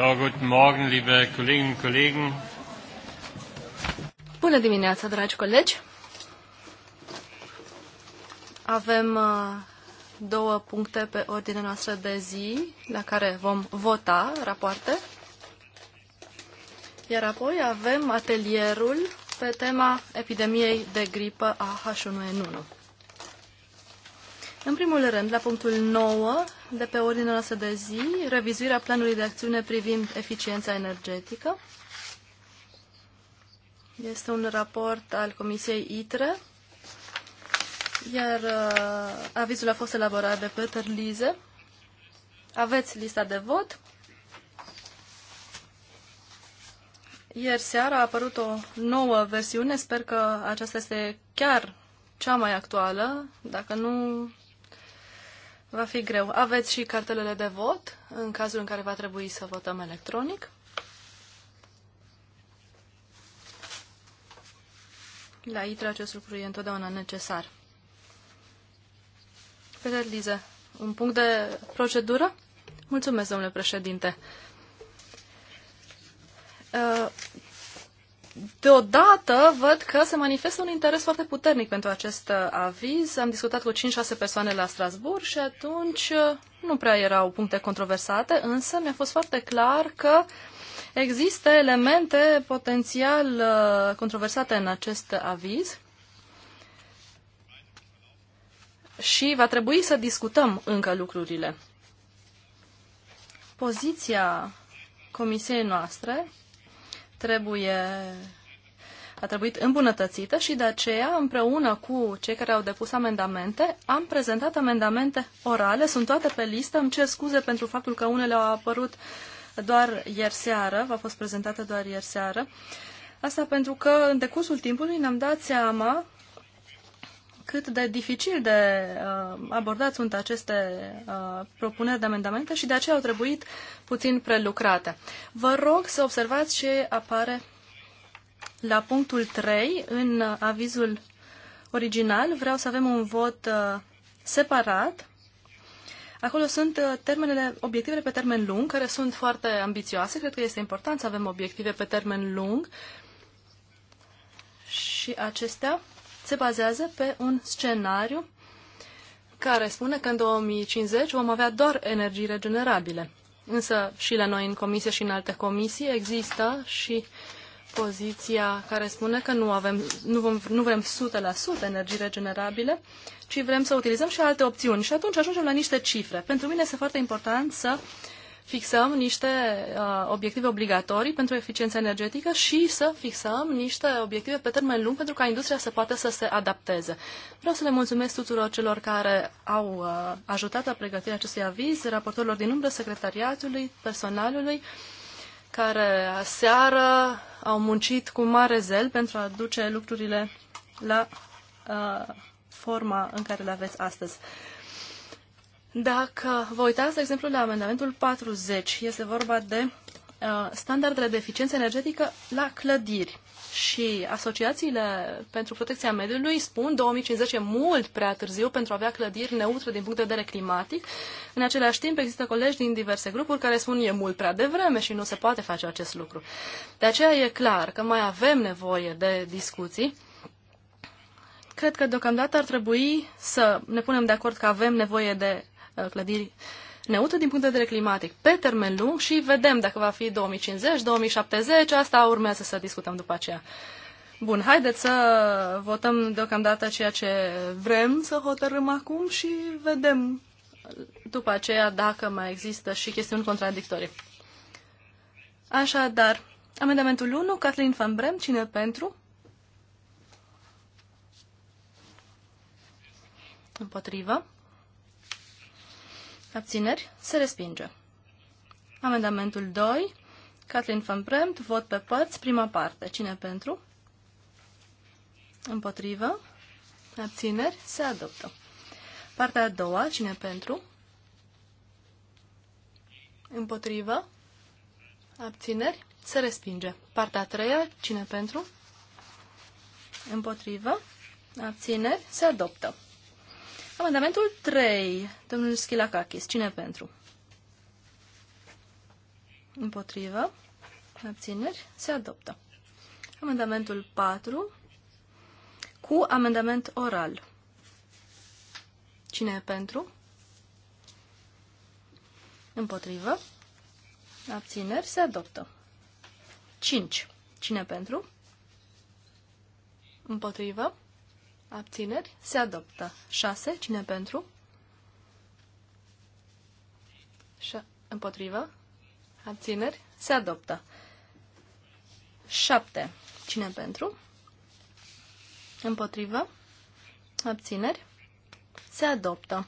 So, guten Morgen, liebe Kolleginnen und Kollegen. Bună dimineața, dragi colegi. Avem uh, două puncte pe ordinea noastră de zi la care vom vota rapoarte. Iar apoi avem atelierul pe tema epidemiei de gripă a H1N1. În primul rând, la punctul 9 de pe ordinea noastră de zi, revizuirea planului de acțiune privind eficiența energetică. Este un raport al Comisiei ITRE, iar uh, avizul a fost elaborat de Peter Lize. Aveți lista de vot. Ieri seara a apărut o nouă versiune, sper că aceasta este chiar cea mai actuală, dacă nu Va fi greu. Aveți și cartelele de vot în cazul în care va trebui să votăm electronic. La ITRA acest lucru e întotdeauna necesar. Peter Lize, un punct de procedură? Mulțumesc, domnule președinte. Uh, deodată văd că se manifestă un interes foarte puternic pentru acest uh, aviz. Am discutat cu 5-6 persoane la Strasburg și atunci uh, nu prea erau puncte controversate, însă mi-a fost foarte clar că există elemente potențial uh, controversate în acest aviz și va trebui să discutăm încă lucrurile. Poziția comisiei noastre trebuie a trebuit îmbunătățită și de aceea, împreună cu cei care au depus amendamente, am prezentat amendamente orale, sunt toate pe listă, îmi cer scuze pentru faptul că unele au apărut doar ieri seară, v-a fost prezentată doar ieri seară. Asta pentru că în decursul timpului ne-am dat seama cât de dificil de uh, abordat sunt aceste uh, propuneri de amendamente și de aceea au trebuit puțin prelucrate. Vă rog să observați ce apare la punctul 3 în avizul original. Vreau să avem un vot uh, separat. Acolo sunt uh, termenele, obiectivele pe termen lung, care sunt foarte ambițioase. Cred că este important să avem obiective pe termen lung și acestea se bazează pe un scenariu care spune că în 2050 vom avea doar energii regenerabile. Însă și la noi în comisie și în alte comisii există și poziția care spune că nu, avem, nu, vom, nu vrem 100% energii regenerabile, ci vrem să utilizăm și alte opțiuni. Și atunci ajungem la niște cifre. Pentru mine este foarte important să uh, fixăm niște uh, obiective obligatorii pentru eficiența energetică și să fixăm niște obiective pe termen lung pentru ca industria să poată să se adapteze. Vreau să le mulțumesc tuturor celor care au uh, ajutat la pregătirea acestui aviz, raportorilor din umbră, secretariatului, personalului, care aseară au muncit cu mare zel pentru a duce lucrurile la uh, forma în care le aveți astăzi. Dacă vă uitați, de exemplu, la amendamentul 40, este vorba de uh, standardele de eficiență energetică la clădiri. Și asociațiile pentru protecția mediului spun 2050 e mult prea târziu pentru a avea clădiri neutre din punct de vedere climatic. În același timp există colegi din diverse grupuri care spun e mult prea devreme și nu se poate face acest lucru. De aceea e clar că mai avem nevoie de discuții cred că deocamdată ar trebui să ne punem de acord că avem nevoie de Uh, clădiri neutre din punct de vedere climatic pe termen lung și vedem dacă va fi 2050, 2070, asta urmează să discutăm după aceea. Bun, haideți să votăm deocamdată ceea ce vrem să hotărâm acum și vedem după aceea dacă mai există și chestiuni contradictorii. Așadar, amendamentul 1, Kathleen Van Brem, cine pentru? Împotrivă. Abțineri? Se respinge. Amendamentul 2. Kathleen Van Bremt, vot pe părți, prima parte. Cine pentru? Împotrivă. Abțineri? Se adoptă. Partea a doua. Cine pentru? Împotrivă. Abțineri? Se respinge. Partea a treia. Cine pentru? Împotrivă. Abțineri? Se adoptă. Amendamentul 3, domnul Schilacachis, cine pentru? Împotrivă. Abțineri. Se adoptă. Amendamentul 4 cu amendament oral. Cine e pentru? Împotrivă. Abțineri. Se adoptă. 5. Cine pentru? Împotrivă. Abțineri? Se adoptă. 6. Cine pentru? 6. Împotrivă? Abțineri? Se adoptă. 7. Cine pentru? Împotrivă? Abțineri? Se adoptă.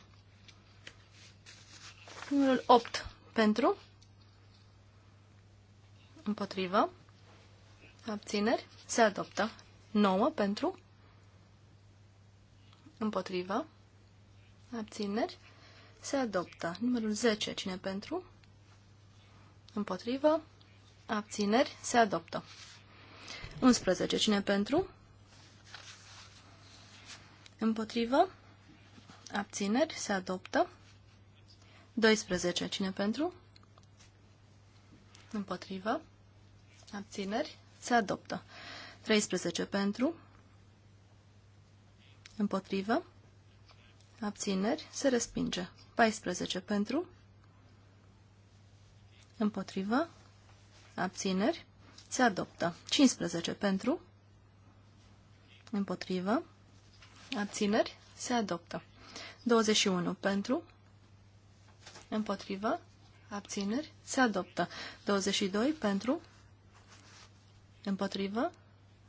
Numărul 8. Pentru? Împotrivă? Abțineri? Se adoptă. 9. Pentru? Împotrivă. Abțineri. Se adoptă. Numărul 10. Cine pentru? Împotrivă. Abțineri. Se adoptă. 11. Cine pentru? Împotrivă. Abțineri. Se adoptă. 12. Cine pentru? Împotrivă. Abțineri. Se adoptă. 13 pentru. Împotrivă. Abțineri. Se respinge. 14 pentru. Împotrivă. Abțineri. Se adoptă. 15 pentru. Împotrivă. Abțineri. Se adoptă. 21 pentru. Împotrivă. Abțineri. Se adoptă. 22 pentru. Împotrivă.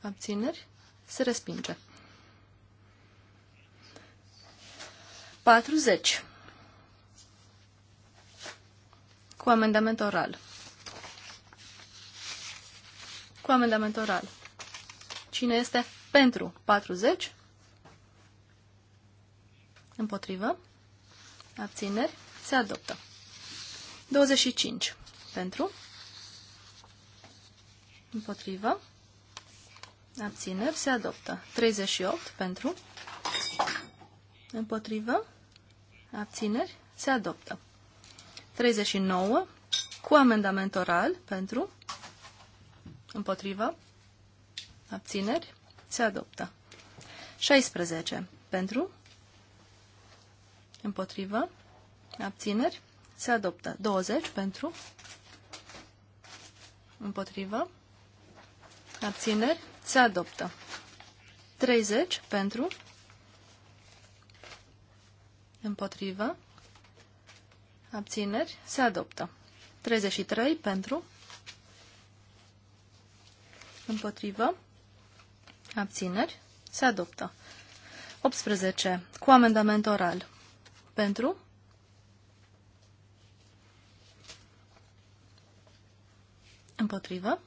Abțineri. Se respinge. 40. Cu amendament oral. Cu amendament oral. Cine este pentru 40? Împotrivă. Abțineri. Se adoptă. 25. Pentru. Împotrivă. Abțineri. Se adoptă. 38. Pentru. Împotrivă. Abțineri. Se adoptă. 39. Cu amendament oral. Pentru. Împotrivă. Abțineri. Se adoptă. 16. Pentru. Împotrivă. Abțineri. Se adoptă. 20. Pentru. Împotrivă. Abțineri. Se adoptă. 30. Pentru. Împotrivă. Abțineri. Se adoptă. 33 pentru. Împotrivă. Abțineri. Se adoptă. 18. Cu amendament oral. Pentru. Împotrivă.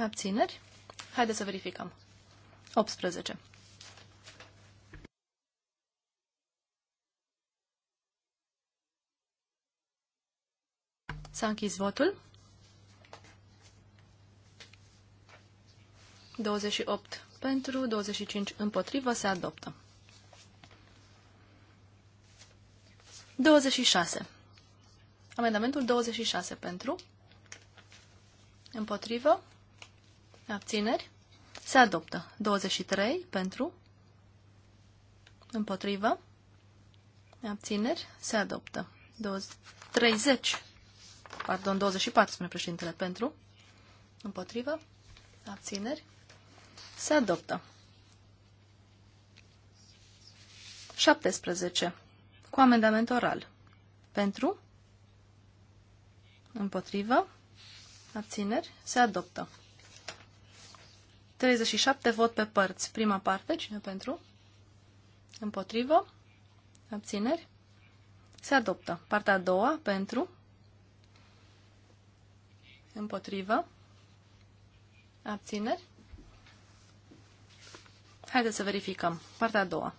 Abțineri. Haideți să verificăm. 18. S-a închis votul. 28 pentru, 25 împotrivă, se adoptă. 26. Amendamentul 26 pentru, împotrivă, abțineri, se adoptă. 23 pentru, împotrivă, abțineri, se adoptă. 20, 30 pardon, 24, spune președintele, pentru, împotrivă, abțineri, se adoptă. 17. Cu amendament oral. Pentru, împotrivă, abțineri, se adoptă. 37 vot pe părți. Prima parte, cine pentru? Împotrivă, abțineri, se adoptă. Partea a doua, pentru, Împotrivă. Abțineri. Haideți să verificăm. Partea a doua.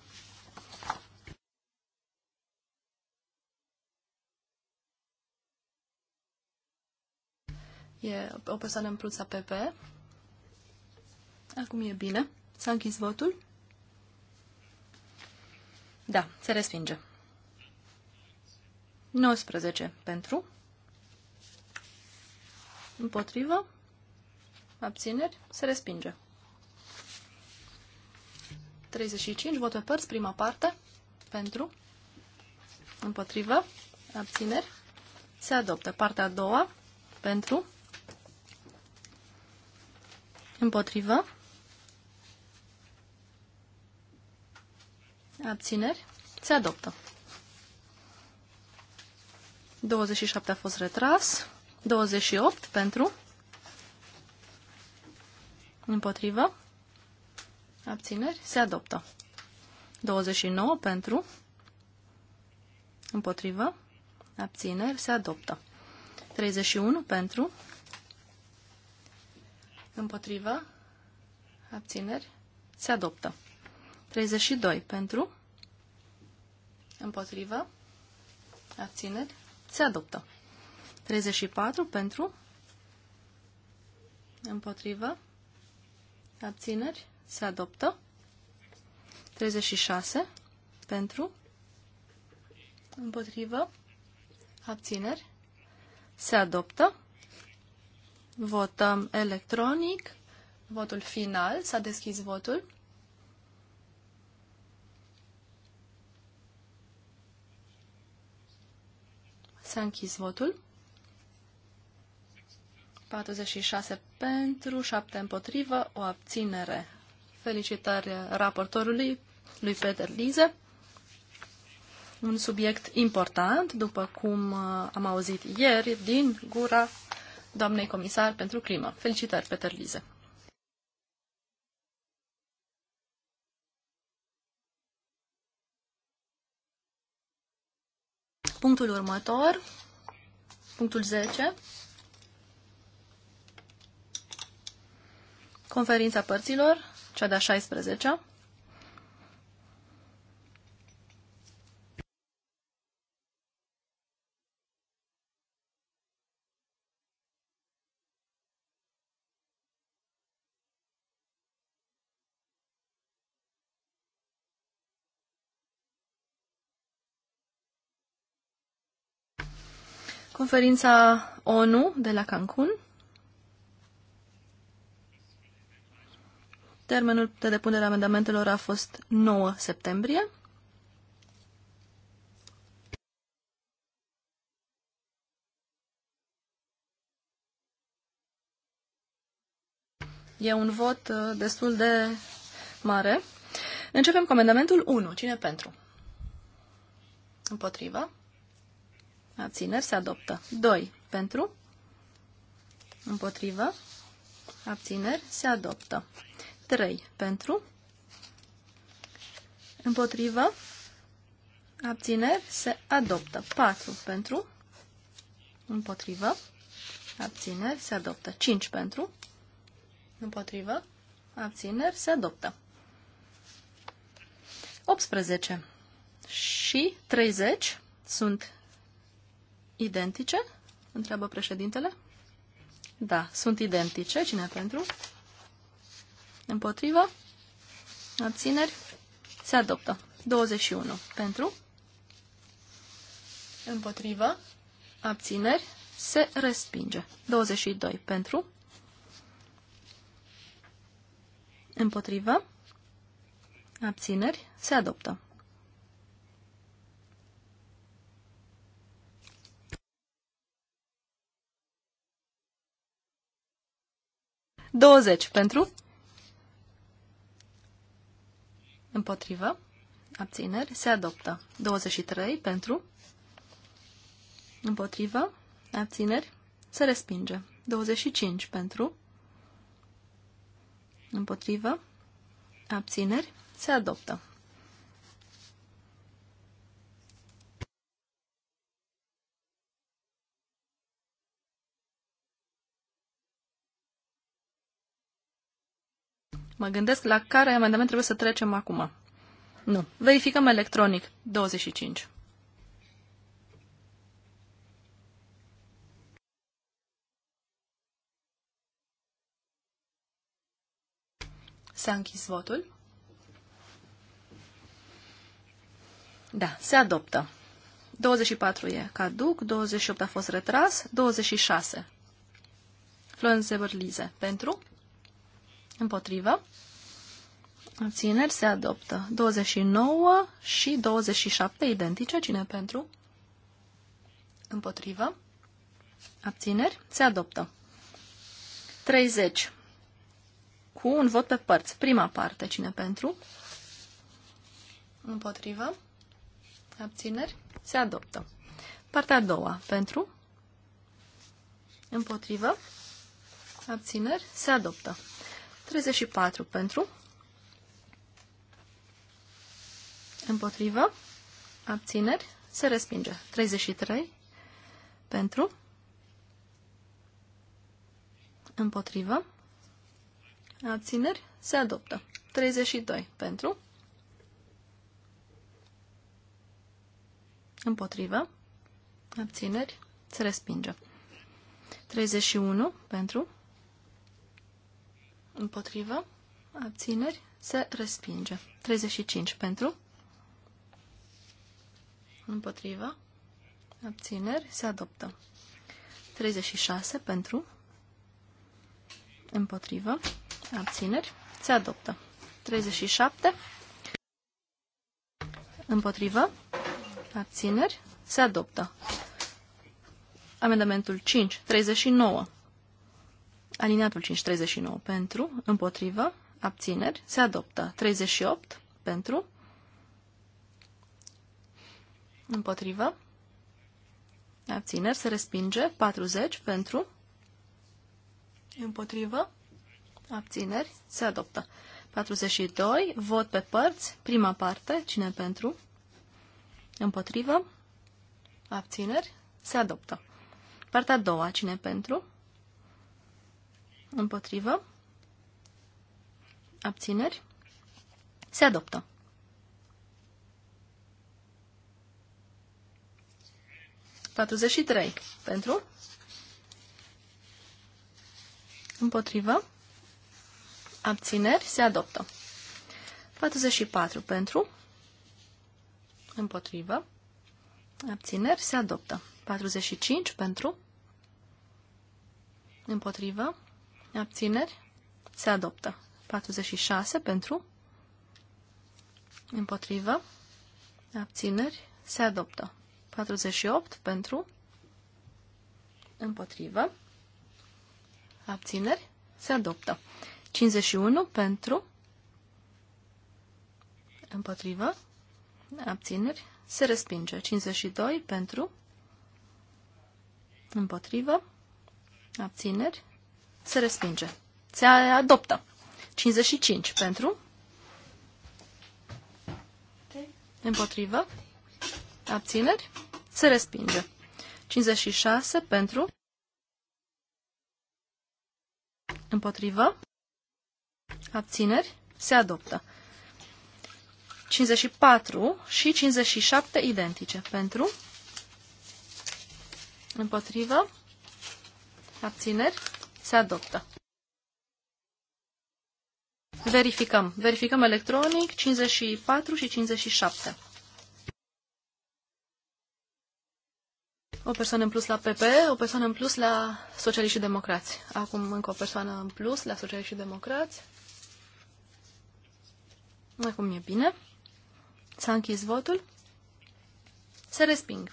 E o persoană în plus a PP. Acum e bine. S-a închis votul. Da, se respinge. 19 pentru. Împotrivă? Abțineri? Se respinge. 35. Vot pe părți, prima parte. Pentru. Împotrivă. Abțineri. Se adoptă. Partea a doua. Pentru. Împotrivă. Abțineri. Se adoptă. 27 a fost retras. 28 pentru, împotrivă, abțineri, se adoptă. 29 pentru, împotrivă, abțineri, se adoptă. 31 pentru, împotrivă, abțineri, se adoptă. 32 pentru, împotrivă, abțineri, se adoptă. 34 pentru, împotrivă, abțineri, se adoptă. 36 pentru, împotrivă, abțineri, se adoptă. Votăm electronic. Votul final. S-a deschis votul. S-a închis votul. 46 pentru, 7 împotrivă, o abținere. Felicitări raportorului, lui Peter Lize. Un subiect important, după cum uh, am auzit ieri, din gura doamnei comisar pentru climă. Felicitări, Peter Lize. Punctul următor, punctul 10 conferința părților, cea de-a 16-a, conferința ONU de la Cancun. Termenul de depunere a amendamentelor a fost 9 septembrie. E un vot uh, destul de mare. Începem cu amendamentul 1. Cine pentru? Împotriva. Abțineri se adoptă. 2. Pentru. Împotrivă. Abțineri se adoptă. 3 pentru, împotrivă, abțineri, se adoptă. 4 pentru, împotrivă, abțineri, se adoptă. 5 pentru, împotrivă, abțineri, se adoptă. 18 și 30 sunt identice? Întreabă președintele. Da, sunt identice. Cine pentru? Împotrivă. Abțineri. Se adoptă. 21. Pentru. Împotrivă. Abțineri. Se respinge. 22. Pentru. Împotrivă. Abțineri. Se adoptă. Douăzeci pentru Împotrivă. Abțineri. Se adoptă. 23 pentru. Împotrivă. Abțineri. Se respinge. 25 pentru. Împotrivă. Abțineri. Se adoptă. Mă gândesc la care amendament trebuie să trecem acum. Nu. Verificăm electronic. 25. S-a închis votul. Da, se adoptă. 24 e caduc, 28 a fost retras, 26. Florence Berlize. Pentru? Împotrivă. Abțineri se adoptă. 29 și 27 identice. Cine pentru? Împotrivă. Abțineri se adoptă. 30. Cu un vot pe părți. Prima parte. Cine pentru? Împotrivă. Abțineri se adoptă. Partea a doua. Pentru? Împotrivă. Abțineri se adoptă. 34 pentru. Împotrivă. Abțineri. Se respinge. 33 pentru. Împotrivă. Abțineri. Se adoptă. 32 pentru. Împotrivă. Abțineri. Se respinge. 31 pentru. Împotrivă. Abțineri. Se respinge. 35 pentru. Împotrivă. Abțineri. Se adoptă. 36 pentru. Împotrivă. Abțineri. Se adoptă. 37. Împotrivă. Abțineri. Se adoptă. Amendamentul 5. 39. Alineatul 539 pentru, împotrivă, abțineri, se adoptă. 38 pentru, împotrivă, abțineri, se respinge. 40 pentru, împotrivă, abțineri, se adoptă. 42, vot pe părți, prima parte, cine pentru, împotrivă, abțineri, se adoptă. Partea a doua, cine pentru, Împotrivă. Abțineri. Se adoptă. Patruzeci și trei. Pentru. Împotrivă. Abțineri. Se adoptă. 44 pentru. Împotrivă. Abțineri. Se adoptă. 45 pentru. Împotrivă. Abțineri? Se adoptă. 46 pentru? Împotrivă? Abțineri? Se adoptă. 48 pentru? Împotrivă? Abțineri? Se adoptă. 51 pentru? Împotrivă? Abțineri? Se respinge. 52 pentru? Împotrivă? Abțineri? Se respinge. Se adoptă. 55 pentru. Împotrivă. Abțineri. Se respinge. 56 pentru. Împotrivă. Abțineri. Se adoptă. 54 și 57 identice. Pentru. Împotrivă. Abțineri. Se adoptă. Verificăm. Verificăm electronic 54 și 57. O persoană în plus la PP, o persoană în plus la Socialiști și Democrați. Acum încă o persoană în plus la Socialiști și Democrați. Acum e bine. S-a închis votul. Se resping.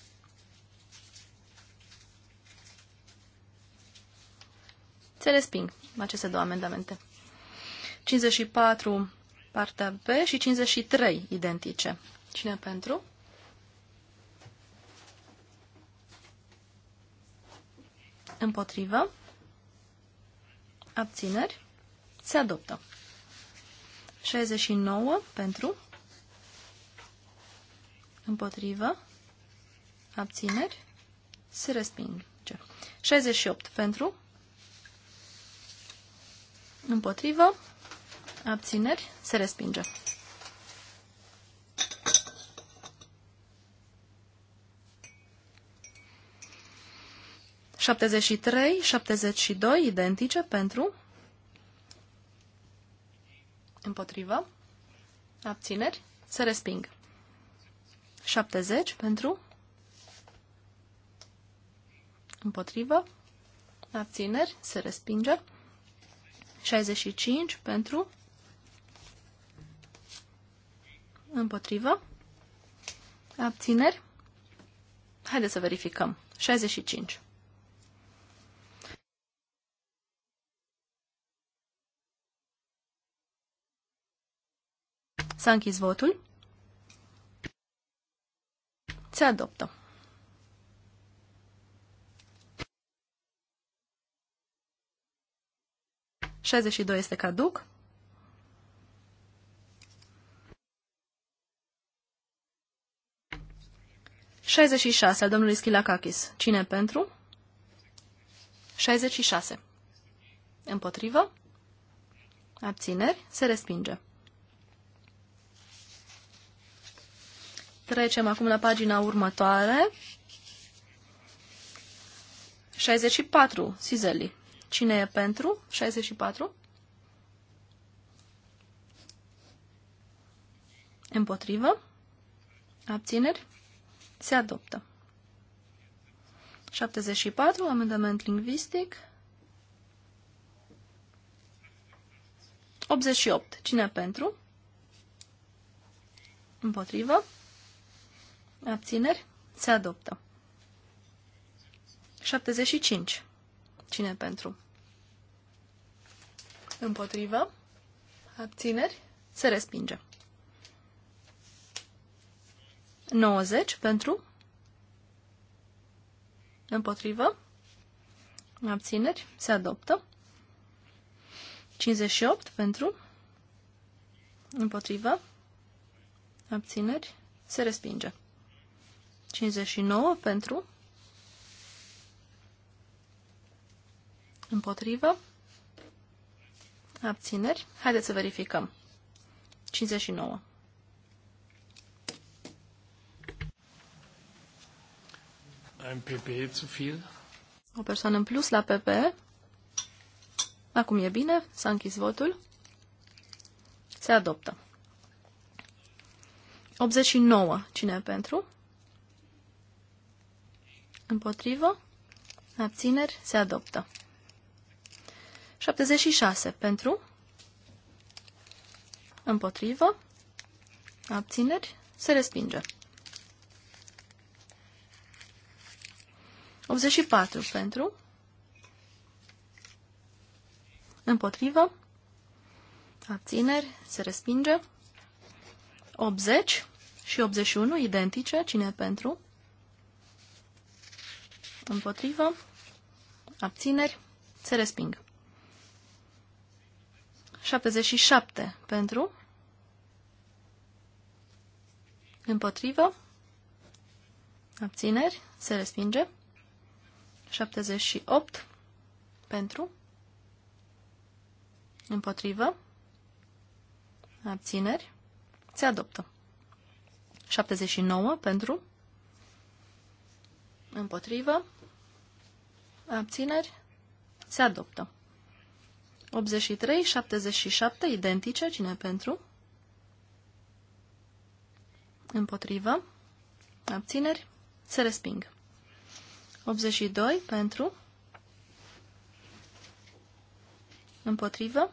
Se resping aceste două amendamente. 54 partea B și 53 identice. Cine pentru? Împotrivă. Abțineri. Se adoptă. 69 pentru. Împotrivă. Abțineri. Se respinge. 68 pentru. Împotrivă. Abțineri. Se respinge. Șaptezeci și trei, șaptezeci și doi, identice pentru, împotrivă, abțineri, se resping. 70 pentru, împotrivă, abțineri, se respinge. 65 pentru, împotrivă, abțineri. Haideți să verificăm. 65. S-a închis votul. Se adoptă. 62 este caduc. Șaizeci al domnului Schilakakis. Cine pentru? 66. Împotrivă? Abțineri? Se respinge. Trecem acum la pagina următoare. 64. Sizeli. Cine e pentru? 64. Împotrivă. Abțineri. Se adoptă. 74. Amendament lingvistic. 88. Cine pentru? Împotrivă. Abțineri. Se adoptă. 75. Cine pentru? Împotrivă. Abțineri. Se respinge. 90 pentru. Împotrivă. Abțineri. Se adoptă. 58 pentru. Împotrivă. Abțineri. Se respinge. 59 pentru. Împotrivă. Abțineri? Haideți să verificăm. 59. Ein PP zu viel. O persoană în plus la PP. Acum e bine, s-a închis votul. Se adoptă. 89. Cine e pentru? Împotrivă? Abțineri? Se adoptă. 76 pentru, împotrivă, abțineri, se respinge. 84 pentru, împotrivă, abțineri, se respinge. 80 și 81 identice, cine pentru? Împotrivă, abțineri, se resping. 77 pentru, împotrivă, abțineri, se respinge. 78 pentru, împotrivă, abțineri, se adoptă. 79 pentru, împotrivă, abțineri, se adoptă. 83, 77, identice, cine pentru? Împotrivă. Abțineri. Se resping. 82 pentru. Împotrivă.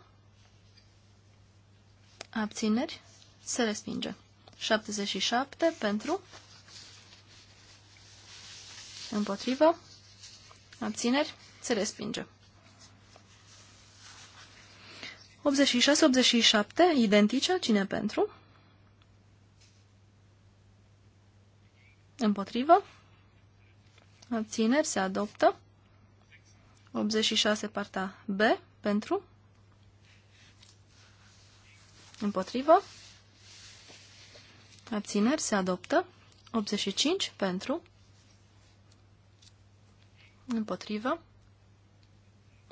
Abțineri. Se respinge. 77 pentru. Împotrivă. Abțineri. Se respinge. 86-87, identice, cine pentru? Împotrivă. Abțineri se adoptă. 86 partea B pentru. Împotrivă. Abțineri se adoptă. 85 pentru. Împotrivă.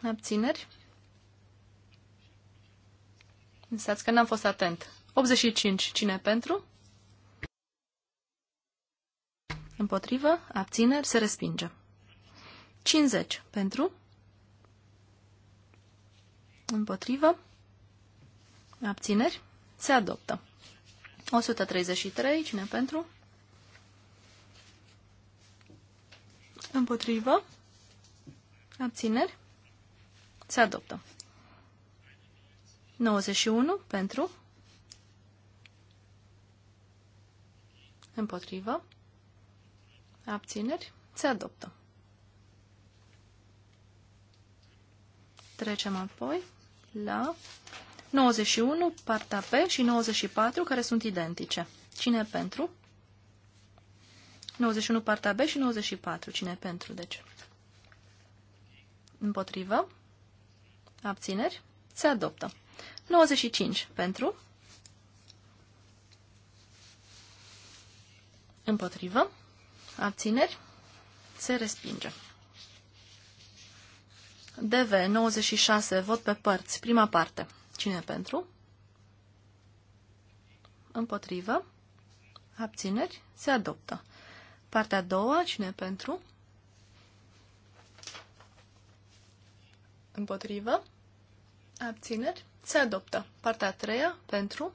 Abțineri Înseați că n-am fost atent. 85. Cine pentru? Împotrivă, abțineri, se respinge. 50. Pentru? Împotrivă, abțineri, se adoptă. 133. Cine pentru? Împotrivă, abțineri, se adoptă. 91 pentru, împotrivă, abțineri, se adoptă. Trecem apoi la 91, partea P și 94, care sunt identice. Cine pentru? 91, partea B și 94. Cine pentru, deci? Împotrivă? Abțineri? Se adoptă. 95 pentru, împotrivă, abțineri, se respinge. DV 96, vot pe părți, prima parte. Cine pentru? Împotrivă, abțineri, se adoptă. Partea a doua, cine pentru? Împotrivă, abțineri, se adoptă. Partea a treia pentru.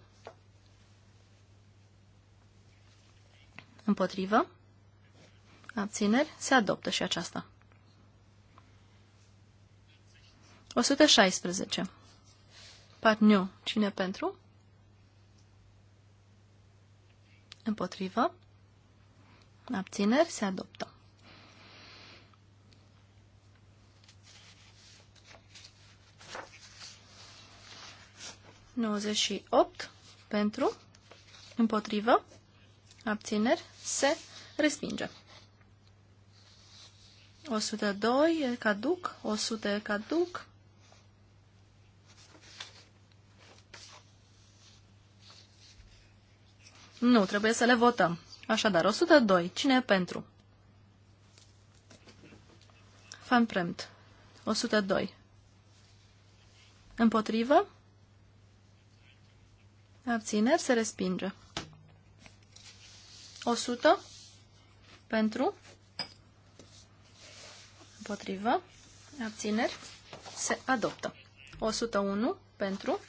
Împotrivă. Abțineri. Se adoptă și aceasta. 116. Patniu. Cine pentru? Împotrivă. Abțineri. Se adoptă. 98 pentru, împotrivă, abțineri, se respinge. 102 e caduc, 100 e caduc. 100. Nu, trebuie să le votăm. Așadar, 102. Cine e pentru? Fanpremt, 102. Împotrivă? Abțineri se respinge. 100 pentru, împotrivă, abțineri, se adoptă. 101 pentru,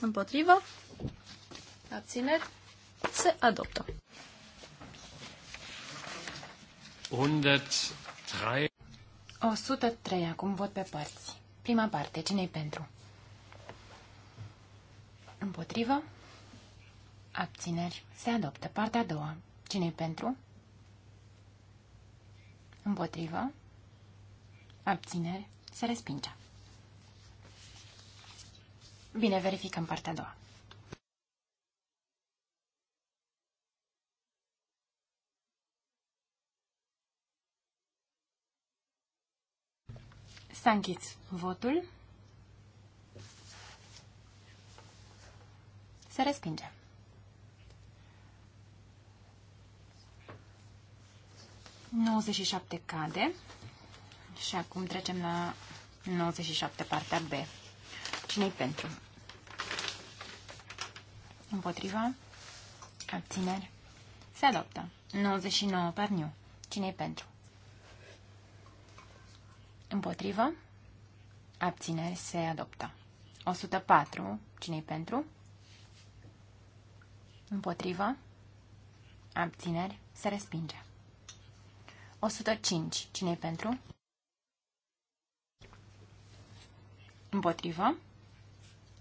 împotrivă, abțineri, se adoptă. 103. 103. Acum vot pe părți. Prima parte. Cine-i pentru? Împotrivă. Abțineri. Se adoptă. Partea a doua. cine pentru? Împotrivă. Abțineri. Se respinge. Bine, verificăm partea a doua. S-a votul. Se respinge. ...97 cade și acum trecem la 97 partea B. Cine-i pentru? Împotriva? Abțineri? Se adoptă. 99 parniu. Cine-i pentru? Împotriva, Abțineri se adoptă. 104. Cine-i pentru? Împotrivă. Abțineri. Se respinge. 105. cine pentru? Împotrivă.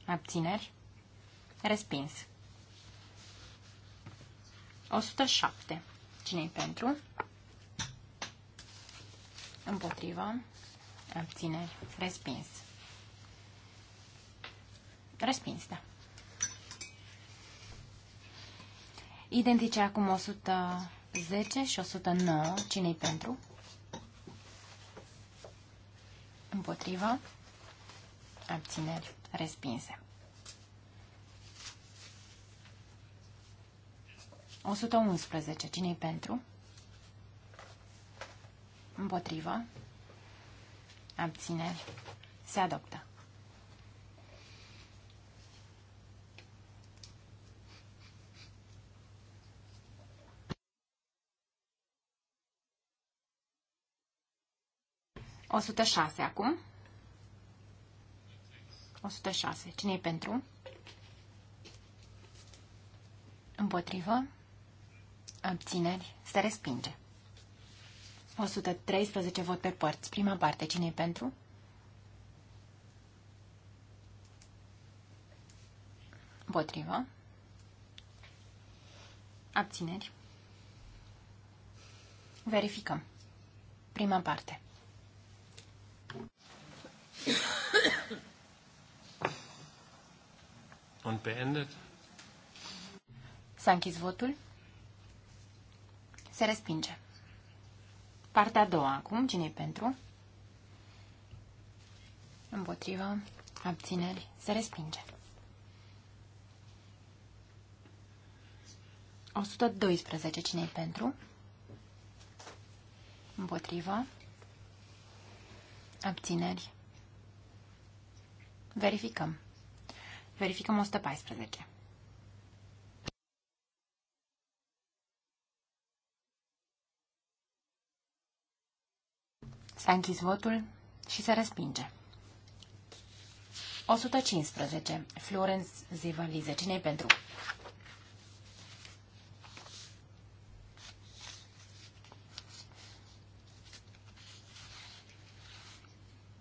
Abțineri. Respins. 107. Cine-i pentru? Împotrivă. Abțineri. Respins. Respins, da. Identice acum 110 și 109. cine pentru? Împotriva, Abțineri respinse. 111. cine pentru? Împotriva, Abțineri. Se adoptă. 106 acum. 106. cine e pentru? Împotrivă. Abțineri. Se respinge. 113 vot pe părți. Prima parte. cine e pentru? Împotrivă. Abțineri. Verificăm. Prima parte. beendet. S-a închis votul. Se respinge. Partea a doua acum. cine pentru? Împotriva. Abțineri. Se respinge. 112. cine pentru? Împotriva. Abțineri. Verificăm. Verificăm 114. S-a închis votul și se respinge. 115. Florence Zivalize. cine pentru?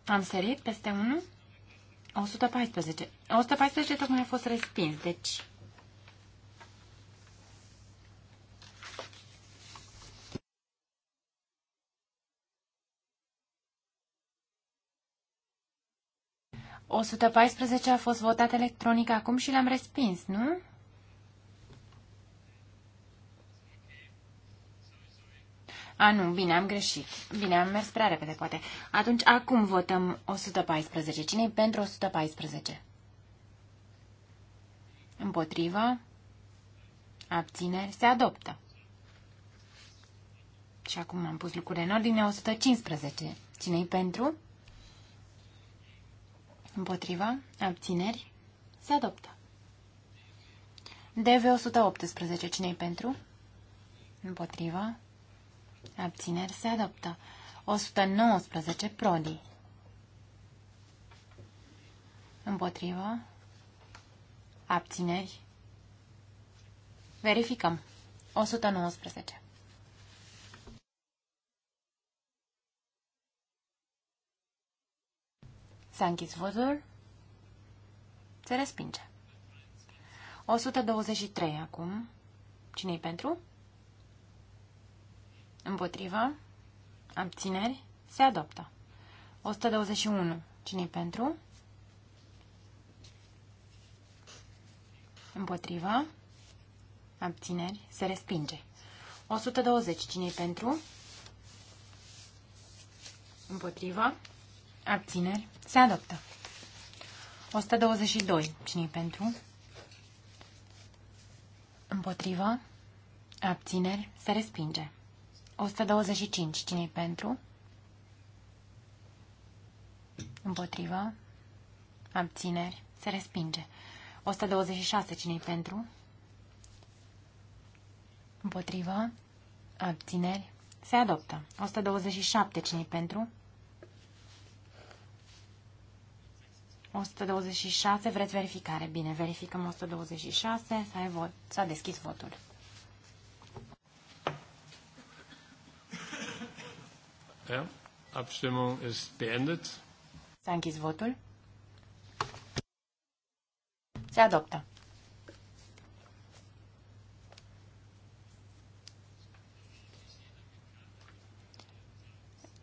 Am sărit peste 1. 114. 114 tocmai a fost respins, deci... O 114 a fost votat electronic acum și l-am respins, nu? A, nu, bine, am greșit. Bine, am mers prea repede, poate. Atunci, acum votăm 114. cine pentru 114? Împotrivă. Abțineri. Se adoptă. Și acum am pus lucrurile în ordine. 115. cine pentru? Împotriva. Abțineri. Se adoptă. DV 118. cine pentru? Împotriva. Abțineri se adoptă. 119 prodii. Împotrivă. Abțineri. Verificăm. 119. S-a închis votul. Se respinge. 123 acum. Cine-i pentru? Împotrivă. Abțineri. Se adoptă. 121. Cine pentru? Împotrivă. Abțineri. Se respinge. 120. cine pentru? Împotrivă. Abțineri. Se adoptă. 122. cine pentru? Împotrivă. Abțineri. Se respinge. 125. Cine-i pentru? Împotrivă. Abțineri. Se respinge. 126. Cine-i pentru? Împotrivă. Abțineri. Se adoptă. 127. Cine-i pentru? 126. Vreți verificare? Bine, verificăm 126. S-a, vot. S-a deschis votul. Ja, Abstimmung ist beendet. S-a închis votul. Se adoptă.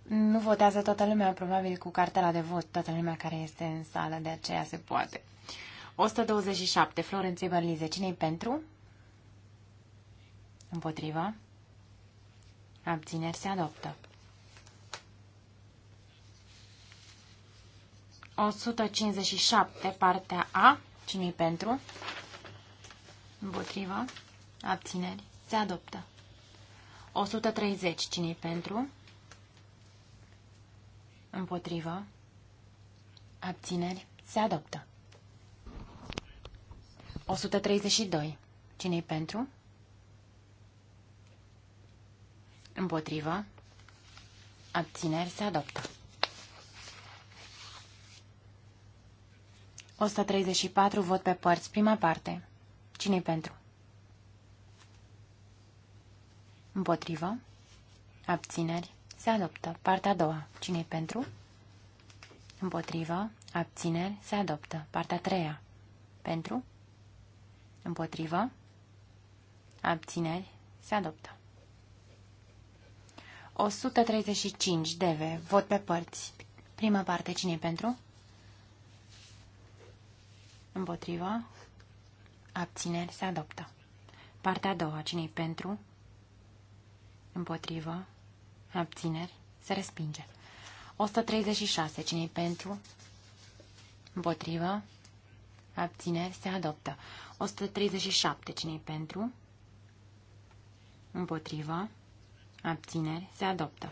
Nu votează toată lumea, probabil cu cartela de vot, toată lumea care este în sală, de aceea se poate. 127. Florenței Bărlize. Cine-i pentru? Împotriva? Abțineri se adoptă. 157, partea A. Cine-i pentru? Împotrivă. Abțineri. Se adoptă. 130. Cine-i pentru? Împotrivă. Abțineri. Se adoptă. 132. Cine-i pentru? Împotrivă. Abțineri. Se adoptă. 134 vot pe părți, prima parte. Cine-i pentru? Împotrivă. Abțineri. Se adoptă. Partea a doua. Cine-i pentru? Împotrivă. Abțineri. Se adoptă. Partea a treia. Pentru? Împotrivă. Abțineri. Se adoptă. 135 DV. Vot pe părți. Prima parte. Cine-i pentru? Împotrivă. Abțineri se adoptă. Partea a doua. cine pentru? Împotrivă. Abțineri. Se respinge. 136. cine pentru? Împotrivă. Abțineri. Se adoptă. 137. cine pentru? Împotrivă. Abțineri. Se adoptă.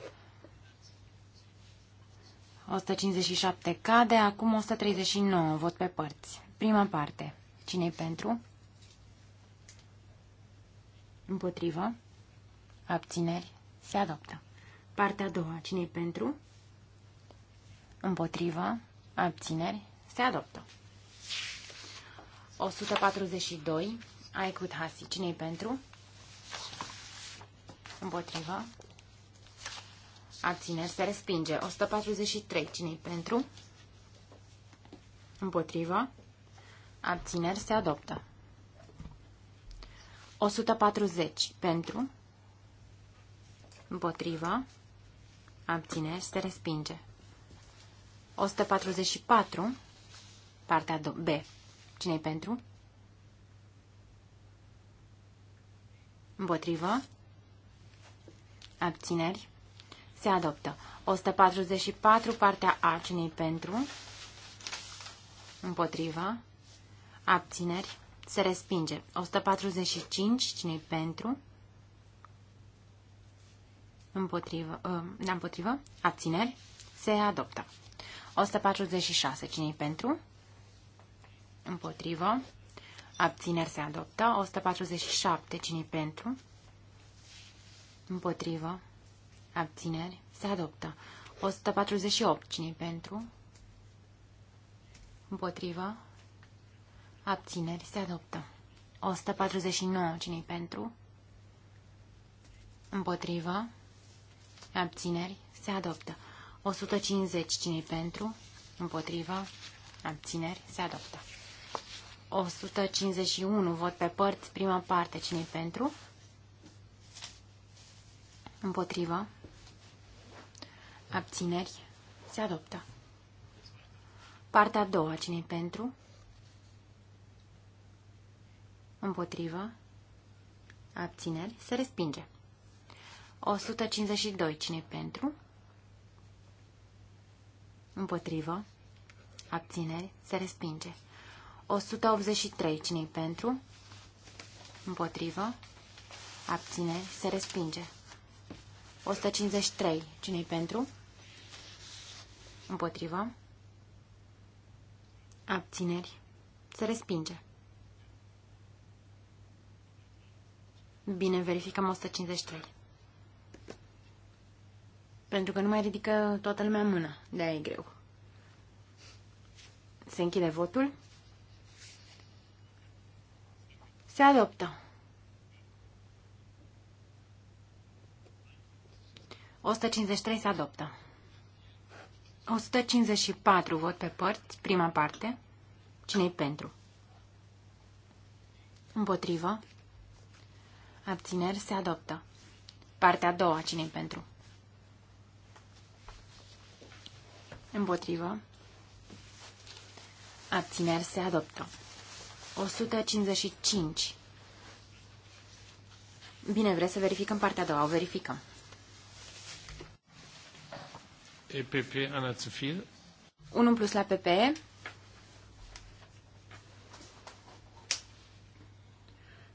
157 cade, acum 139, vot pe părți. Prima parte. Cine-i pentru? Împotrivă. Abțineri. Se adoptă. Partea a doua. Cine-i pentru? Împotrivă. Abțineri. Se adoptă. 142. Aicut Hasi. Cine-i pentru? Împotrivă. Abțineri. Se respinge. 143. Cine-i pentru? Împotrivă abțineri se adoptă. 140 pentru, împotriva, abțineri se respinge. 144, partea B. cine pentru? Împotrivă. Abțineri. Se adoptă. 144, partea A. cine pentru? Împotriva abțineri, se respinge. 145, cine pentru? Împotrivă, uh, împotrivă, abțineri, se adoptă. 146, cine pentru? Împotrivă, abțineri se adoptă. 147, cine pentru? Împotrivă, abțineri, se adoptă. 148, cine pentru? Împotrivă, Abțineri se adoptă. 149. Cine-i pentru? Împotrivă. Abțineri se adoptă. 150. Cine-i pentru? Împotrivă. Abțineri se adoptă. 151. Vot pe părți. Prima parte. Cine-i pentru? Împotrivă. Abțineri se adoptă. Partea a doua. Cine-i pentru? Pentru împotrivă, abțineri, se respinge. 152. Cine pentru? Împotrivă, abțineri, se respinge. 183. Cine pentru? Împotrivă, abțineri, se respinge. 153. Cine pentru? Împotrivă, abțineri, se respinge. Bine, verificăm 153. Pentru că nu mai ridică toată lumea mână. de e greu. Se închide votul. Se adoptă. 153 se adoptă. 154 vot pe părți, prima parte. Cine-i pentru? Împotrivă. Abțineri se adoptă. Partea a doua, cine pentru? Împotrivă. Abțineri se adoptă. 155. Bine, vreți să verificăm partea a doua. O verificăm. EPP Ana Țufil. 1 plus la PP.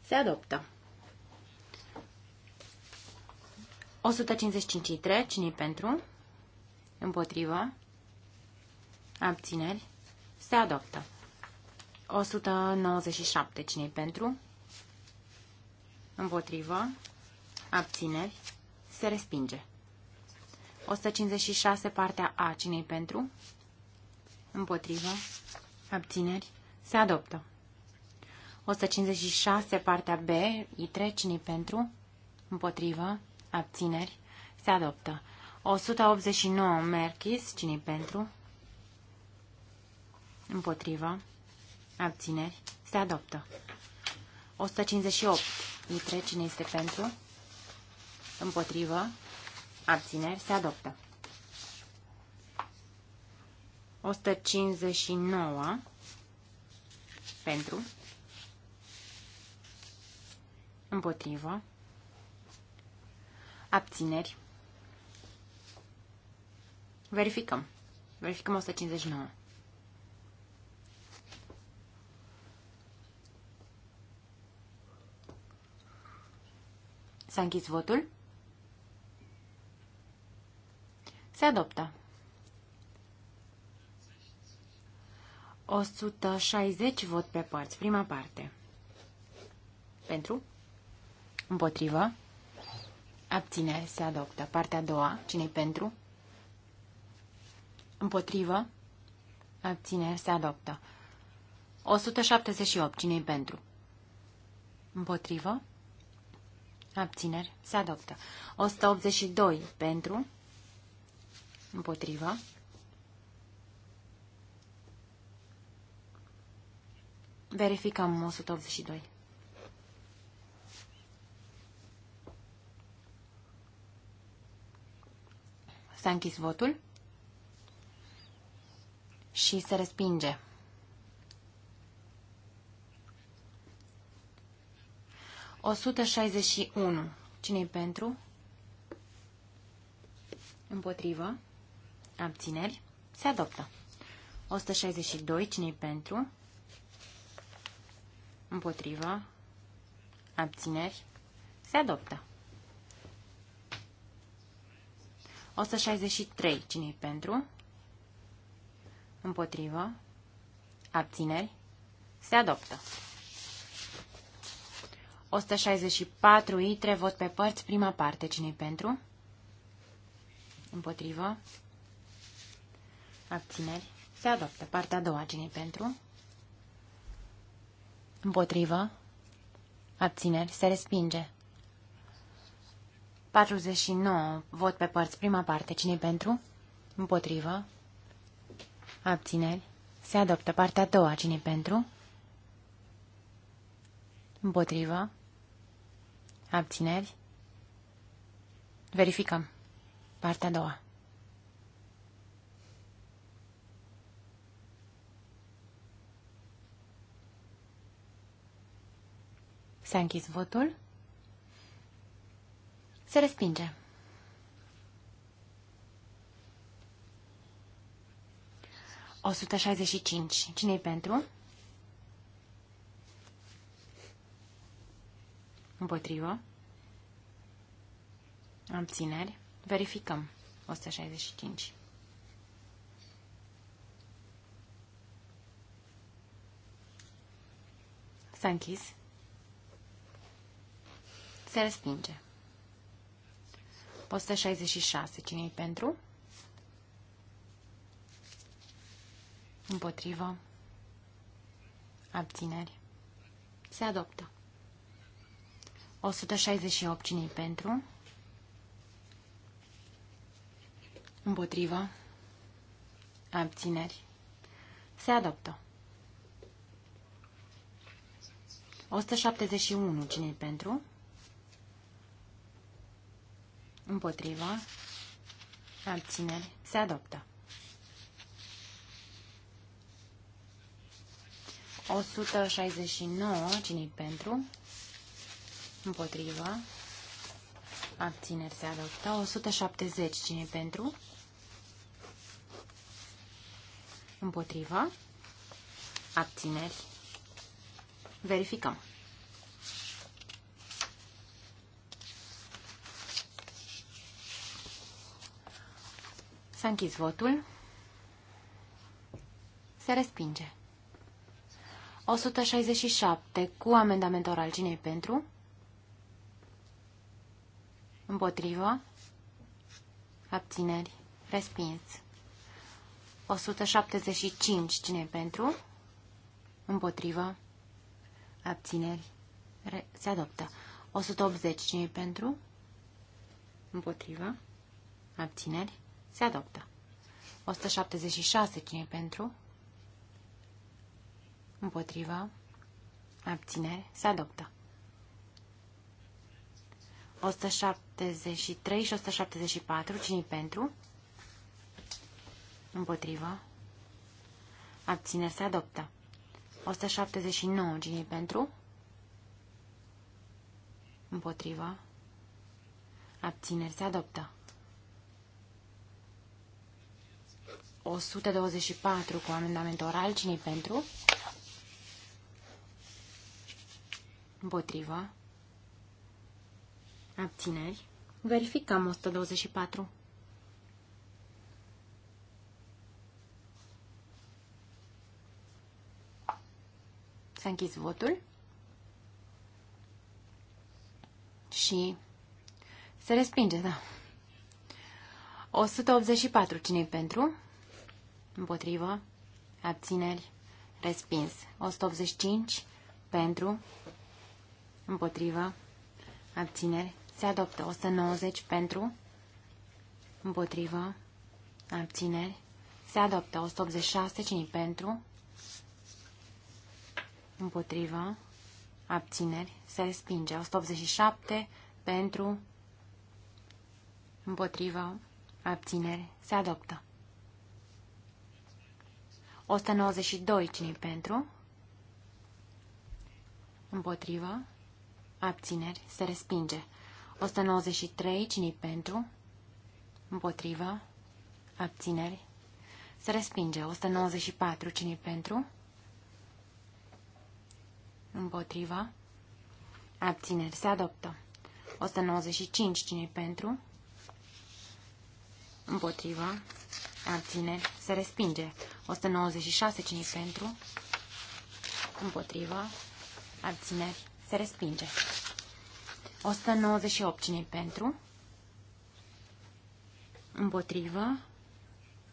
Se adoptă. 153, cine pentru? Împotrivă. Abțineri. Se adoptă. 197, cine pentru? Împotrivă. Abțineri. Se respinge. 156, partea A, cine pentru? Împotrivă. Abțineri. Se adoptă. 156, partea B, I3, cine pentru? Împotrivă. Abțineri. Se adoptă. 189 Merchis. cine pentru? Împotrivă. Abțineri. Se adoptă. 158 litre. Cine este pentru? Împotrivă. Abțineri. Se adoptă. 159 pentru, împotrivă, Abțineri. Verificăm. Verificăm 159. S-a închis votul. Se adoptă. 160 vot pe părți. Prima parte. Pentru? Împotrivă? Abținere se adoptă. Partea a doua. Cine-i pentru? Împotrivă. Abținere se adoptă. 178. Cine-i pentru? Împotrivă. Abțineri se adoptă. 182. Pentru. Împotrivă. Verificăm 182. S-a închis votul și se respinge. O sută șaizeci unu. Cine-i pentru? Împotrivă. Abțineri. Se adoptă. 162. Cine-i pentru? Împotrivă. Abțineri. Se adoptă. 163. cine pentru? Împotrivă. Abțineri. Se adoptă. 164. Itre. Vot pe părți. Prima parte. cine pentru? Împotrivă. Abțineri. Se adoptă. Partea a doua. cine pentru? Împotrivă. Abțineri. Se respinge. 49. Vot pe părți. Prima parte. cine pentru? Împotrivă. Abțineri. Se adoptă. Partea a doua. cine pentru? Împotrivă. Abțineri. Verificăm. Partea a doua. S-a închis votul. Se respinge. O cinci. Cine-i pentru? Împotrivă. Abțineri. Verificăm. 165. S-a închis. Se respinge. 166. Cine-i pentru? Împotrivă. Abțineri. Se adoptă. 168. Cine-i pentru? Împotrivă. Abțineri. Se adoptă. 171. Cine-i pentru? Împotriva. Abțineri. Se adoptă. 169. cine pentru? Împotriva. Abțineri se adoptă. 170. Cine pentru? Împotriva. Abțineri. Verificăm. S-a închis votul. Se respinge. 167 cu amendament oral cinei pentru? Împotrivă. Abțineri. Respins. 175 cine pentru? Împotrivă. Abțineri. Re se adoptă. 180 cine pentru? Împotrivă. Abțineri. Se adoptă. 176. Cine pentru? Împotrivă. Abținere. Se adoptă. 173 și 174. cine pentru? Împotrivă. Abținere. Se adoptă. 179. cine pentru? Împotrivă. Abțineri. Se adoptă. 124 cu amendament oral. Cine-i pentru? Împotrivă. Abțineri. Verificăm 124. S-a închis votul și se respinge, da. 184. Cine-i pentru? Împotrivă. Abțineri. Respins. 185. Pentru. Împotrivă. Abțineri. Se adoptă. 190. Pentru. Împotrivă. Abțineri. Se adoptă. 186. Cine pentru? Împotrivă. Abțineri. Se respinge. 187. Pentru. Împotrivă. Abțineri. Se adoptă. 192. cine pentru? Împotrivă. Abțineri. Se respinge. 193. cine pentru? Împotrivă. Abțineri. Se respinge. 194. cine pentru? Împotrivă. Abțineri. Se adoptă. 195. cine pentru? Împotrivă. Abțineri. Se respinge. 196. Cine pentru? Împotrivă. Abțineri. Se respinge. 198. Cine pentru? Împotrivă.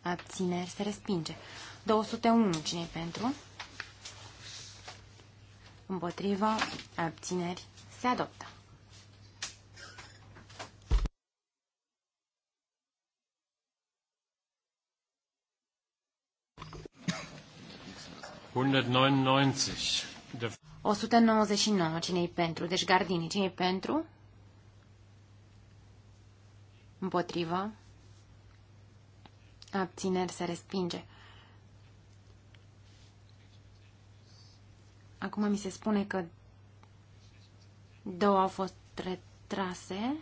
Abțineri. Se respinge. 201. Cine pentru? Împotrivă. Abțineri. Se adoptă. 199. Cine-i pentru? Deci Gardini. Cine-i pentru? Împotrivă. Abțineri se respinge. Acum mi se spune că două au fost retrase.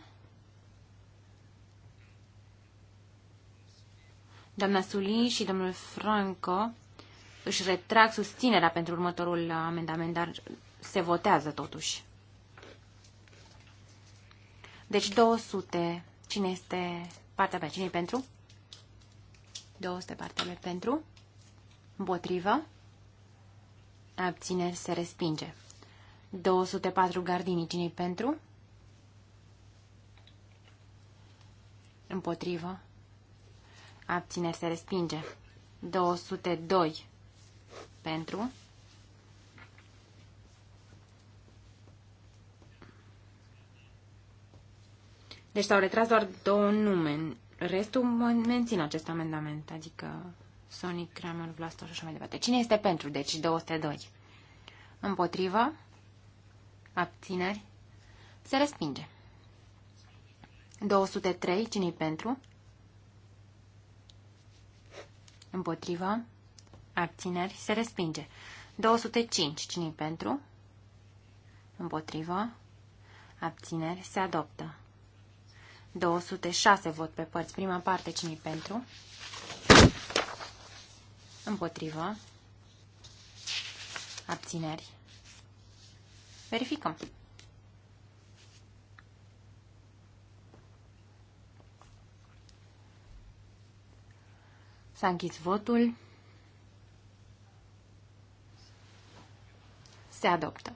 Doamna Suli și domnul Franco își retrag susținerea pentru următorul amendament, dar se votează totuși. Deci 200, cine este partea mea? cine e pentru? 200 partea mea pentru, împotrivă, abțineri se respinge. 204 gardini, cine pentru? Împotrivă, abțineri se respinge. 202 pentru, Deci s-au retras doar două nume. Restul mențin acest amendament, adică Sonic, Kramer, Vlastor și așa mai departe. Cine este pentru? Deci 202. Împotriva? Abțineri? Se respinge. 203. Cine-i pentru? Împotriva? abțineri, se respinge. 205. cine pentru? Împotrivă, abțineri, se adoptă. 206 vot pe părți. Prima parte, cine pentru? Împotrivă. Abțineri. Verificăm. S-a închis votul. se adoptă.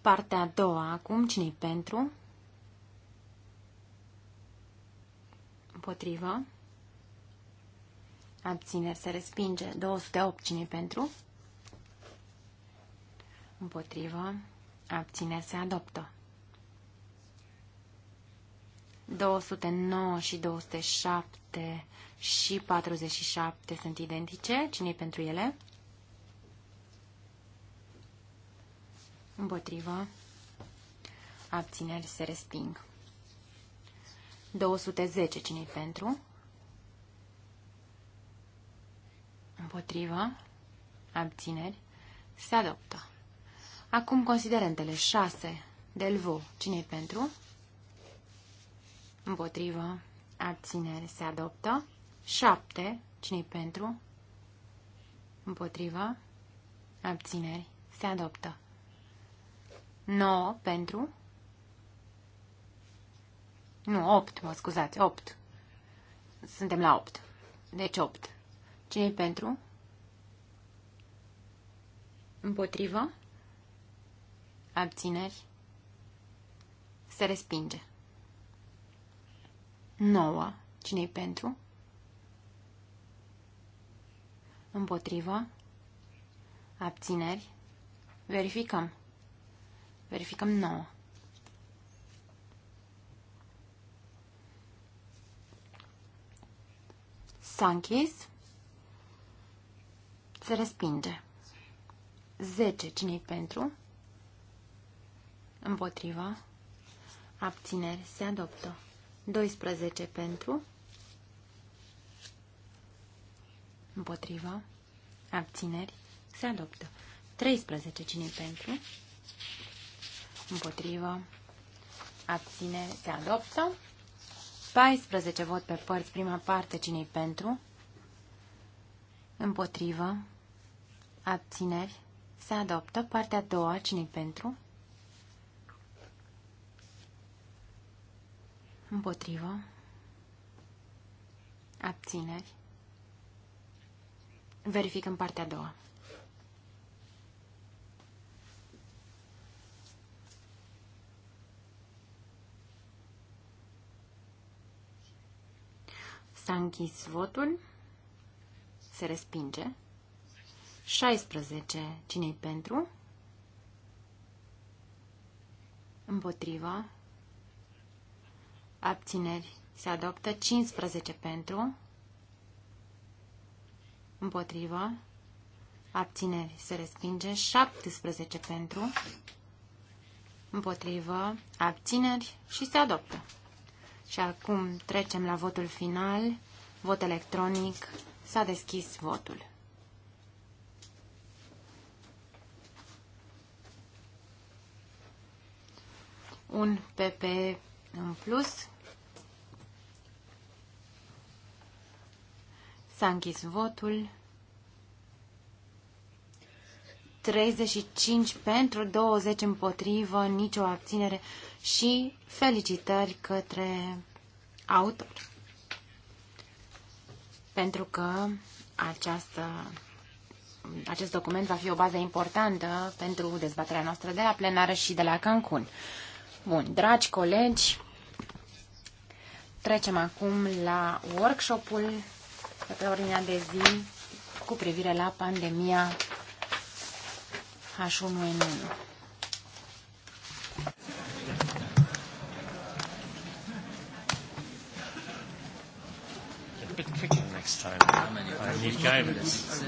Partea a doua, acum, cine pentru? Împotrivă. Abțineri se respinge. 208, cine pentru? Împotrivă. Abțineri se adoptă. 209 și 207 și 47 sunt identice. cine pentru ele? Împotrivă. Abțineri se resping. 210. Cine-i pentru? Împotrivă. Abțineri. Se adoptă. Acum considerentele 6. Delvo. Cine-i pentru? Împotrivă. Abțineri. Se adoptă. 7. Cine-i pentru? Împotrivă. Abțineri. Se adoptă. 9 pentru. Nu, 8, mă scuzați, 8. Suntem la 8. Deci 8. cine pentru? Împotrivă? Abțineri? Se respinge. 9. cine pentru? Împotrivă? Abțineri? Verificăm. Verificăm 9. S-a închis. Se respinge. 10. cine pentru? Împotriva. Abțineri. Se adoptă. 12 pentru. Împotriva. Abțineri. Se adoptă. 13. cine pentru? împotrivă, abține, se adoptă. 14 vot pe părți, prima parte, cine pentru, împotrivă, abțineri, se adoptă. Partea a doua, cine pentru, împotrivă, abțineri. Verificăm partea a doua. S-a închis votul. Se respinge. 16. Cine-i pentru? Împotriva. Abțineri. Se adoptă 15 pentru. Împotriva. Abțineri. Se respinge 17 pentru. Împotrivă. Abțineri. Și se adoptă. Și acum trecem la votul final. Vot electronic. S-a deschis votul. Un PP în plus. S-a închis votul. 35 pentru, 20 împotrivă, nicio abținere și felicitări către autor. Pentru că această, acest document va fi o bază importantă pentru dezbaterea noastră de la plenară și de la Cancun. Bun, dragi colegi, trecem acum la workshopul pe ordinea de zi cu privire la pandemia H1N1. bit quicker next time. I need guidance.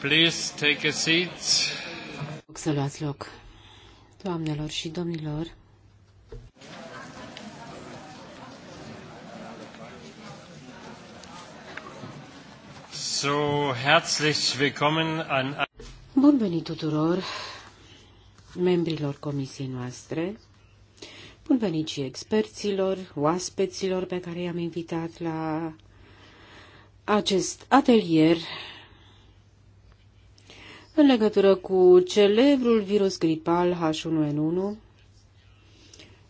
Please take a seat. Să luați loc. Doamnelor și domnilor, So, herzlich willkommen an... Bun venit tuturor membrilor comisiei noastre, bun venit și experților, oaspeților pe care i-am invitat la acest atelier în legătură cu celebrul virus gripal H1N1,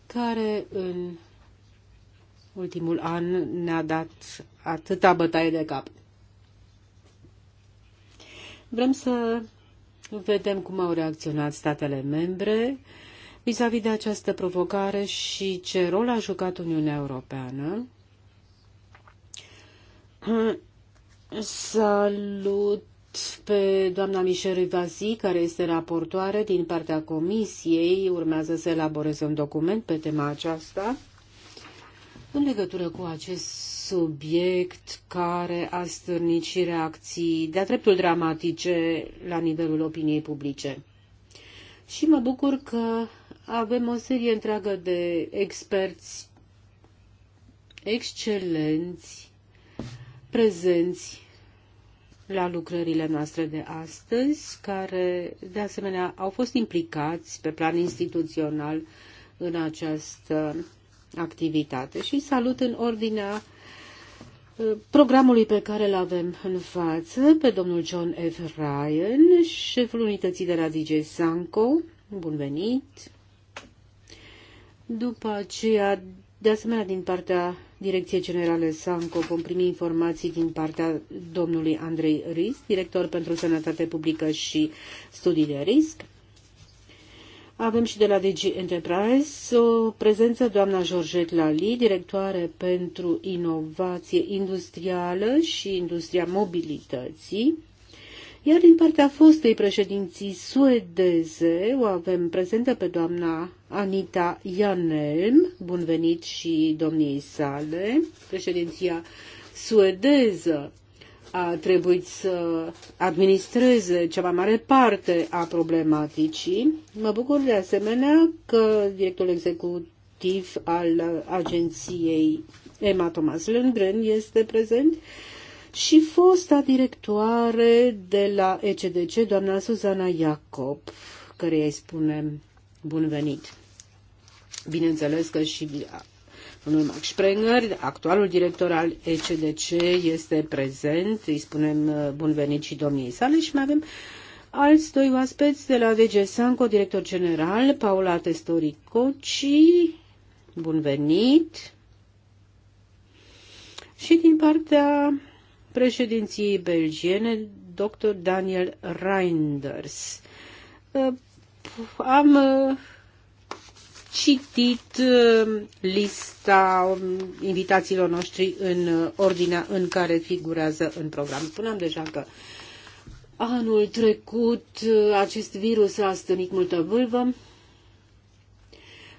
care în ultimul an ne-a dat atâta bătaie de cap. Vrem să vedem cum au reacționat statele membre vis-a-vis -vis de această provocare și ce rol a jucat Uniunea Europeană. Salut pe doamna Michel Vazi, care este raportoare din partea comisiei. Urmează să elaboreze un document pe tema aceasta în legătură cu acest subiect care a stârnit și reacții de-a dreptul dramatice la nivelul opiniei publice. Și mă bucur că avem o serie întreagă de experți excelenți prezenți la lucrările noastre de astăzi, care de asemenea au fost implicați pe plan instituțional în această activitate și salut în ordinea uh, programului pe care îl avem în față pe domnul John F. Ryan, șeful unității de la DJ Sanco. Bun venit! După aceea, de asemenea, din partea Direcție Generală Sanco vom primi informații din partea domnului Andrei Riz, director pentru Sănătate Publică și Studii de Risc. Avem și de la DG Enterprise o prezență doamna Georgette Lali, directoare pentru inovație industrială și industria mobilității. Iar din partea fostei președinții suedeze o avem prezentă pe doamna Anita Janelm, bun venit și domniei sale. Președinția suedeză a trebuit să administreze cea mai mare parte a problematicii. Mă bucur de asemenea că directorul executiv al agenției Emma Thomas Lundgren este prezent și fosta directoare de la ECDC, doamna Suzana Iacob, care îi spune bun venit. Bineînțeles că și domnul Max Sprenger, actualul director al ECDC, este prezent, îi spunem uh, bun venit și domniei sale și mai avem alți doi oaspeți de la DG Sanco, director general, Paula Testoricoci, bun venit, și din partea președinției belgiene, dr. Daniel Reinders. Uh, am uh, citit uh, lista um, invitațiilor noștri în ordinea în care figurează în program. Spuneam deja că anul trecut acest virus a stănit multă vâlvă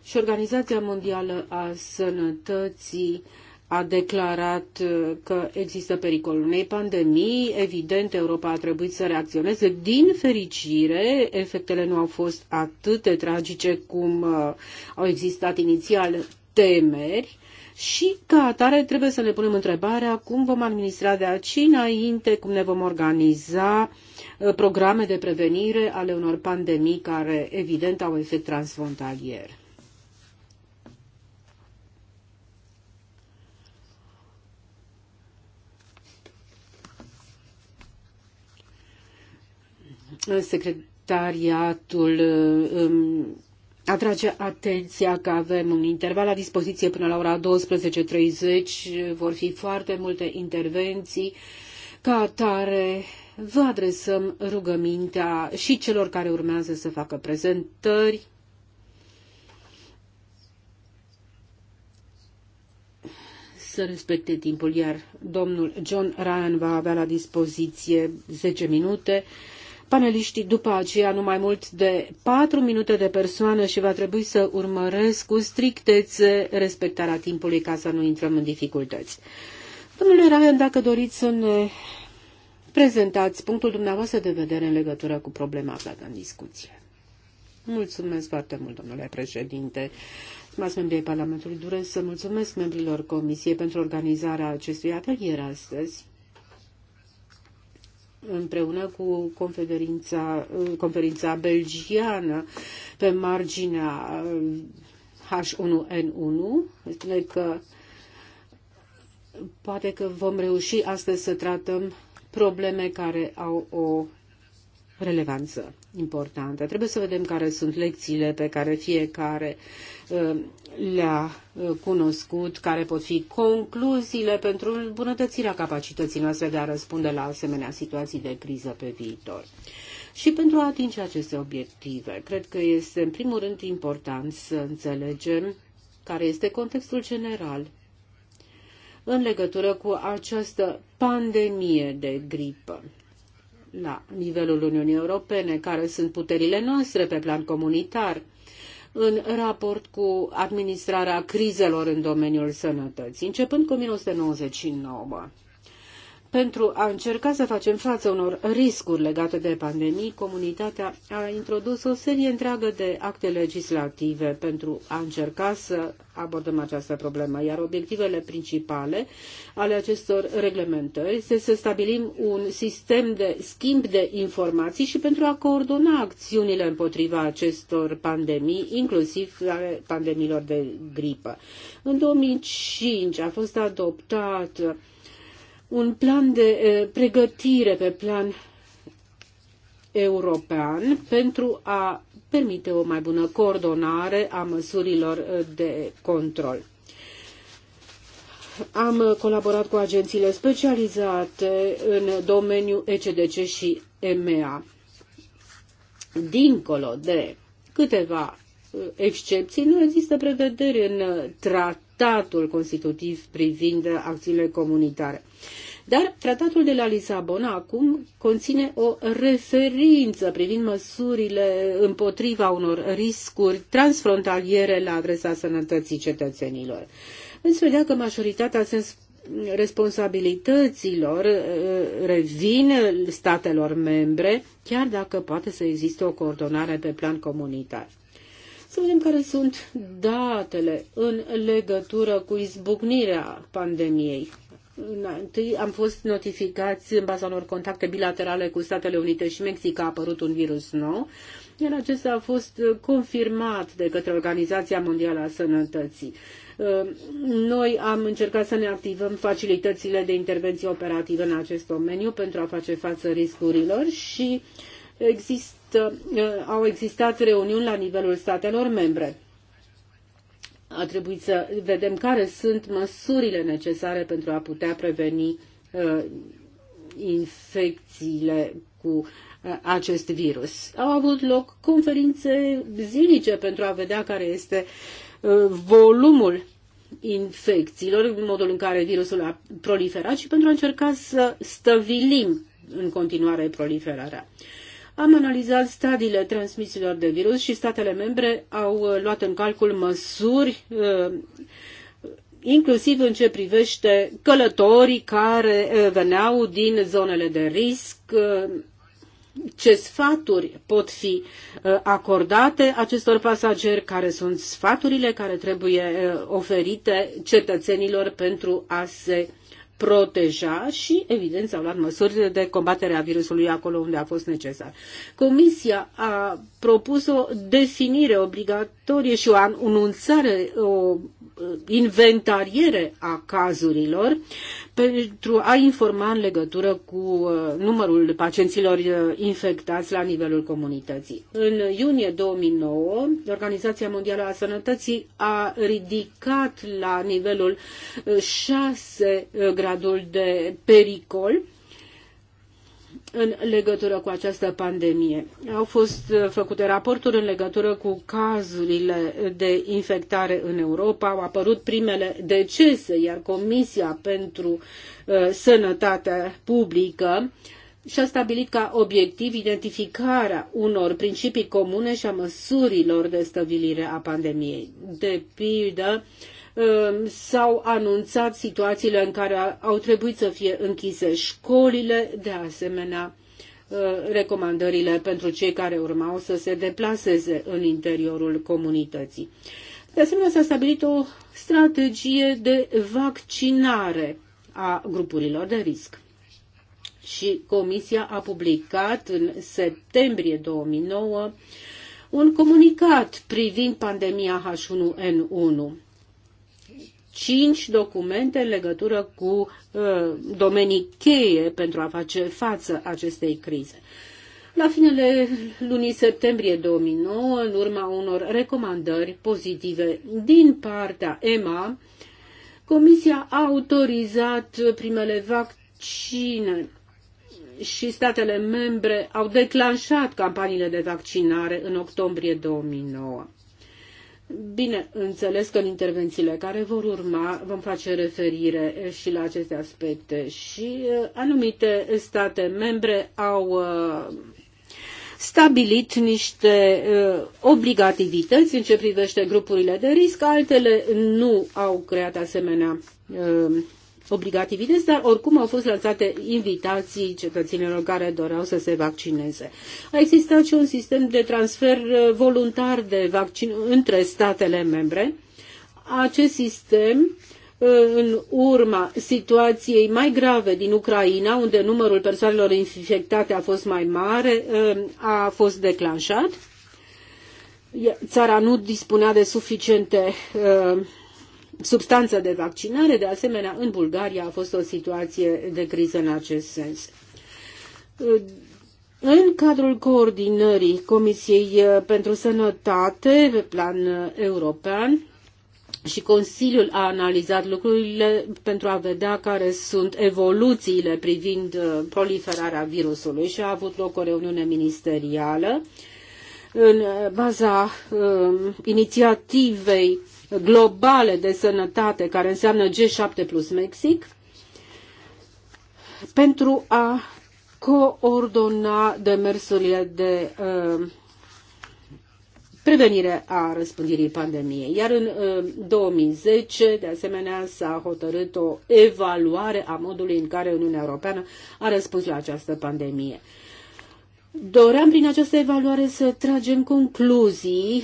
și Organizația Mondială a Sănătății uh, a declarat uh, că există pericolul unei pandemii. Evident, Europa a trebuit să reacționeze. Din fericire, efectele nu au fost atât de tragice cum uh, au existat inițial temeri și ca atare trebuie să ne punem întrebarea cum vom administra de aici înainte, cum ne vom organiza uh, programe de prevenire ale unor pandemii care evident au efect transfrontalier. secretariatul uh, um, atrage atenția că avem un interval la dispoziție până la ora 12.30. Vor fi foarte multe intervenții. Ca atare, vă adresăm rugămintea și celor care urmează să facă prezentări. să respecte timpul, iar domnul John Ryan va avea la dispoziție 10 minute Paneliștii după aceea nu mai mult de patru minute de persoană și va trebui să urmăresc cu strictețe respectarea timpului ca să nu intrăm în dificultăți. Domnule Ryan, dacă doriți să ne prezentați punctul dumneavoastră de vedere în legătură cu problema aflată în discuție. Mulțumesc foarte mult, domnule președinte. Mulțumesc membrii Parlamentului, doresc să mulțumesc membrilor Comisiei pentru organizarea acestui atelier astăzi împreună cu conferința, uh, conferința belgiană pe marginea H1N1. Uh, Spune că poate că vom reuși astăzi să tratăm probleme care au o relevanță importantă. Trebuie să vedem care sunt lecțiile pe care fiecare uh, le-a uh, cunoscut, care pot fi concluziile pentru îmbunătățirea capacității noastre de a răspunde la asemenea situații de criză pe viitor. Și pentru a atinge aceste obiective, cred că este în primul rând important să înțelegem care este contextul general în legătură cu această pandemie de gripă la nivelul Uniunii Europene, care sunt puterile noastre pe plan comunitar în raport cu administrarea crizelor în domeniul sănătății, începând cu 1999. Pentru a încerca să facem față unor riscuri legate de pandemii, comunitatea a introdus o serie întreagă de acte legislative pentru a încerca să abordăm această problemă, iar obiectivele principale ale acestor reglementări este să stabilim un sistem de schimb de informații și pentru a coordona acțiunile împotriva acestor pandemii, inclusiv ale pandemiilor de gripă. În 2005 a fost adoptat un plan de pregătire pe plan european pentru a permite o mai bună coordonare a măsurilor de control. Am colaborat cu agențiile specializate în domeniul ECDC și EMEA. Dincolo de câteva excepții, nu există prevederi în tratat tratatul constitutiv privind acțiunile comunitare. Dar tratatul de la Lisabona acum conține o referință privind măsurile împotriva unor riscuri transfrontaliere la adresa sănătății cetățenilor. se vedea că majoritatea sens responsabilităților uh, revin statelor membre, chiar dacă poate să existe o coordonare pe plan comunitar să vedem care sunt datele în legătură cu izbucnirea pandemiei. Întâi am fost notificați în baza unor contacte bilaterale cu Statele Unite și Mexic a apărut un virus nou, iar acesta a fost confirmat de către Organizația Mondială a Sănătății. Uh, noi am încercat să ne activăm facilitățile de intervenție operativă în acest domeniu pentru a face față riscurilor și există Uh, au existat reuniuni la nivelul statelor membre. A trebuit să vedem care sunt măsurile necesare pentru a putea preveni uh, infecțiile cu uh, acest virus. Au avut loc conferințe zilnice pentru a vedea care este volumul infecțiilor, modul în care virusul a proliferat și pentru a încerca să stăvilim în continuare proliferarea. Am analizat stadiile transmisiilor de virus și statele membre au uh, luat în calcul măsuri uh, inclusiv în ce privește călătorii care uh, veneau din zonele de risc, ce sfaturi pot fi acordate acestor pasageri, care sunt sfaturile care trebuie oferite cetățenilor pentru a se proteja și, evident, s-au luat măsuri de combatere a virusului acolo unde a fost necesar. Comisia a propus o definire obligatorie și o anunțare, o uh, inventariere a cazurilor pentru a informa în legătură cu uh, numărul pacienților uh, infectați la nivelul comunității. În iunie 2009, Organizația Mondială a Sănătății a ridicat la nivelul 6 gradul de pericol în legătură cu această pandemie. Au fost uh, făcute raporturi în legătură cu cazurile de infectare în Europa, au apărut primele decese, iar Comisia pentru uh, Sănătatea Publică și-a stabilit ca obiectiv identificarea unor principii comune și a măsurilor de stăvilire a pandemiei. De pildă, Uh, s-au anunțat situațiile în care au trebuit să fie închise școlile, de asemenea uh, recomandările pentru cei care urmau să se deplaseze în interiorul comunității. De asemenea, s-a stabilit o strategie de vaccinare a grupurilor de risc. Și Comisia a publicat în septembrie 2009 un comunicat privind pandemia H1N1 cinci documente în legătură cu uh, domenii cheie pentru a face față acestei crize. La finele lunii septembrie 2009, în urma unor recomandări pozitive din partea EMA, Comisia a autorizat primele vaccine și statele membre au declanșat campaniile de vaccinare în octombrie 2009 înțeles că în intervențiile care vor urma vom face referire și la aceste aspecte și uh, anumite state membre au uh, stabilit niște uh, obligativități în ce privește grupurile de risc, altele nu au creat asemenea obligativități, dar oricum au fost lansate invitații cetățenilor care doreau să se vaccineze. A existat și un sistem de transfer uh, voluntar de vaccin între statele membre. Acest sistem uh, în urma situației mai grave din Ucraina, unde numărul persoanelor infectate a fost mai mare, uh, a fost declanșat. Țara nu dispunea de suficiente substanță de vaccinare. De asemenea, în Bulgaria a fost o situație de criză în acest sens. În cadrul coordinării Comisiei pentru Sănătate pe plan european, și Consiliul a analizat lucrurile pentru a vedea care sunt evoluțiile privind uh, proliferarea virusului și a avut loc o reuniune ministerială în baza uh, inițiativei globale de sănătate, care înseamnă G7 plus Mexic, pentru a coordona demersurile de uh, prevenire a răspândirii pandemiei. Iar în 2010, uh, de asemenea, s-a hotărât o evaluare a modului în care Uniunea Europeană a răspuns la această pandemie. Doream prin această evaluare să tragem concluzii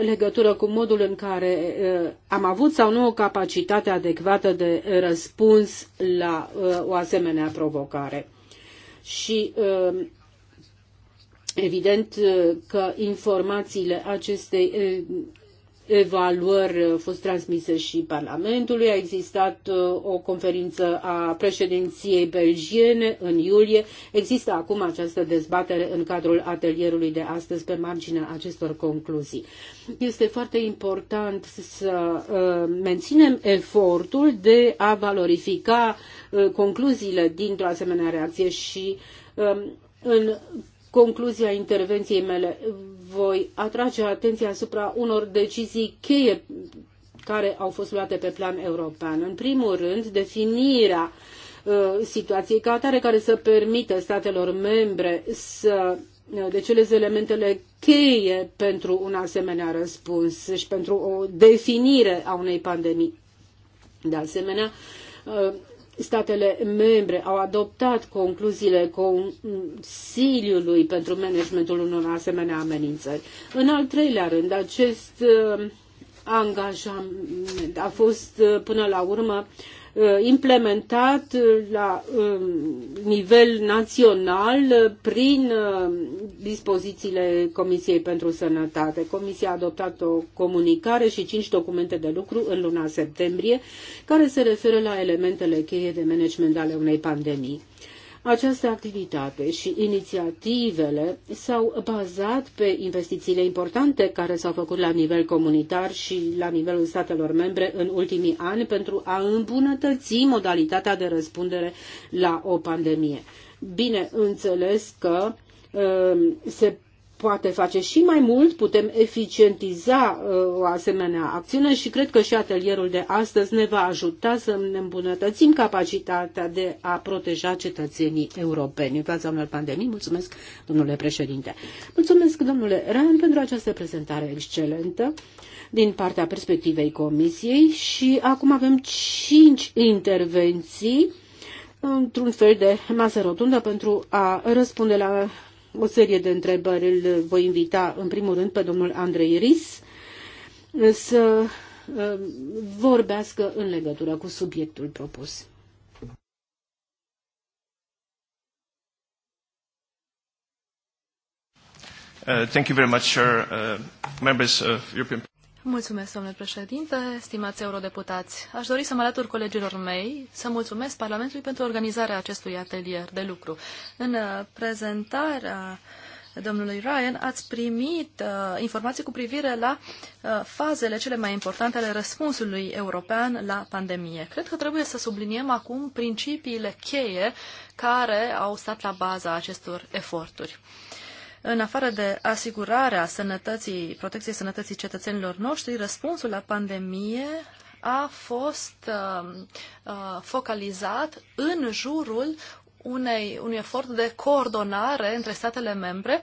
în legătură cu modul în care uh, am avut sau nu o capacitate adecvată de răspuns la uh, o asemenea provocare. Și uh, evident că informațiile acestei evaluări uh, fost transmise și Parlamentului. A existat uh, o conferință a președinției belgiene în iulie. Există acum această dezbatere în cadrul atelierului de astăzi pe marginea acestor concluzii. Este foarte important să uh, menținem efortul de a valorifica concluziile dintr-o asemenea reacție și um, în concluzia intervenției mele voi atrage atenția asupra unor decizii cheie care au fost luate pe plan european. În primul rând, definirea uh, situației ca atare care să permită statelor membre să uh, deceleze elementele cheie pentru un asemenea răspuns și pentru o definire a unei pandemii. De asemenea, uh, statele membre au adoptat concluziile Consiliului pentru managementul unor asemenea amenințări. În al treilea rând, acest uh, angajament a fost uh, până la urmă uh, Uh, implementat uh, la um, nivel național uh, prin dispozițiile Comisiei pentru Sănătate. Comisia a adoptat o comunicare și cinci documente de lucru în luna septembrie care se referă la elementele cheie de management ale unei pandemii. Această activitate și inițiativele s-au bazat pe investițiile importante care s-au făcut la nivel comunitar și la nivelul statelor membre în ultimii ani pentru a îmbunătăți modalitatea de răspundere la o pandemie. Bineînțeles că uh, se poate face și mai mult, putem eficientiza uh, o asemenea acțiune și cred că și atelierul de astăzi ne va ajuta să ne îmbunătățim capacitatea de a proteja cetățenii europeni. În fața unor pandemii, mulțumesc, domnule președinte. Mulțumesc, domnule Ran, pentru această prezentare excelentă din partea perspectivei Comisiei și acum avem cinci intervenții într-un fel de masă rotundă pentru a răspunde la o serie de întrebări. Îl voi invita în primul rând pe domnul Andrei Ris să uh, vorbească în legătură cu subiectul propus. Uh, thank you very much, sir, uh, members of European Mulțumesc, domnule președinte, stimați eurodeputați. Aș dori să mă alătur colegilor mei, să mulțumesc Parlamentului pentru organizarea acestui atelier de lucru. În uh, prezentarea domnului Ryan, ați primit uh, informații cu privire la uh, fazele cele mai importante ale răspunsului european la pandemie. Cred că trebuie să subliniem acum principiile cheie care au stat la baza acestor eforturi. Uh, în afară de asigurarea sănătății, protecției sănătății cetățenilor noștri, răspunsul la pandemie a fost uh, uh, focalizat în jurul unei, unui efort de coordonare între statele membre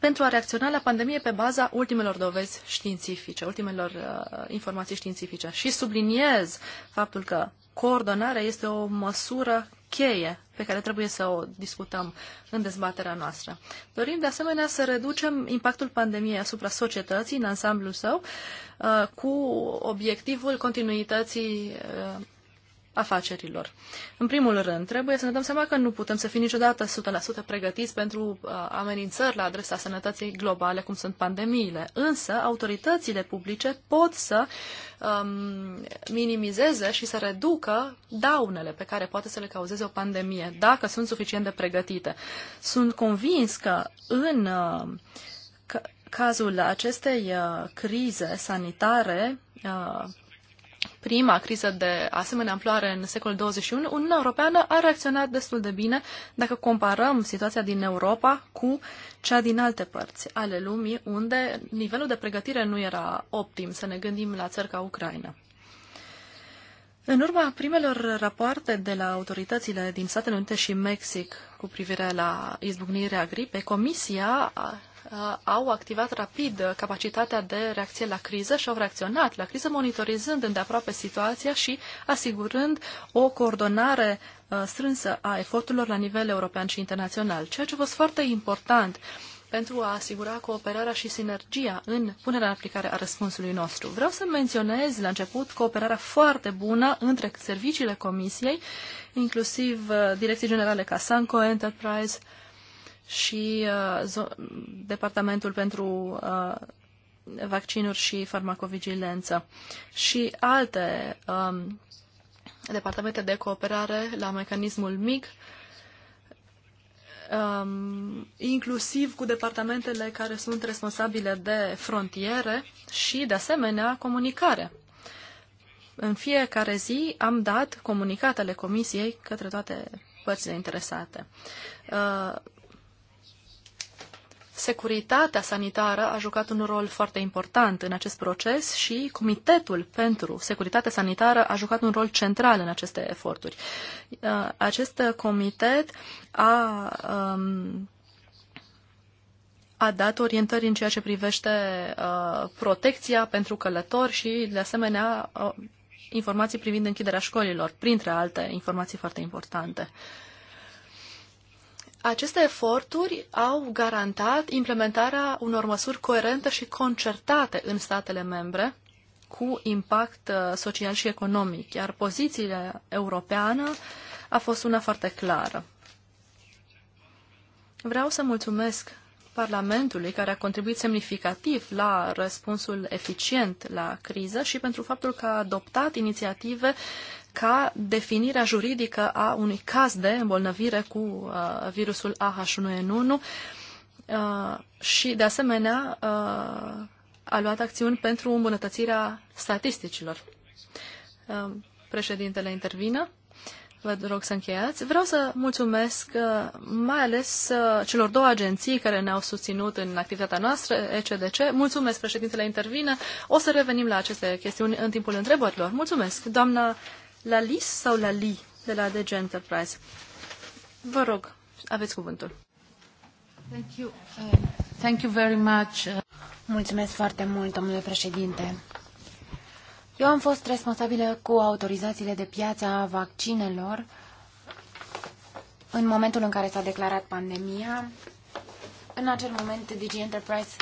pentru a reacționa la pandemie pe baza ultimelor dovezi științifice, ultimelor uh, informații științifice. Și subliniez faptul că coordonarea este o măsură cheie pe care trebuie să o discutăm în dezbaterea noastră. Dorim de asemenea să reducem impactul pandemiei asupra societății în ansamblul său uh, cu obiectivul continuității uh, afacerilor. În primul rând, trebuie să ne dăm seama că nu putem să fim niciodată 100% pregătiți pentru uh, amenințări la adresa sănătății globale, cum sunt pandemiile. Însă, autoritățile publice pot să um, minimizeze și să reducă daunele pe care poate să le cauzeze o pandemie, dacă sunt suficient de pregătite. Sunt convins că în uh, că, cazul acestei uh, crize sanitare, uh, prima criză de asemenea amploare în secolul 21, Uniunea Europeană a reacționat destul de bine dacă comparăm situația din Europa cu cea din alte părți ale lumii, unde nivelul de pregătire nu era optim, să ne gândim la țări ca Ucraina. În urma primelor rapoarte de la autoritățile din Statele Unite și Mexic cu privire la izbucnirea gripei, Comisia Uh, au activat rapid capacitatea de reacție la criză și au reacționat la criză, monitorizând îndeaproape situația și asigurând o coordonare uh, strânsă a eforturilor la nivel european și internațional, ceea ce a fost foarte important pentru a asigura cooperarea și sinergia în punerea în aplicare a răspunsului nostru. Vreau să menționez la început cooperarea foarte bună între serviciile Comisiei, inclusiv uh, Direcții Generale ca Sanco Enterprise, uh, și uh, Departamentul pentru uh, Vaccinuri și Farmacovigilență și alte um, departamente de cooperare la mecanismul MIG, um, inclusiv cu departamentele care sunt responsabile de frontiere și, de asemenea, comunicare. În fiecare zi am dat comunicatele Comisiei către toate părțile interesate. Uh, securitatea sanitară a jucat un rol foarte important în acest proces și Comitetul pentru Securitatea Sanitară a jucat un rol central în aceste eforturi. Uh, acest comitet a, um, a dat orientări în ceea ce privește uh, protecția pentru călători și, de asemenea, uh, informații privind închiderea școlilor, printre alte informații foarte importante aceste eforturi au garantat implementarea unor măsuri coerente și concertate în statele membre cu impact uh, social și economic, iar poziția europeană a fost una foarte clară. Vreau să mulțumesc Parlamentului, care a contribuit semnificativ la răspunsul eficient la criză și pentru faptul că a adoptat inițiative ca definirea juridică a unui caz de îmbolnăvire cu uh, virusul AH1N1 uh, și, de asemenea, uh, a luat acțiuni pentru îmbunătățirea statisticilor. Uh, președintele intervină. Vă rog să încheiați. Vreau să mulțumesc uh, mai ales uh, celor două agenții care ne-au susținut în activitatea noastră, ECDC. Mulțumesc, președintele intervine. O să revenim la aceste chestiuni în timpul întrebărilor. Mulțumesc, doamna la LIS sau la LI de la DG Enterprise. Vă rog, aveți cuvântul. Thank you. Uh, thank you very much. Uh. Mulțumesc foarte mult, domnule președinte. Eu am fost responsabilă cu autorizațiile de piață a vaccinelor în momentul în care s-a declarat pandemia. În acel moment, DG Enterprise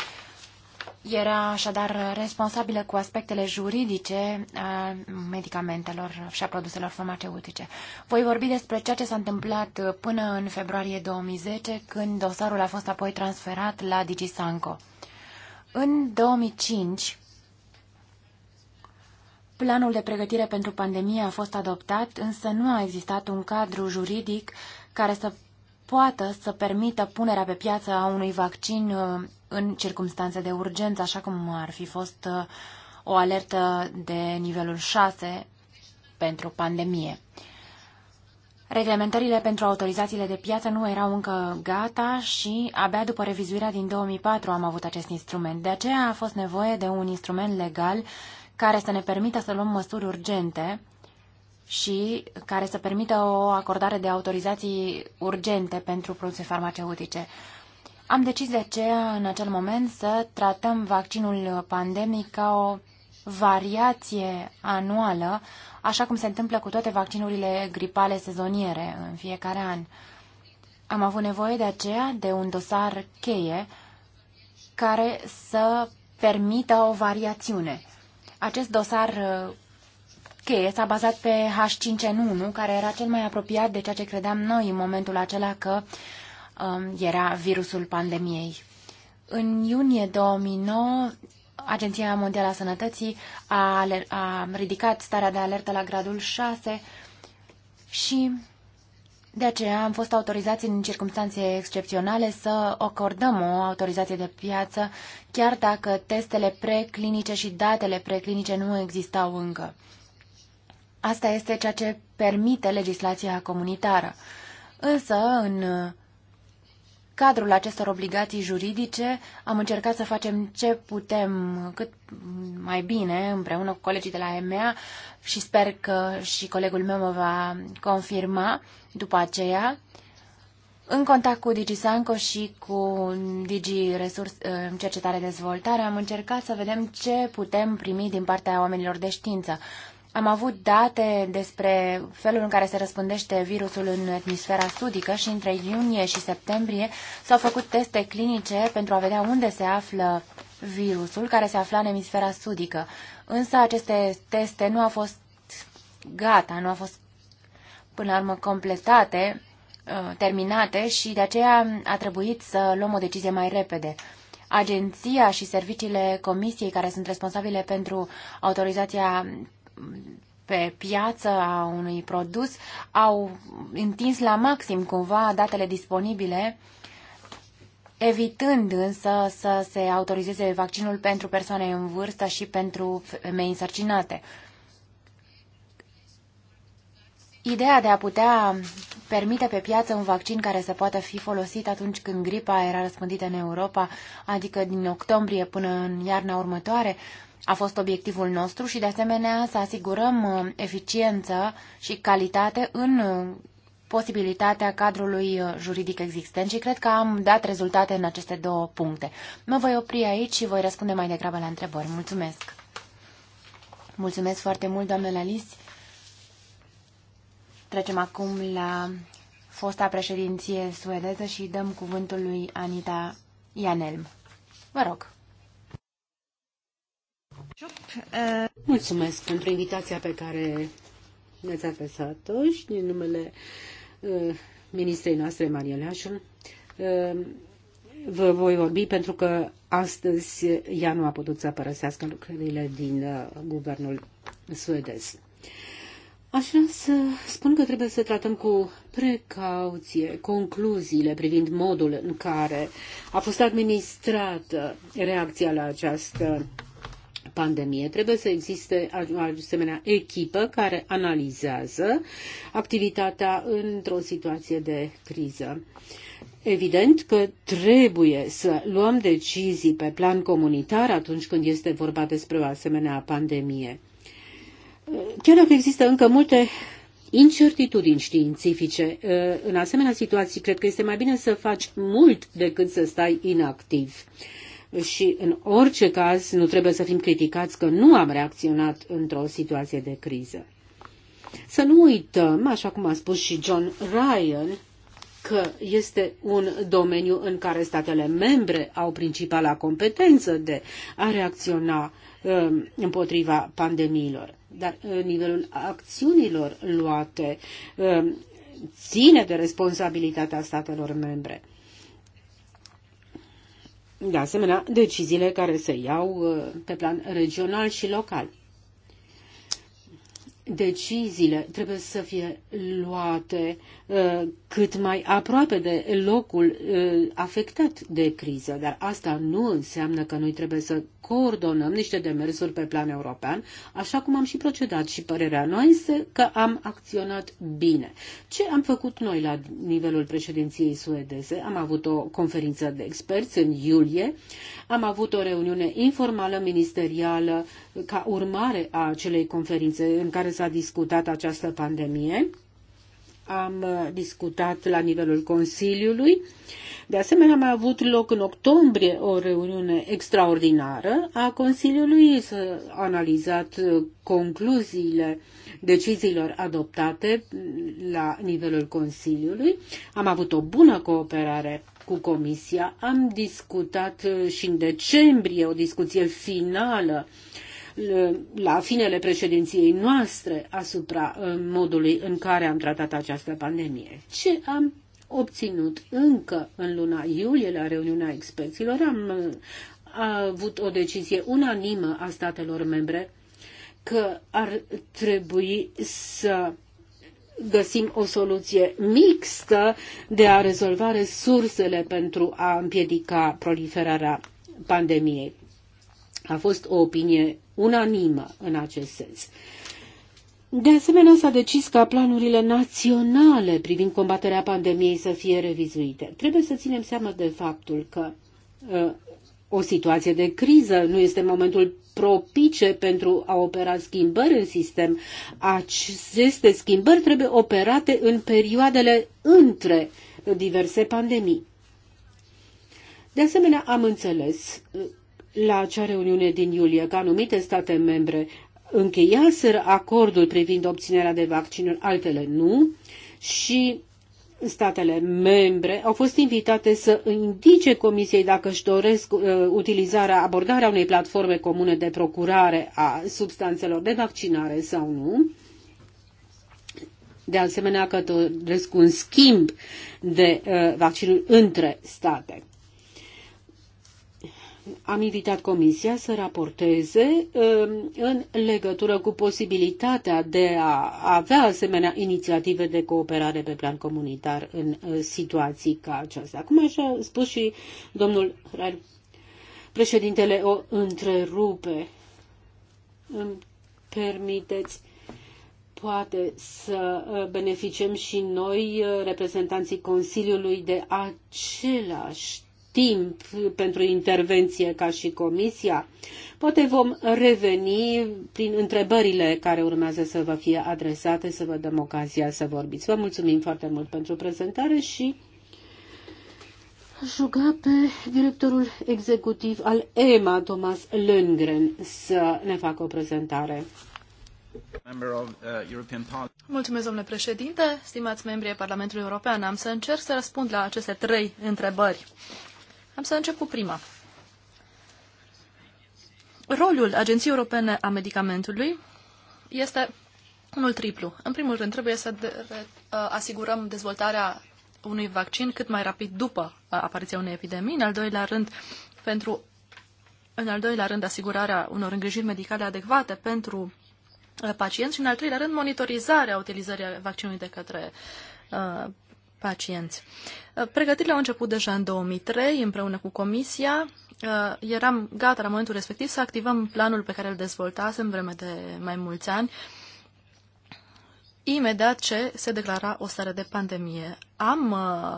era așadar responsabilă cu aspectele juridice a medicamentelor și a produselor farmaceutice. Voi vorbi despre ceea ce s-a întâmplat până în februarie 2010, când dosarul a fost apoi transferat la DigiSanco. În 2005, planul de pregătire pentru pandemie a fost adoptat, însă nu a existat un cadru juridic care să poată să permită punerea pe piață a unui vaccin uh, în circunstanțe de urgență, așa cum ar fi fost uh, o alertă de nivelul 6 pentru pandemie. Reglementările pentru autorizațiile de piață nu erau încă gata și abia după revizuirea din 2004 am avut acest instrument. De aceea a fost nevoie de un instrument legal care să ne permită să luăm măsuri urgente și care să permită o acordare de autorizații urgente pentru produse farmaceutice. Am decis de aceea, în acel moment, să tratăm vaccinul pandemic ca o variație anuală, așa cum se întâmplă cu toate vaccinurile gripale sezoniere în fiecare an. Am avut nevoie de aceea de un dosar cheie care să permită o variațiune. Acest dosar cheie s-a bazat pe H5N1, care era cel mai apropiat de ceea ce credeam noi în momentul acela că um, era virusul pandemiei. În iunie 2009, Agenția Mondială a Sănătății a, a ridicat starea de alertă la gradul 6 și de aceea am fost autorizați în circunstanțe excepționale să acordăm o autorizație de piață, chiar dacă testele preclinice și datele preclinice nu existau încă. Asta este ceea ce permite legislația comunitară. Însă, în cadrul acestor obligații juridice am încercat să facem ce putem cât mai bine împreună cu colegii de la EMEA și sper că și colegul meu mă va confirma după aceea în contact cu DigiSanco și cu Digi Resurs, ă, Cercetare Dezvoltare am încercat să vedem ce putem primi din partea oamenilor de știință. Am avut date despre felul în care se răspândește virusul în atmosfera sudică și între iunie și septembrie s-au făcut teste clinice pentru a vedea unde se află virusul care se afla în emisfera sudică. Însă aceste teste nu au fost gata, nu au fost până la urmă completate, uh, terminate și de aceea a trebuit să luăm o decizie mai repede. Agenția și serviciile comisiei care sunt responsabile pentru autorizația pe piață a unui produs au întins la maxim cumva datele disponibile, evitând însă să se autorizeze vaccinul pentru persoane în vârstă și pentru femei însărcinate. Ideea de a putea permite pe piață un vaccin care să poată fi folosit atunci când gripa era răspândită în Europa, adică din octombrie până în iarna următoare, uh, a fost obiectivul nostru și, de asemenea, să asigurăm uh, eficiență și calitate în uh, posibilitatea cadrului uh, juridic existent și cred că am dat rezultate în aceste două puncte. Mă voi opri aici și voi răspunde mai degrabă la întrebări. Mulțumesc! Mulțumesc foarte mult, doamnă Alis. Trecem acum la fosta președinție suedeză și dăm cuvântul lui Anita Ianelm. Vă rog! Mulțumesc pentru invitația pe care ne-ați adresat-o și din numele uh, ministrei noastre, Maria Leașul. Uh, vă voi vorbi pentru că astăzi ea nu a putut să părăsească lucrările din uh, guvernul suedez. Aș vrea să spun că trebuie să tratăm cu precauție concluziile privind modul în care a fost administrată reacția la această pandemie. Trebuie să existe o asemenea echipă care analizează activitatea într-o situație de criză. Evident că trebuie să luăm decizii pe plan comunitar atunci când este vorba despre o asemenea pandemie. Chiar dacă există încă multe incertitudini științifice, în asemenea situații cred că este mai bine să faci mult decât să stai inactiv și în orice caz nu trebuie să fim criticați că nu am reacționat într-o situație de criză. Să nu uităm, așa cum a spus și John Ryan, că este un domeniu în care statele membre au principala competență de a reacționa um, împotriva pandemiilor. Dar uh, nivelul acțiunilor luate um, ține de responsabilitatea statelor membre de asemenea, deciziile care se iau uh, pe plan regional și local. Deciziile trebuie să fie luate Uh, cât mai aproape de locul uh, afectat de criză. Dar asta nu înseamnă că noi trebuie să coordonăm niște demersuri pe plan european, așa cum am și procedat și părerea noi este că am acționat bine. Ce am făcut noi la nivelul președinției suedeze? Am avut o conferință de experți în iulie, am avut o reuniune informală ministerială ca urmare a acelei conferințe în care s-a discutat această pandemie am uh, discutat la nivelul Consiliului. De asemenea, mai avut loc în octombrie o reuniune extraordinară a Consiliului, s-a analizat uh, concluziile deciziilor adoptate mm, la nivelul Consiliului. Am avut o bună cooperare cu Comisia, am discutat uh, și în decembrie o discuție finală uh, la finele președinției noastre asupra uh, modului în care am tratat această pandemie. Ce am obținut încă în luna iulie la reuniunea experților, am uh, avut o decizie unanimă a statelor membre că ar trebui să găsim o soluție mixtă de a rezolva resursele pentru a împiedica proliferarea pandemiei. A fost o opinie unanimă în acest sens. De asemenea, s-a decis ca planurile naționale privind combaterea pandemiei să fie revizuite. Trebuie să ținem seama de faptul că uh, o situație de criză nu este momentul propice pentru a opera schimbări în sistem. Aceste schimbări trebuie operate în perioadele între diverse pandemii. De asemenea, am înțeles uh, la acea reuniune din iulie că anumite state membre încheiaseră acordul privind obținerea de vaccinuri, altele nu, și statele membre au fost invitate să indice Comisiei dacă își doresc uh, utilizarea, abordarea unei platforme comune de procurare a substanțelor de vaccinare sau nu. De asemenea, că doresc un schimb de uh, vaccinuri între state. Am invitat Comisia să raporteze um, în legătură cu posibilitatea de a avea asemenea inițiative de cooperare pe plan comunitar în uh, situații ca aceasta. Cum așa a spus și domnul Rar, președintele o întrerupe. Îmi permiteți poate să uh, beneficiem și noi, uh, reprezentanții Consiliului, de același timp pentru intervenție ca și Comisia. Poate vom reveni prin întrebările care urmează să vă fie adresate, să vă dăm ocazia să vorbiți. Vă mulțumim foarte mult pentru prezentare și aș ruga pe directorul executiv al EMA, Thomas Lundgren, să ne facă o prezentare. Uh, Mulțumesc, domnule președinte, stimați membrii Parlamentului European. Am să încerc să răspund la aceste trei întrebări. Am să încep cu prima. Rolul Agenției Europene a Medicamentului este unul triplu. În primul rând, trebuie să de, uh, asigurăm dezvoltarea unui vaccin cât mai rapid după uh, apariția unei epidemii. În al doilea rând, pentru în al doilea rând, asigurarea unor îngrijiri medicale adecvate pentru uh, pacienți și, în al treilea rând, monitorizarea utilizării vaccinului de către uh, pacienți. Uh, pregătirile au început deja în 2003, împreună cu Comisia. Uh, eram gata la momentul respectiv să activăm planul pe care îl dezvoltasem vreme de mai mulți ani, imediat ce se declara o stare de pandemie. Am uh,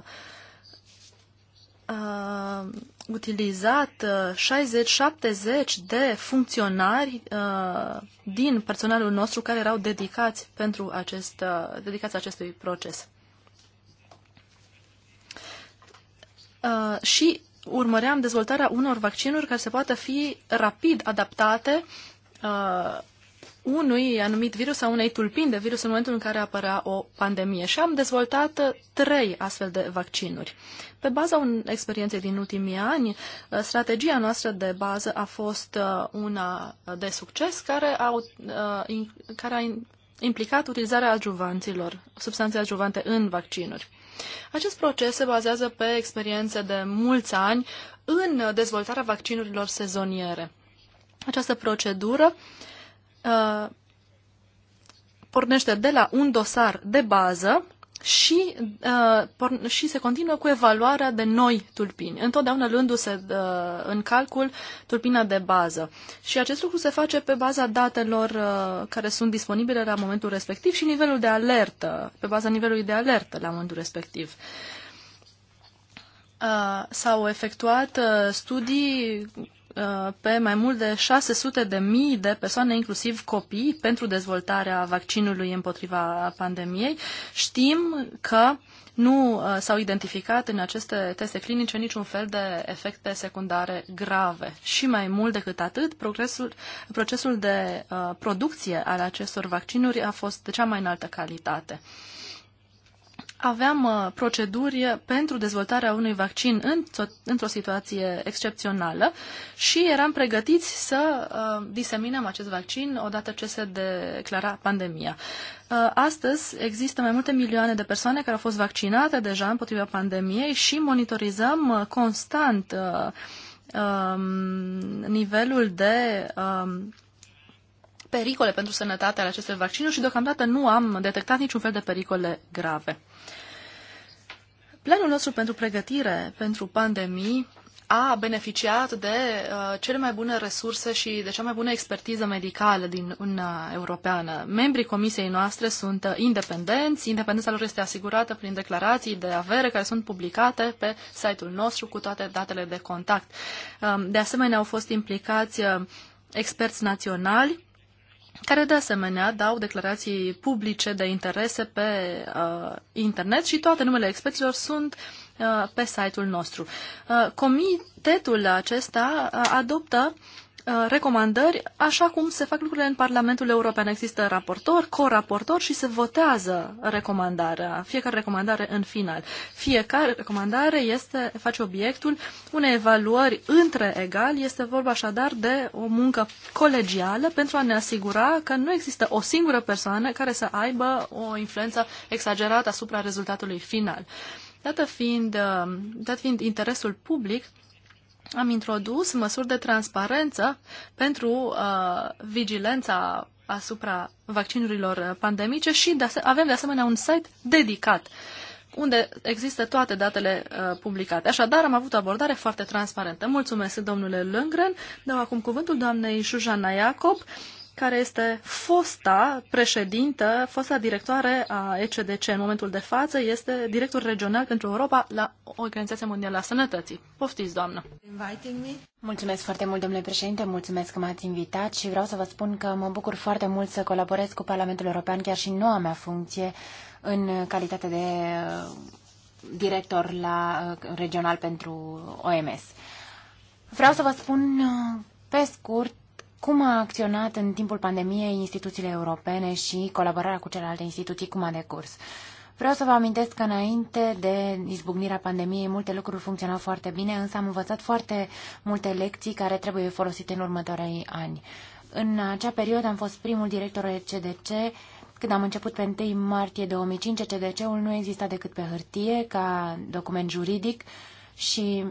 uh, utilizat uh, 60-70 de funcționari uh, din personalul nostru care erau dedicați pentru acest, uh, dedicați acestui proces. Uh, și urmăream dezvoltarea unor vaccinuri care se poată fi rapid adaptate uh, unui anumit virus sau unei tulpini de virus în momentul în care apărea o pandemie. Și am dezvoltat trei astfel de vaccinuri. Pe baza experienței din ultimii ani, uh, strategia noastră de bază a fost uh, una de succes care, au, care a implicat utilizarea adjuvanților, substanțe adjuvante în vaccinuri. Acest proces se bazează pe experiențe de mulți ani în dezvoltarea vaccinurilor sezoniere. Această procedură uh, pornește de la un dosar de bază și, uh, și se continuă cu evaluarea de noi tulpini, întotdeauna luându-se uh, în calcul tulpina de bază. Și acest lucru se face pe baza datelor uh, care sunt disponibile la momentul respectiv și nivelul de alertă, pe baza nivelului de alertă la momentul respectiv. Uh, s-au efectuat uh, studii Uh, pe mai mult de 600 de mii de persoane, inclusiv copii, pentru dezvoltarea vaccinului împotriva pandemiei. Știm că nu uh, s-au identificat în aceste teste clinice niciun fel de efecte secundare grave. Și mai mult decât atât, progresul, procesul de uh, producție al acestor vaccinuri a fost de cea mai înaltă calitate. Uh, aveam uh, proceduri pentru dezvoltarea unui vaccin într-o situație excepțională și eram pregătiți să uh, diseminăm acest vaccin odată ce se declara pandemia. Uh, astăzi există mai multe milioane de persoane care au fost vaccinate deja împotriva pandemiei și monitorizăm constant um, nivelul de um, pericole pentru sănătate ale acestor vaccinuri și deocamdată nu am detectat niciun fel de pericole grave. Planul nostru pentru pregătire pentru pandemii a beneficiat de uh, cele mai bune resurse și de cea mai bună expertiză medicală din Uniunea Europeană. Membrii comisiei noastre sunt uh, independenți, independența lor este asigurată prin declarații de avere care sunt publicate pe site-ul nostru cu toate datele de contact. Uh, de asemenea, au fost implicați uh, experți naționali care de asemenea dau declarații publice de interese pe uh, internet și toate numele experților sunt uh, pe site-ul nostru. Uh, comitetul acesta uh, adoptă Uh, recomandări, așa cum se fac lucrurile în Parlamentul European. Există raportor, coraportor și se votează recomandarea, fiecare recomandare în final. Fiecare recomandare este, face obiectul unei evaluări între egali, este vorba așadar de o muncă colegială pentru a ne asigura că nu există o singură persoană care să aibă o influență exagerată asupra rezultatului final. Dată fiind, uh, dat fiind interesul public, am introdus măsuri de transparență pentru uh, vigilența asupra vaccinurilor pandemice și de avem de asemenea un site dedicat unde există toate datele uh, publicate. Așadar, am avut o abordare foarte transparentă. Mulțumesc, domnule Lângren. Dau acum cuvântul doamnei Șujana Iacob, care este fosta președintă, fosta directoare a ECDC în momentul de față, este director regional pentru Europa la Organizația Mondială a Sănătății. Poftiți, doamnă! Mulțumesc foarte mult, domnule președinte, mulțumesc că m-ați invitat și vreau să vă spun că mă bucur foarte mult să colaborez cu Parlamentul European, chiar și noua mea funcție, în calitate de uh, director la uh, regional pentru OMS. Vreau să vă spun uh, pe scurt cum a acționat în timpul pandemiei instituțiile europene și colaborarea cu celelalte instituții, cum a decurs? Vreau să vă amintesc că înainte de izbucnirea pandemiei multe lucruri funcționau foarte bine, însă am învățat foarte multe lecții care trebuie folosite în următorii ani. În acea perioadă am fost primul director al CDC. Când am început pe 1 martie 2005, CDC-ul nu exista decât pe hârtie, ca document juridic și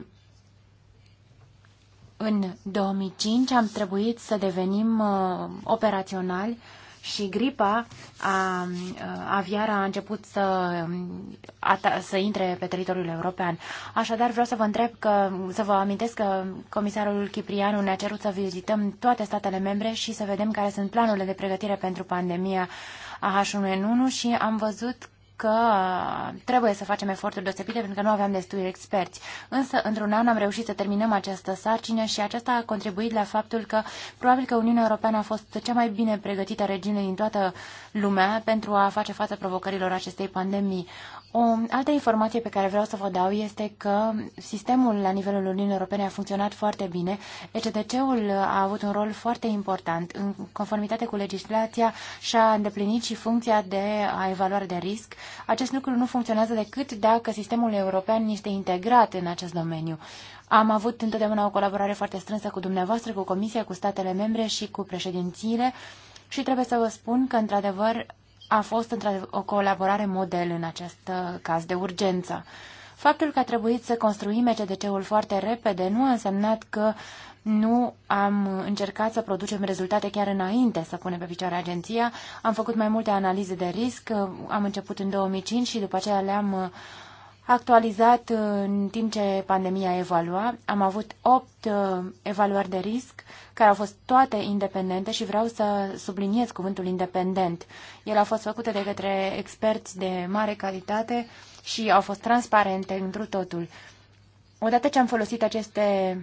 în 2005 am trebuit să devenim uh, operaționali și gripa a, uh, aviară a început să, um, a, să intre pe teritoriul european. Așadar, vreau să vă întreb că, să vă amintesc că comisarul Ciprianu ne-a cerut să vizităm toate statele membre și să vedem care sunt planurile de pregătire pentru pandemia a H1N1 și am văzut că trebuie să facem eforturi deosebite pentru că nu aveam destui experți. Însă, într-un an am reușit să terminăm această sarcină și aceasta a contribuit la faptul că probabil că Uniunea Europeană a fost cea mai bine pregătită regiune din toată lumea pentru a face față provocărilor acestei pandemii. O altă informație pe care vreau să vă dau este că sistemul la nivelul Uniunii Europene a funcționat foarte bine. ECDC-ul a avut un rol foarte important. În conformitate cu legislația și-a îndeplinit și funcția de evaluare de risc. Acest lucru nu funcționează decât dacă sistemul european este integrat în acest domeniu. Am avut întotdeauna o colaborare foarte strânsă cu dumneavoastră, cu Comisia, cu statele membre și cu președințiile și trebuie să vă spun că, într-adevăr, a fost o colaborare model în acest uh, caz de urgență. Faptul că a trebuit să construim ECDC-ul foarte repede nu a însemnat că nu am încercat să producem rezultate chiar înainte să punem pe picioare agenția. Am făcut mai multe analize de risc, uh, am început în 2005 și după aceea le-am uh, actualizat uh, în timp ce pandemia evalua. Am avut 8 uh, evaluări de risc care au fost toate independente și vreau să subliniez cuvântul independent. Ele au fost făcute de către experți de mare calitate și au fost transparente întru totul. Odată ce am folosit aceste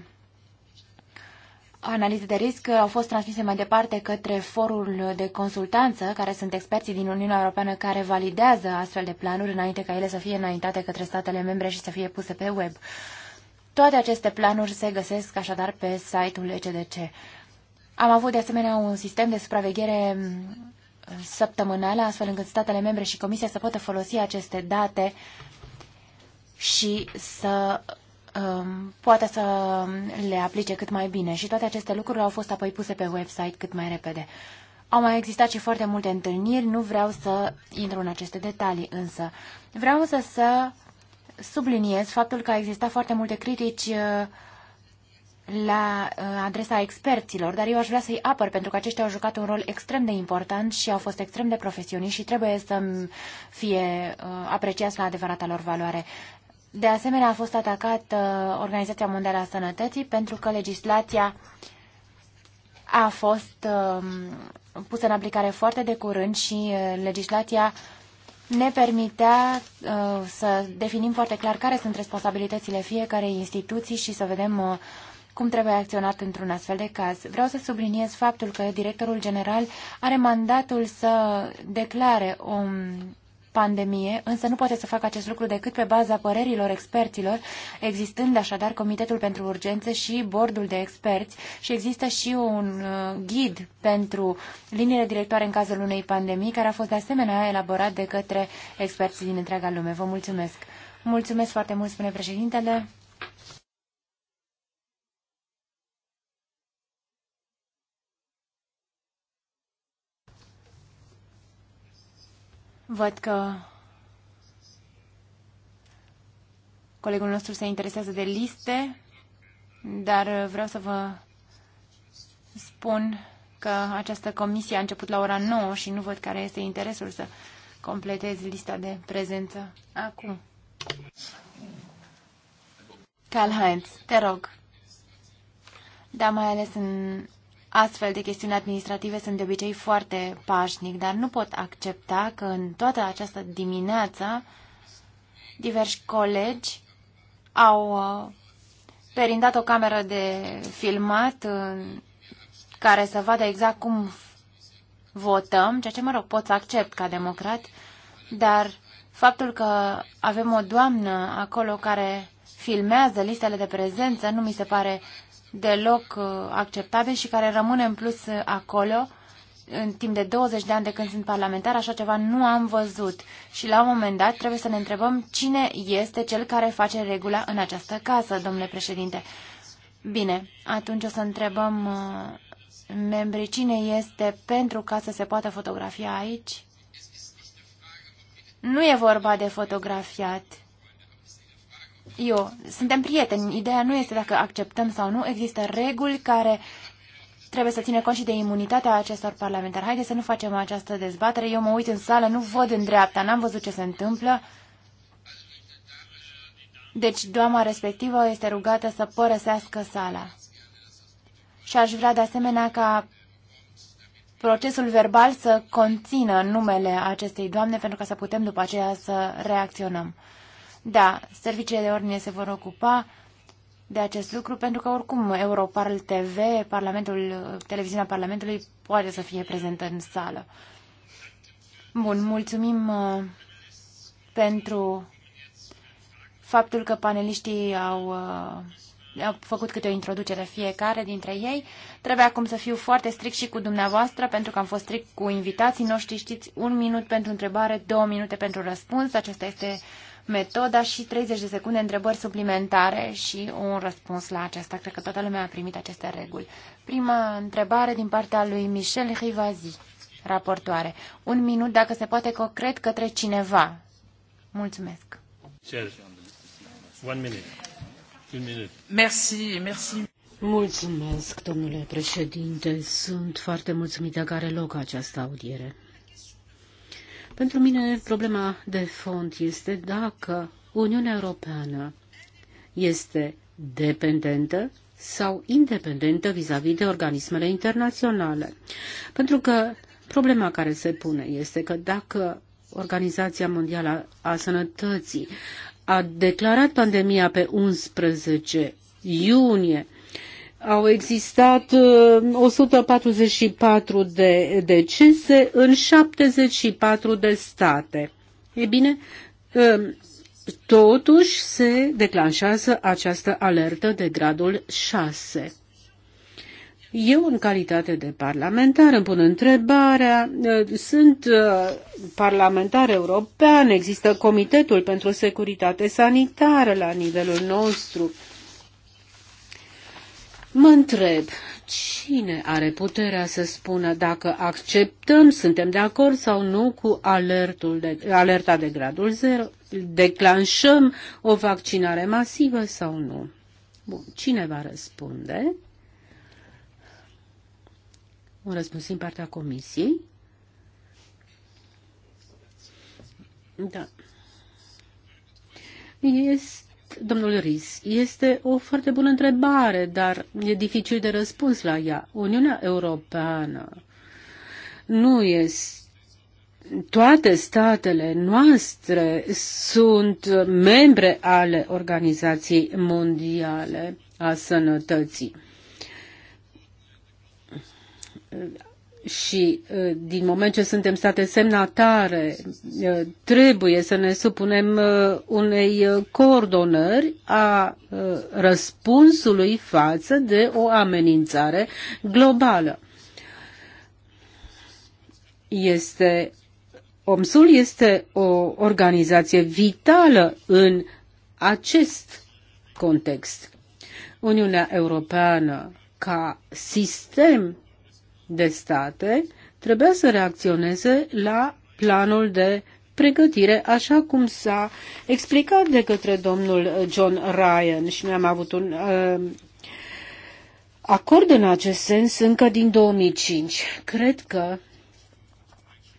analize de risc au fost transmise mai departe către forul de consultanță, care sunt experții din Uniunea Europeană care validează astfel de planuri înainte ca ele să fie înaintate către statele membre și să fie puse pe web. Toate aceste planuri se găsesc așadar pe site-ul ECDC. Am avut de asemenea un sistem de supraveghere mm, săptămânală, astfel încât statele membre și Comisia să poată folosi aceste date și să Um, poate să le aplice cât mai bine și toate aceste lucruri au fost apoi puse pe website cât mai repede. Au mai existat și foarte multe întâlniri, nu vreau să intru în aceste detalii, însă vreau să, să subliniez faptul că a existat foarte multe critici uh, la uh, adresa experților, dar eu aș vrea să-i apăr pentru că aceștia au jucat un rol extrem de important și au fost extrem de profesioniști și trebuie să fie uh, apreciați la adevărata lor valoare. De asemenea, a fost atacată uh, Organizația Mondială a Sănătății pentru că legislația a fost um, pusă în aplicare foarte de curând și uh, legislația ne permitea uh, să definim foarte clar care sunt responsabilitățile fiecarei instituții și să vedem uh, cum trebuie acționat într-un astfel de caz. Vreau să subliniez faptul că directorul general are mandatul să declare un pandemie, însă nu poate să facă acest lucru decât pe baza părerilor experților, existând așadar Comitetul pentru Urgențe și Bordul de Experți și există și un uh, ghid pentru liniile directoare în cazul unei pandemii, care a fost de asemenea elaborat de către experții din întreaga lume. Vă mulțumesc! Mulțumesc foarte mult, spune președintele. Văd că colegul nostru se interesează de liste, dar vreau să vă spun că această comisie a început la ora 9 și nu văd care este interesul să completez lista de prezență acum. Karl Heinz, te rog. Da, mai ales în Astfel de chestiuni administrative sunt de obicei foarte pașnic, dar nu pot accepta că în toată această dimineață diversi colegi au uh, perindat o cameră de filmat uh, care să vadă exact cum votăm, ceea ce, mă rog, pot să accept ca democrat, dar faptul că avem o doamnă acolo care filmează listele de prezență nu mi se pare deloc uh, acceptabil și care rămâne în plus uh, acolo în timp de 20 de ani de când sunt parlamentar, așa ceva nu am văzut. Și la un moment dat trebuie să ne întrebăm cine este cel care face regula în această casă, domnule președinte. Bine, atunci o să întrebăm uh, membrii cine este pentru ca să se poată fotografia aici. Nu e vorba de fotografiat, eu. Suntem prieteni. Ideea nu este dacă acceptăm sau nu. Există reguli care trebuie să ține cont și de imunitatea acestor parlamentari. Haideți să nu facem această dezbatere. Eu mă uit în sală, nu văd în dreapta, n-am văzut ce se întâmplă. Deci doamna respectivă este rugată să părăsească sala. Și aș vrea de asemenea ca procesul verbal să conțină numele acestei doamne pentru ca să putem după aceea să reacționăm. Da, serviciile de ordine se vor ocupa de acest lucru, pentru că oricum Europarl TV, Parlamentul, televiziunea Parlamentului, poate să fie prezentă în sală. Bun, mulțumim uh, pentru faptul că paneliștii au, uh, au făcut câte o introducere fiecare dintre ei. Trebuie acum să fiu foarte strict și cu dumneavoastră, pentru că am fost strict cu invitații noștri. Știți, un minut pentru întrebare, două minute pentru răspuns. Acesta este uh, metoda și 30 de secunde întrebări suplimentare și un răspuns la aceasta. Cred că toată lumea a primit aceste reguli. Prima întrebare din partea lui Michel Rivazi, raportoare. Un minut, dacă se poate, că cred către cineva. Mulțumesc. one minute. Un minut. Merci, merci. Mulțumesc, domnule președinte. Sunt foarte mulțumită că are loc această audiere. Pentru mine problema de fond este dacă Uniunea Europeană este dependentă sau independentă vis-a-vis -vis de organismele internaționale. Pentru că problema care se pune este că dacă Organizația Mondială a Sănătății a declarat pandemia pe 11 iunie au existat 144 uh, de decese în 74 de state. E bine, uh, totuși se declanșează această alertă de gradul 6. Eu, în calitate de parlamentar, îmi pun întrebarea, uh, sunt parlamentar european, există Comitetul pentru Securitate Sanitară la nivelul nostru, Mă întreb, cine are puterea să spună dacă acceptăm, suntem de acord sau nu cu alertul de, alerta de gradul 0, declanșăm o vaccinare masivă sau nu? Bun, cine va răspunde? Un răspuns din partea comisiei. Da. Este domnul Ries. este o foarte bună întrebare, dar e dificil de răspuns la ea. Uniunea Europeană nu este toate statele noastre sunt membre ale Organizației Mondiale a Sănătății și uh, din moment ce suntem state semnatare, uh, trebuie să ne supunem uh, unei coordonări a răspunsului față de o amenințare globală. Este, OMSUL este o organizație vitală în acest context. Uniunea Europeană ca sistem de state trebuia să reacționeze la planul de pregătire, așa cum s-a explicat de către domnul John Ryan și noi am avut un uh, acord în acest sens încă din 2005. Cred că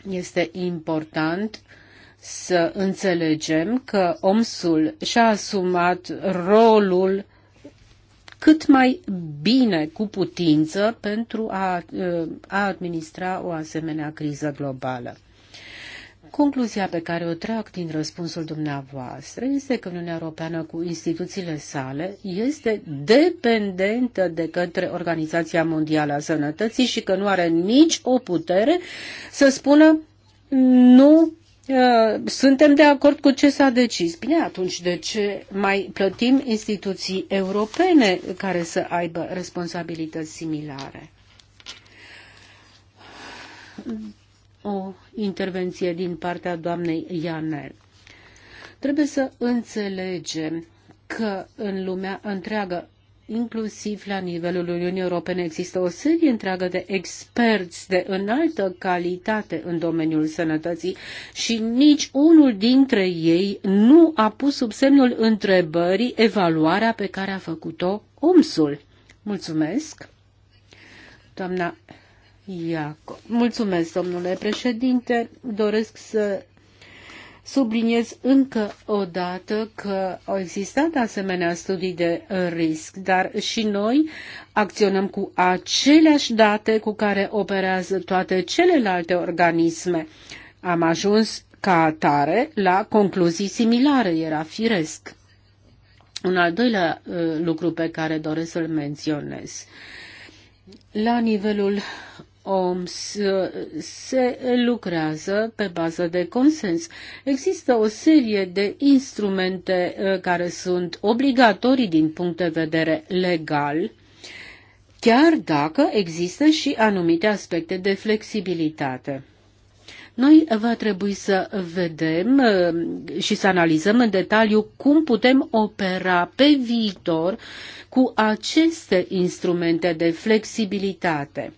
este important să înțelegem că OMS-ul și-a asumat rolul cât mai bine cu putință pentru a, ă, a administra o asemenea criză globală. Concluzia pe care o trag din răspunsul dumneavoastră este că Uniunea Europeană cu instituțiile sale este dependentă de către Organizația Mondială a Sănătății și că nu are nici o putere să spună nu Uh, suntem de acord cu ce s-a decis. Bine, atunci de ce mai plătim instituții europene care să aibă responsabilități similare? O intervenție din partea doamnei Ianel. Trebuie să înțelegem că în lumea întreagă inclusiv la nivelul Uniunii Europene există o serie întreagă de experți de înaltă calitate în domeniul sănătății și nici unul dintre ei nu a pus sub semnul întrebării evaluarea pe care a făcut-o OMSUL. Mulțumesc! Doamna Iacob. Mulțumesc, domnule președinte. Doresc să Subliniez încă o dată că au existat asemenea studii de risc, dar și noi acționăm cu aceleași date cu care operează toate celelalte organisme. Am ajuns ca atare la concluzii similare, era firesc. Un al doilea uh, lucru pe care doresc să-l menționez. La nivelul OMS se lucrează pe bază de consens. Există o serie de instrumente uh, care sunt obligatorii din punct de vedere legal, chiar dacă există și anumite aspecte de flexibilitate. Noi va trebui să vedem uh, și să analizăm în detaliu cum putem opera pe viitor cu aceste instrumente de flexibilitate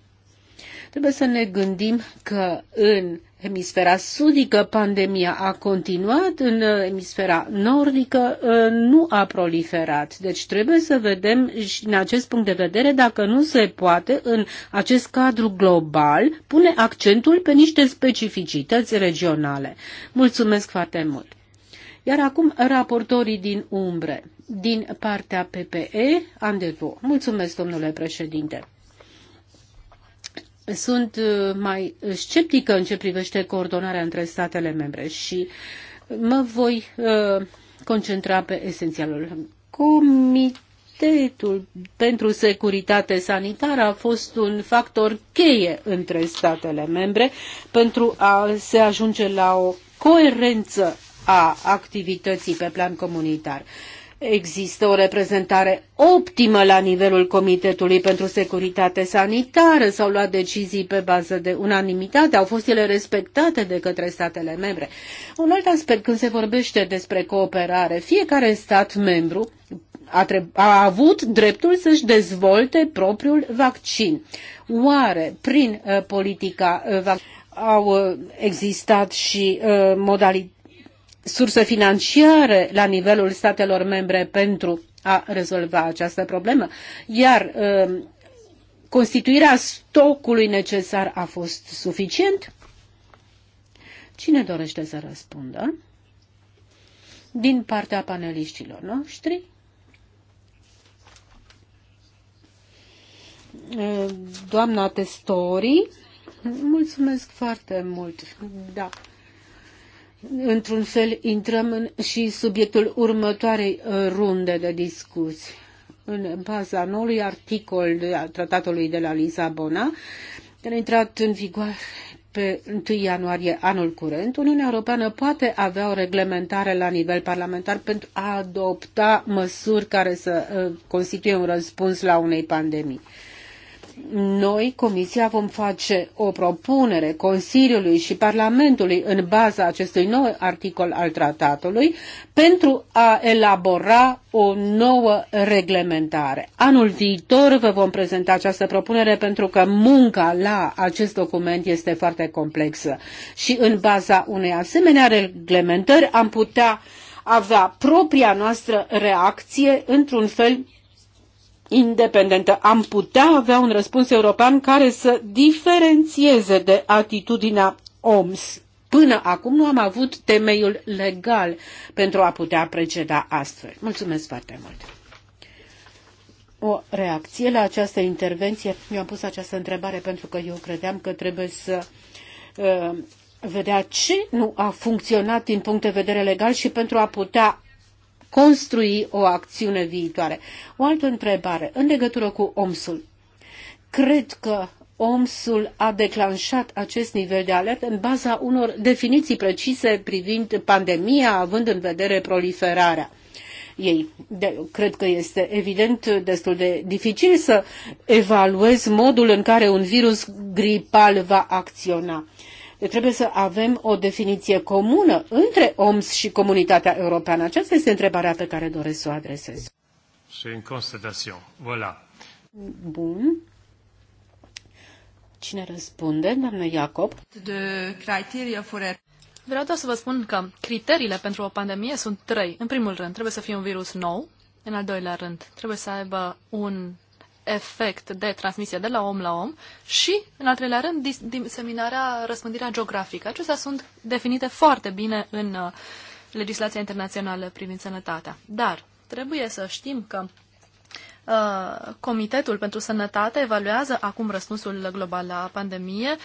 Trebuie să ne gândim că în hemisfera sudică pandemia a continuat, în emisfera nordică ă, nu a proliferat. Deci trebuie să vedem și în acest punct de vedere dacă nu se poate în acest cadru global pune accentul pe niște specificități regionale. Mulțumesc foarte mult! Iar acum raportorii din umbre, din partea PPE, Andevo. Mulțumesc, domnule președinte! sunt uh, mai sceptică în ce privește coordonarea între statele membre și mă voi uh, concentra pe esențialul. Comitetul pentru securitate sanitară a fost un factor cheie între statele membre pentru a se ajunge la o coerență a activității pe plan comunitar există o reprezentare optimă la nivelul Comitetului pentru Securitate Sanitară, s-au luat decizii pe bază de unanimitate, au fost ele respectate de către statele membre. Un alt aspect când se vorbește despre cooperare, fiecare stat membru a, a avut dreptul să-și dezvolte propriul vaccin. Oare prin uh, politica uh, au uh, existat și uh, modalități surse financiare la nivelul statelor membre pentru a rezolva această problemă, iar uh, constituirea stocului necesar a fost suficient? Cine dorește să răspundă? Din partea paneliștilor noștri? Uh, doamna Testori, mulțumesc foarte mult. Da într-un fel, intrăm în, și subiectul următoarei uh, runde de discuții. În baza noului articol al tratatului de la Lisabona, care a intrat în vigoare pe 1 ianuarie anul curent, Uniunea Europeană poate avea o reglementare la nivel parlamentar pentru a adopta măsuri care să uh, constituie un răspuns la unei pandemii noi, Comisia, vom face o propunere Consiliului și Parlamentului în baza acestui nou articol al tratatului pentru a elabora o nouă reglementare. Anul viitor vă vom prezenta această propunere pentru că munca la acest document este foarte complexă și în baza unei asemenea reglementări am putea avea propria noastră reacție într-un fel independentă. Am putea avea un răspuns european care să diferențieze de atitudinea OMS. Până acum nu am avut temeiul legal pentru a putea preceda astfel. Mulțumesc foarte mult! O reacție la această intervenție. Eu am pus această întrebare pentru că eu credeam că trebuie să uh, vedea ce nu a funcționat din punct de vedere legal și pentru a putea construi o acțiune viitoare. O altă întrebare, în legătură cu OMS-ul. Cred că OMS-ul a declanșat acest nivel de alertă în baza unor definiții precise privind pandemia, având în vedere proliferarea ei. De, cred că este evident destul de dificil să evaluezi modul în care un virus gripal va acționa trebuie să avem o definiție comună între OMS și comunitatea europeană. Aceasta este întrebarea pe care doresc să o adresez. C'est une constatation. Voilà. Bun. Cine răspunde? Doamna Iacob. De criteria for Vreau doar să vă spun că criteriile pentru o pandemie sunt trei. În primul rând, trebuie să fie un virus nou. În al doilea rând, trebuie să aibă un efect de transmisie de la om la om și, în al treilea rând, diseminarea, răspândirea geografică. Acestea sunt definite foarte bine în uh, legislația internațională privind sănătatea. Dar trebuie să știm că uh, Comitetul pentru Sănătate evaluează acum răspunsul global la pandemie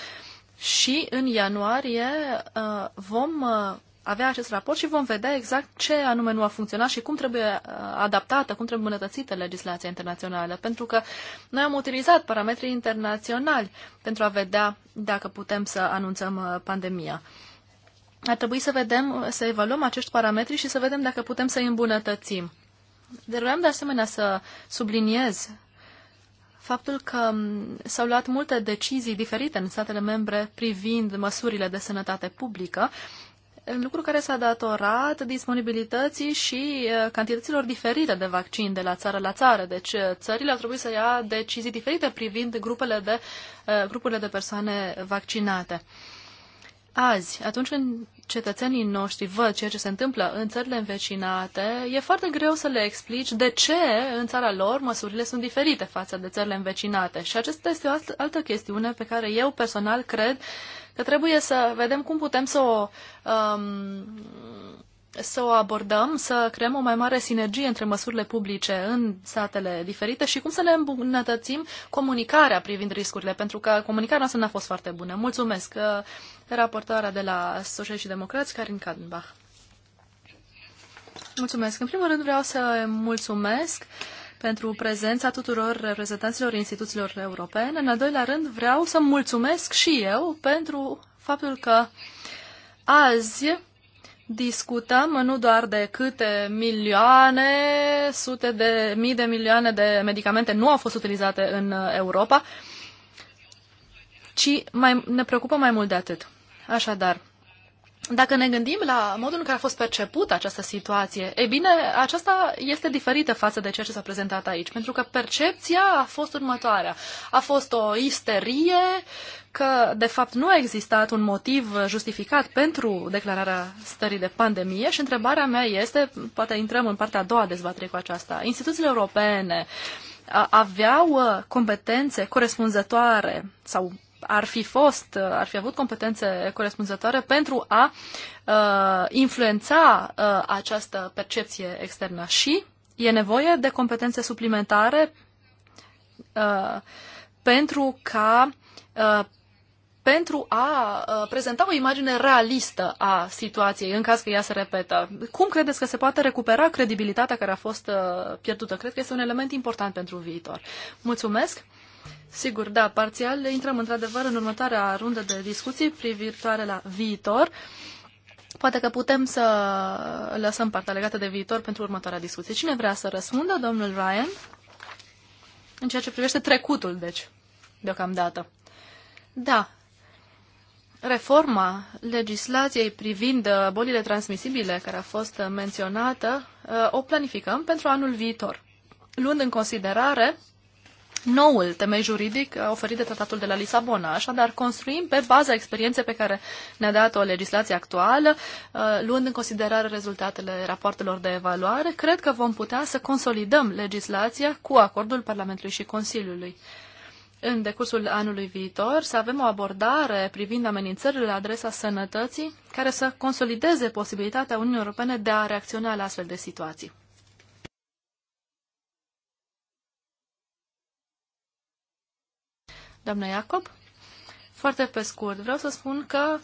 și în ianuarie uh, vom uh, avea acest raport și vom vedea exact ce anume nu a funcționat și cum trebuie uh, adaptată, cum trebuie îmbunătățită legislația internațională. Pentru că noi am utilizat parametrii internaționali pentru a vedea dacă putem să anunțăm uh, pandemia. Ar trebui să vedem, să evaluăm acești parametri și să vedem dacă putem să îi îmbunătățim. Dar vreau de asemenea să subliniez faptul că s-au luat multe decizii diferite în statele membre privind măsurile de sănătate publică lucru care s-a datorat disponibilității și uh, cantităților diferite de vaccin de la țară la țară. Deci uh, țările au trebuit să ia decizii diferite privind grupele de, uh, grupurile de persoane vaccinate. Azi, atunci când cetățenii noștri văd ceea ce se întâmplă în țările învecinate, e foarte greu să le explici de ce în țara lor măsurile sunt diferite față de țările învecinate. Și acesta este o altă chestiune pe care eu personal cred uh, că trebuie să vedem cum putem să o, um, să o abordăm, să creăm o mai mare sinergie între măsurile publice în statele diferite și cum să ne îmbunătățim comunicarea privind riscurile, pentru că comunicarea noastră n-a fost foarte bună. Mulțumesc, uh, raportoarea de la Socialiști și Democrați, Karin Kadenbach. Mulțumesc. În primul rând vreau să mulțumesc uh, pentru prezența tuturor reprezentanților instituțiilor europene. În al doilea rând, vreau să mulțumesc și eu pentru faptul că azi discutăm nu doar de câte milioane, sute de mii de milioane de medicamente nu au fost utilizate în Europa, ci mai, ne preocupă mai mult de atât. Așadar, dacă ne gândim la modul în care a fost percepută această situație, e bine, aceasta este diferită față de ceea ce s-a prezentat aici, pentru că percepția a fost următoarea. A fost o isterie că, de fapt, nu a existat un motiv justificat pentru declararea stării de pandemie și întrebarea mea este, poate intrăm în partea a doua dezbatere cu aceasta, instituțiile europene aveau uh, competențe corespunzătoare sau ar fi fost, ar fi avut competențe corespunzătoare pentru a uh, influența uh, această percepție externă și e nevoie de competențe suplimentare uh, pentru ca uh, pentru a uh, prezenta o imagine realistă a situației, în caz că ea se repetă. Cum credeți că se poate recupera credibilitatea care a fost uh, pierdută? Cred că este un element important pentru viitor. Mulțumesc! Sigur, da, parțial intrăm într-adevăr în următoarea rundă de discuții privitoare la viitor. Poate că putem să lăsăm partea legată de viitor pentru următoarea discuție. Cine vrea să răspundă, domnul Ryan? În ceea ce privește trecutul, deci, deocamdată. Da. Reforma legislației privind uh, bolile transmisibile, care a fost menționată, uh, o planificăm pentru anul viitor, luând în considerare noul temei juridic uh, oferit de tratatul de la Lisabona. Așadar, construim pe baza experienței pe care ne-a dat-o legislație actuală, uh, luând în considerare rezultatele rapoartelor de evaluare, cred că vom putea să consolidăm legislația cu acordul Parlamentului și Consiliului. În decursul anului viitor să avem o abordare privind amenințările la adresa sănătății care să consolideze posibilitatea Uniunii Europene de a reacționa la astfel de situații. doamna Iacob. Foarte pe scurt, vreau să spun că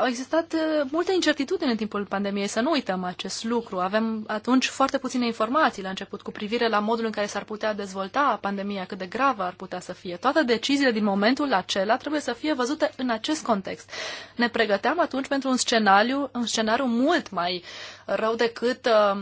au existat multe incertitudini în timpul pandemiei, să nu uităm acest lucru. Avem atunci foarte puține informații la început cu privire la modul în care s-ar putea dezvolta pandemia, cât de gravă ar putea să fie. Toate deciziile din momentul acela trebuie să fie văzute în acest context. Ne pregăteam atunci pentru un scenariu, un scenariu mult mai rău decât uh,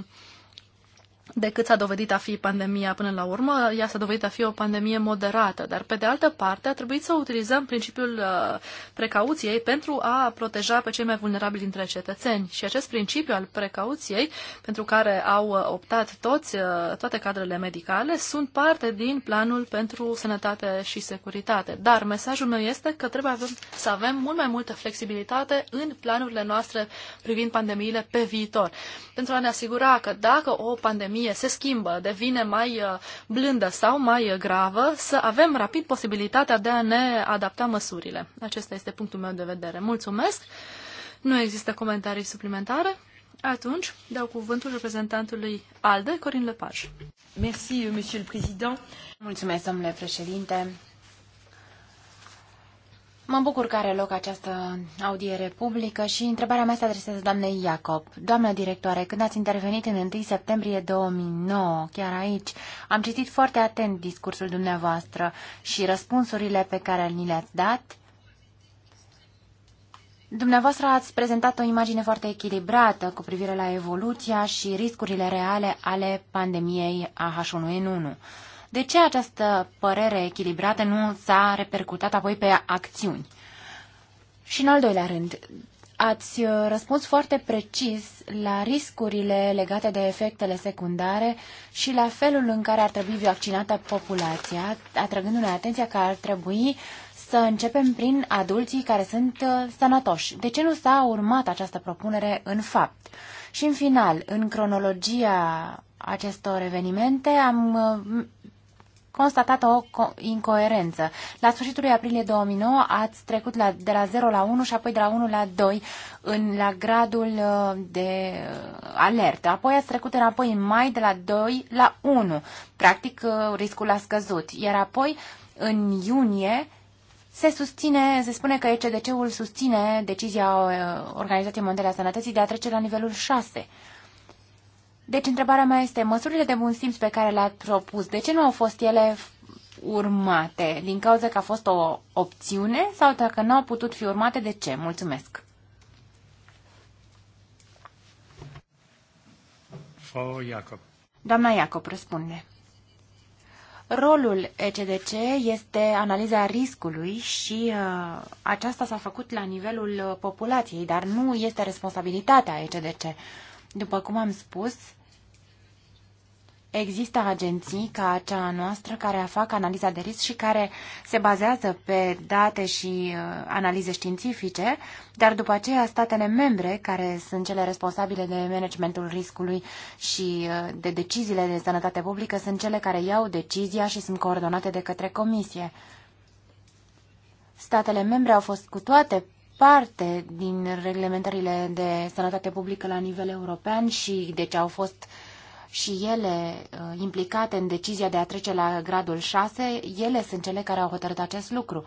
decât s-a dovedit a fi pandemia până la urmă. Ea s-a dovedit a fi o pandemie moderată, dar pe de altă parte a trebuit să utilizăm principiul uh, precauției pentru a proteja pe cei mai vulnerabili dintre cetățeni. Și acest principiu al precauției, pentru care au uh, optat toți, uh, toate cadrele medicale, sunt parte din planul pentru sănătate și securitate. Dar mesajul meu este că trebuie să avem mult mai multă flexibilitate în planurile noastre privind pandemiile pe viitor, pentru a ne asigura că dacă o pandemie epidemie se schimbă, devine mai uh, blândă sau mai uh, gravă, să avem rapid posibilitatea de a ne adapta măsurile. Acesta este punctul meu de vedere. Mulțumesc! Nu există comentarii suplimentare? Atunci, dau cuvântul reprezentantului ALDE, Corin Lepaj. Mulțumesc, domnule președinte. Mă bucur că are loc această audiere publică și întrebarea mea se adresează doamnei Iacob. Doamnă directoare, când ați intervenit în 1 septembrie 2009, chiar aici, am citit foarte atent discursul dumneavoastră și răspunsurile pe care ni le-ați dat. Dumneavoastră ați prezentat o imagine foarte echilibrată cu privire la evoluția și riscurile reale ale pandemiei a H1N1. De ce această părere echilibrată nu s-a repercutat apoi pe acțiuni? Și în al doilea rând, ați uh, răspuns foarte precis la riscurile legate de efectele secundare și la felul în care ar trebui vaccinată populația, atrăgându-ne atenția că ar trebui să începem prin adulții care sunt uh, sănătoși. De ce nu s-a urmat această propunere în fapt? Și în final, în cronologia acestor evenimente am uh, constatat o incoerență. La sfârșitul lui aprilie 2009 ați trecut la, de la 0 la 1 și apoi de la 1 la 2 în, la gradul uh, de uh, alertă. Apoi ați trecut înapoi în mai de la 2 la 1. Practic uh, riscul a scăzut. Iar apoi în iunie se susține, se spune că ECDC-ul susține decizia Organizației Mondiale a Sănătății de a trece la nivelul 6. Deci, întrebarea mea este, măsurile de bun simț pe care le-ați propus, de ce nu au fost ele urmate? Din cauza că a fost o opțiune sau dacă nu au putut fi urmate, de ce? Mulțumesc! Iacob. Doamna Iacob răspunde. Rolul ECDC este analiza riscului și uh, aceasta s-a făcut la nivelul uh, populației, dar nu este responsabilitatea ECDC. După cum am spus, Există agenții ca cea noastră care fac analiza de risc și care se bazează pe date și uh, analize științifice, dar după aceea statele membre, care sunt cele responsabile de managementul riscului și uh, de deciziile de sănătate publică, sunt cele care iau decizia și sunt coordonate de către comisie. Statele membre au fost cu toate parte din reglementările de sănătate publică la nivel european și deci au fost uh, și ele uh, implicate în decizia de a trece la gradul 6, ele sunt cele care au hotărât acest lucru.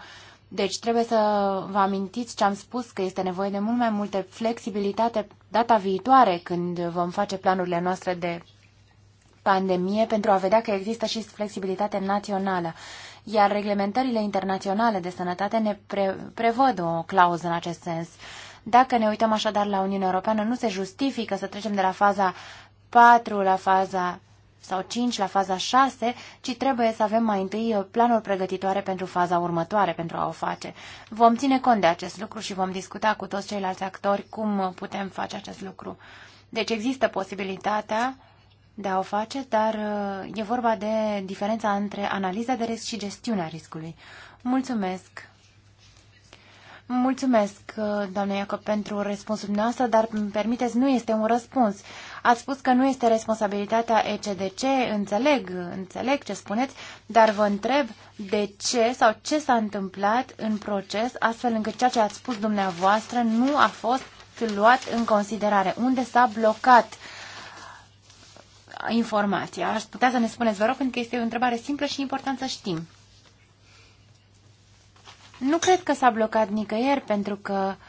Deci trebuie să vă amintiți ce am spus, că este nevoie de mult mai multă flexibilitate data viitoare când vom face planurile noastre de pandemie pentru a vedea că există și flexibilitate națională. Iar reglementările internaționale de sănătate ne pre- prevăd o clauză în acest sens. Dacă ne uităm așadar la Uniunea Europeană, nu se justifică să trecem de la faza 4 la faza sau 5 la faza 6, ci trebuie să avem mai întâi planuri pregătitoare pentru faza următoare pentru a o face. Vom ține cont de acest lucru și vom discuta cu toți ceilalți actori cum putem face acest lucru. Deci există posibilitatea de a o face, dar uh, e vorba de diferența între analiza de risc și gestiunea riscului. Mulțumesc! Mulțumesc, uh, doamne Iacob, pentru răspunsul dumneavoastră, dar permiteți, nu este un răspuns. Ați spus că nu este responsabilitatea ECDC, înțeleg, înțeleg ce spuneți, dar vă întreb de ce sau ce s-a întâmplat în proces astfel încât ceea ce ați spus dumneavoastră nu a fost luat în considerare. Unde s-a blocat informația? Aș putea să ne spuneți, vă rog, pentru că este o întrebare simplă și important să știm. Nu cred că s-a blocat nicăieri, pentru că uh,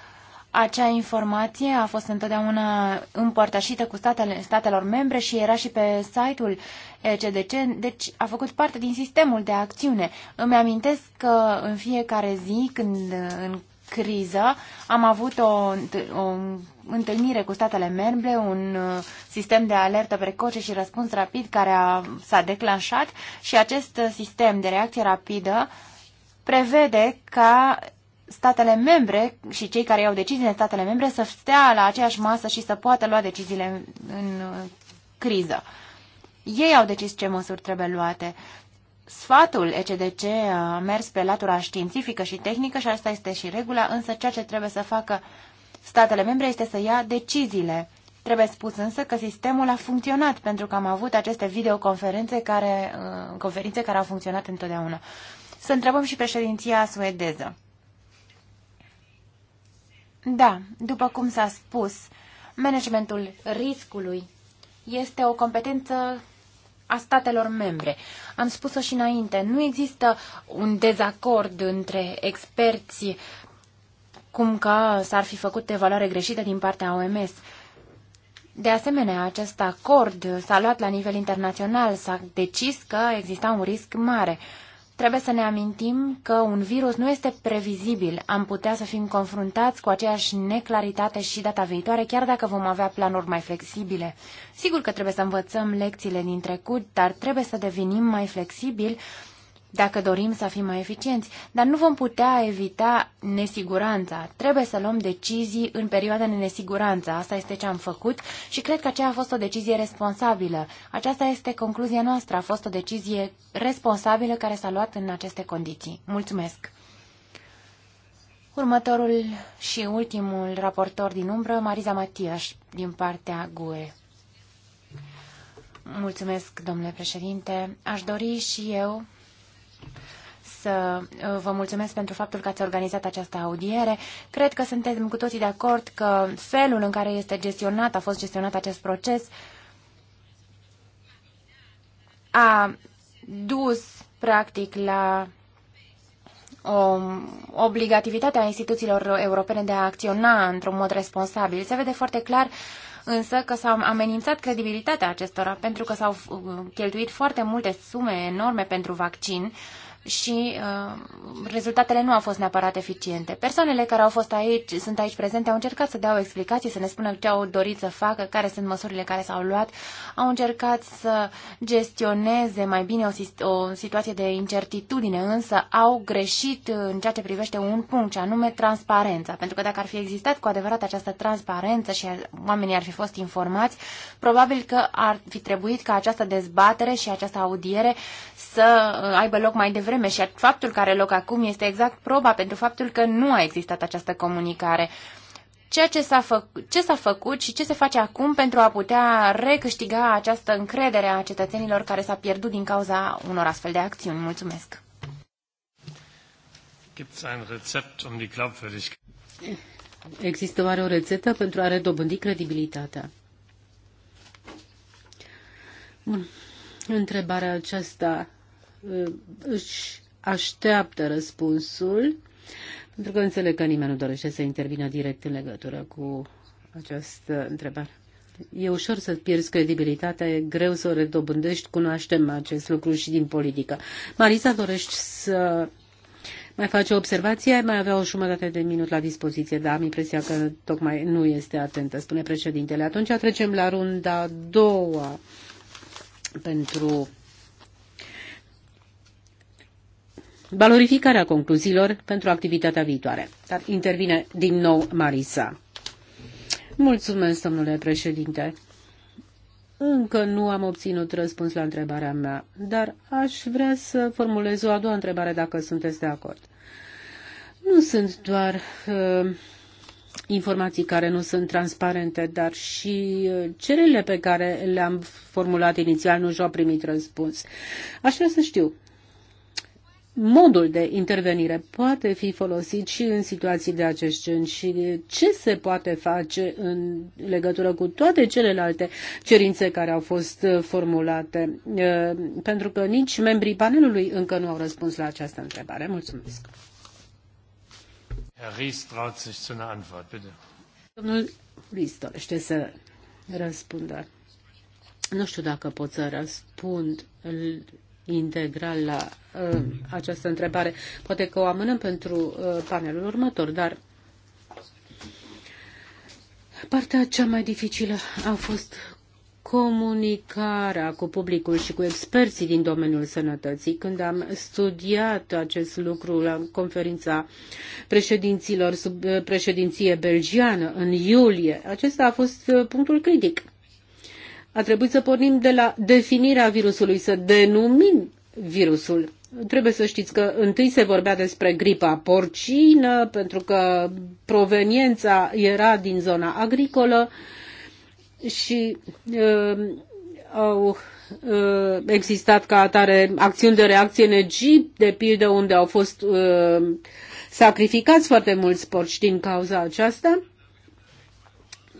acea informație a fost întotdeauna împărtășită cu statele, statelor membre și era și pe site-ul ECDC, deci a făcut parte din sistemul de acțiune. Îmi amintesc că în fiecare zi, când în criză, am avut o, o întâlnire cu statele membre, un uh, sistem de alertă precoce și răspuns rapid care a, s-a declanșat și acest uh, sistem de reacție rapidă prevede ca statele membre și cei care iau decizii în statele membre să stea la aceeași masă și să poată lua deciziile în, în uh, criză. Ei au decis ce măsuri trebuie luate. Sfatul ECDC a mers pe latura științifică și tehnică și asta este și regula, însă ceea ce trebuie să facă statele membre este să ia deciziile. Trebuie spus însă că sistemul a funcționat pentru că am avut aceste videoconferințe care, uh, conferințe care au funcționat întotdeauna. Să întrebăm și președinția suedeză. Da, după cum s-a spus, managementul riscului este o competență a statelor membre. Am spus-o și înainte, nu există un dezacord între experți cum că s-ar fi făcut evaluare greșită din partea OMS. De asemenea, acest acord s-a luat la nivel internațional, s-a decis că exista un risc mare. Uh, Trebuie să ne amintim că un virus nu este previzibil. Am putea să fim confruntați cu aceeași neclaritate și data viitoare, chiar dacă vom avea planuri mai flexibile. Sigur că trebuie să învățăm lecțiile din trecut, dar trebuie să devenim mai flexibili dacă dorim să fim mai eficienți, dar nu vom putea evita nesiguranța. Trebuie să luăm decizii în perioada de nesiguranță. Asta este ce am făcut și cred că aceea a fost o decizie responsabilă. Aceasta este concluzia noastră. A fost o decizie responsabilă care s-a luat în aceste condiții. Mulțumesc! Următorul și ultimul raportor din umbră, Mariza Matias, din partea GUE. Mulțumesc, domnule președinte. Aș dori și eu să uh, vă mulțumesc pentru faptul că ați organizat această audiere. Cred că suntem cu toții de acord că felul în care este gestionat, a fost gestionat acest proces, a dus, practic, la o obligativitate a instituțiilor europene de a acționa într-un mod responsabil. Se vede foarte clar însă că s au amenințat credibilitatea acestora pentru că s-au uh, cheltuit foarte multe sume enorme pentru vaccin și uh, rezultatele nu au fost neapărat eficiente. Persoanele care au fost aici, sunt aici prezente, au încercat să dea o explicație, să ne spună ce au dorit să facă, care sunt măsurile care s-au luat, au încercat să gestioneze mai bine o, o situație de incertitudine, însă au greșit în ceea ce privește un punct, ce anume transparența. Pentru că dacă ar fi existat cu adevărat această transparență și oamenii ar fi fost informați, probabil că ar fi trebuit ca această dezbatere și această audiere să uh, aibă loc mai devreme devreme și faptul care are loc acum este exact proba pentru faptul că nu a existat această comunicare. Ceea ce s-a, fă- ce s-a făcut și ce se face acum pentru a putea recâștiga această încredere a cetățenilor care s-a pierdut din cauza unor astfel de acțiuni. Mulțumesc! Um Există oare o rețetă pentru a redobândi credibilitatea? Bun. Întrebarea aceasta Uh, își așteaptă răspunsul, pentru că înțeleg că nimeni nu dorește să intervină direct în legătură cu această întrebare. E ușor să pierzi credibilitatea, e greu să o redobândești, cunoaștem acest lucru și din politică. Marisa, dorești să mai faci o observație? Ai mai avea o jumătate de minut la dispoziție, dar am impresia că tocmai nu este atentă, spune președintele. Atunci trecem la runda a doua pentru valorificarea concluziilor pentru activitatea viitoare. Dar intervine din nou Marisa. Mulțumesc, domnule președinte. Încă nu am obținut răspuns la întrebarea mea, dar aș vrea să formulez o a doua întrebare dacă sunteți de acord. Nu sunt doar uh, informații care nu sunt transparente, dar și uh, cererile pe care le-am formulat inițial nu și-au primit răspuns. Aș vrea să știu modul de intervenire poate fi folosit și în situații de acest gen și ce se poate face în legătură cu toate celelalte cerințe care au fost uh, formulate, uh, pentru că nici membrii panelului încă nu au răspuns la această întrebare. Mulțumesc. Domnul Ries dorește să răspundă. Nu știu dacă pot să răspund integral la uh, această întrebare. Poate că o amânăm pentru uh, panelul următor, dar partea cea mai dificilă a fost comunicarea cu publicul și cu experții din domeniul sănătății. Când am studiat acest lucru la conferința președinților sub uh, președinție belgiană în iulie, acesta a fost uh, punctul critic a trebuit să pornim de la definirea virusului, să denumim virusul. Trebuie să știți că întâi se vorbea despre gripa porcină, pentru că proveniența era din zona agricolă și uh, au uh, existat ca atare acțiuni de reacție în Egipt, de pildă unde au fost uh, sacrificați foarte mulți porci din cauza aceasta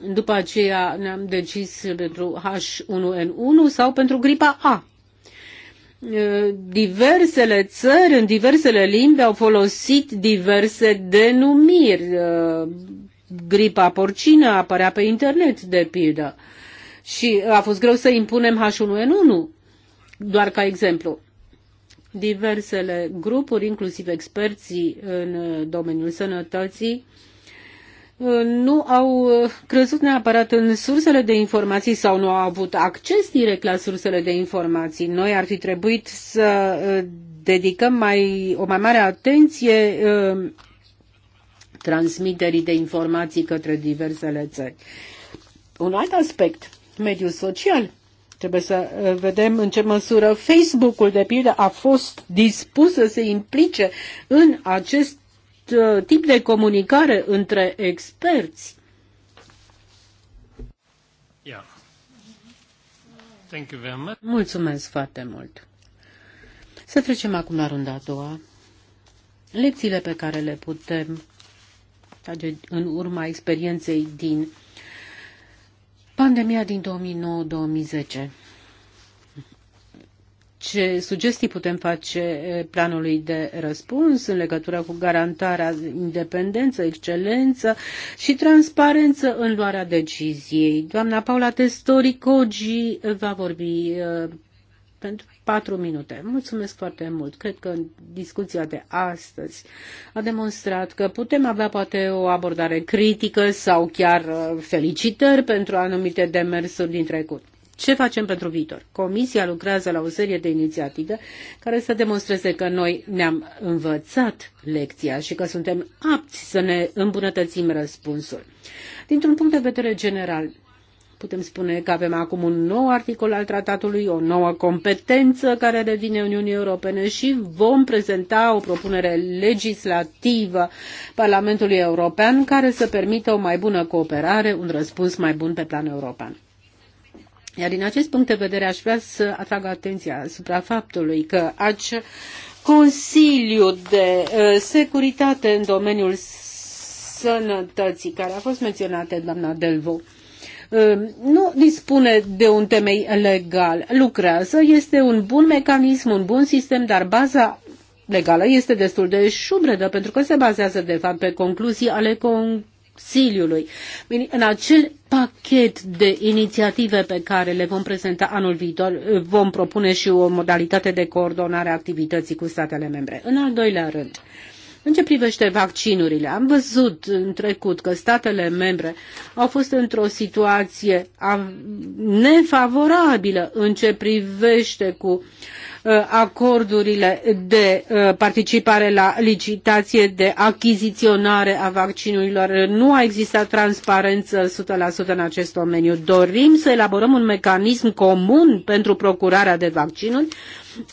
după aceea ne-am decis pentru H1N1 sau pentru gripa A. Diversele țări, în diversele limbi, au folosit diverse denumiri. Gripa porcină apărea pe internet, de pildă. Și a fost greu să impunem H1N1, doar ca exemplu. Diversele grupuri, inclusiv experții în domeniul sănătății, uh, nu au uh, crezut neapărat în sursele de informații sau nu au avut acces direct la sursele de informații. Noi ar fi trebuit să uh, dedicăm mai, o mai mare atenție uh, transmiterii de informații către diversele țări. Un alt aspect, mediul social. Trebuie să vedem în ce măsură Facebook-ul, de pildă, a fost dispus să se implice în acest Uh, tip de comunicare între experți. Yeah. Thank you very much. Mulțumesc foarte mult. Să trecem acum la runda a doua. Lecțiile pe care le putem trage în urma experienței din pandemia din 2009-2010 ce sugestii putem face planului de răspuns în legătură cu garantarea independență, excelență și transparență în luarea deciziei. Doamna Paula Testori Cogi va vorbi pentru patru minute. Mulțumesc foarte mult. Cred că discuția de astăzi a demonstrat că putem avea poate o abordare critică sau chiar felicitări pentru anumite demersuri din trecut. Ce facem pentru viitor? Comisia lucrează la o serie de inițiative care să demonstreze că noi ne-am învățat lecția și că suntem apți să ne îmbunătățim răspunsul. Dintr-un punct de vedere general, putem spune că avem acum un nou articol al tratatului, o nouă competență care revine Uniunii Europene și vom prezenta o propunere legislativă Parlamentului European care să permită o mai bună cooperare, un răspuns mai bun pe plan european. Iar din acest punct de vedere aș vrea să atrag atenția asupra faptului că acest Consiliu de uh, Securitate în domeniul sănătății, care a fost menționată doamna Delvo, uh, nu dispune de un temei legal. Lucrează, este un bun mecanism, un bun sistem, dar baza legală este destul de șubredă pentru că se bazează de fapt pe concluzii ale con Consiliului. În acel pachet de inițiative pe care le vom prezenta anul viitor, vom propune și o modalitate de coordonare a activității cu statele membre. În al doilea rând, în ce privește vaccinurile, am văzut în trecut că statele membre au fost într-o situație nefavorabilă în ce privește cu uh, Uh, acordurile de uh, participare la licitație, de achiziționare a vaccinurilor. Uh, nu a existat transparență 100% în acest domeniu. Dorim să elaborăm un mecanism comun pentru procurarea de vaccinuri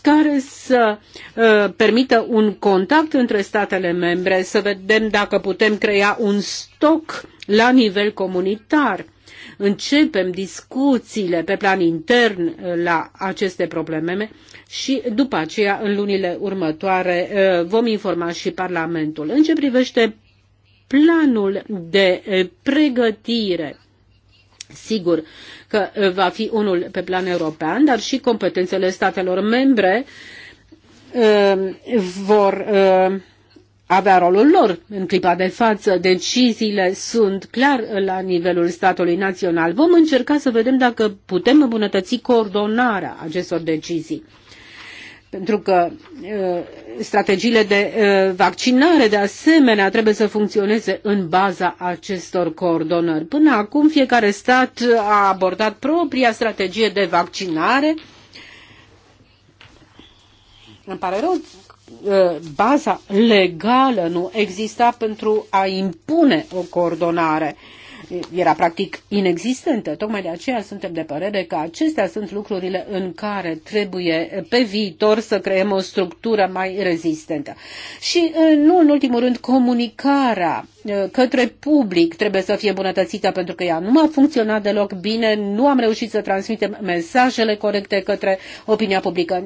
care să uh, permită un contact între statele membre, să vedem dacă putem crea un stoc la nivel comunitar începem discuțiile pe plan intern uh, la aceste probleme și după aceea, în lunile următoare, uh, vom informa și Parlamentul. În ce privește planul de uh, pregătire Sigur că va fi unul pe plan european, dar și competențele statelor membre vor avea rolul lor în clipa de față. Deciziile sunt clar la nivelul statului național. Vom încerca să vedem dacă putem îmbunătăți coordonarea acestor decizii. Pentru că uh, strategiile de uh, vaccinare, de asemenea, trebuie să funcționeze în baza acestor coordonări. Până acum, fiecare stat a abordat propria strategie de vaccinare. Îmi pare rău, Uh, baza legală nu exista pentru a impune o coordonare era practic inexistentă. Tocmai de aceea suntem de părere că acestea sunt lucrurile în care trebuie pe viitor să creăm o structură mai rezistentă. Și nu în ultimul rând comunicarea către public trebuie să fie îmbunătățită pentru că ea nu a funcționat deloc bine, nu am reușit să transmitem mesajele corecte către opinia publică,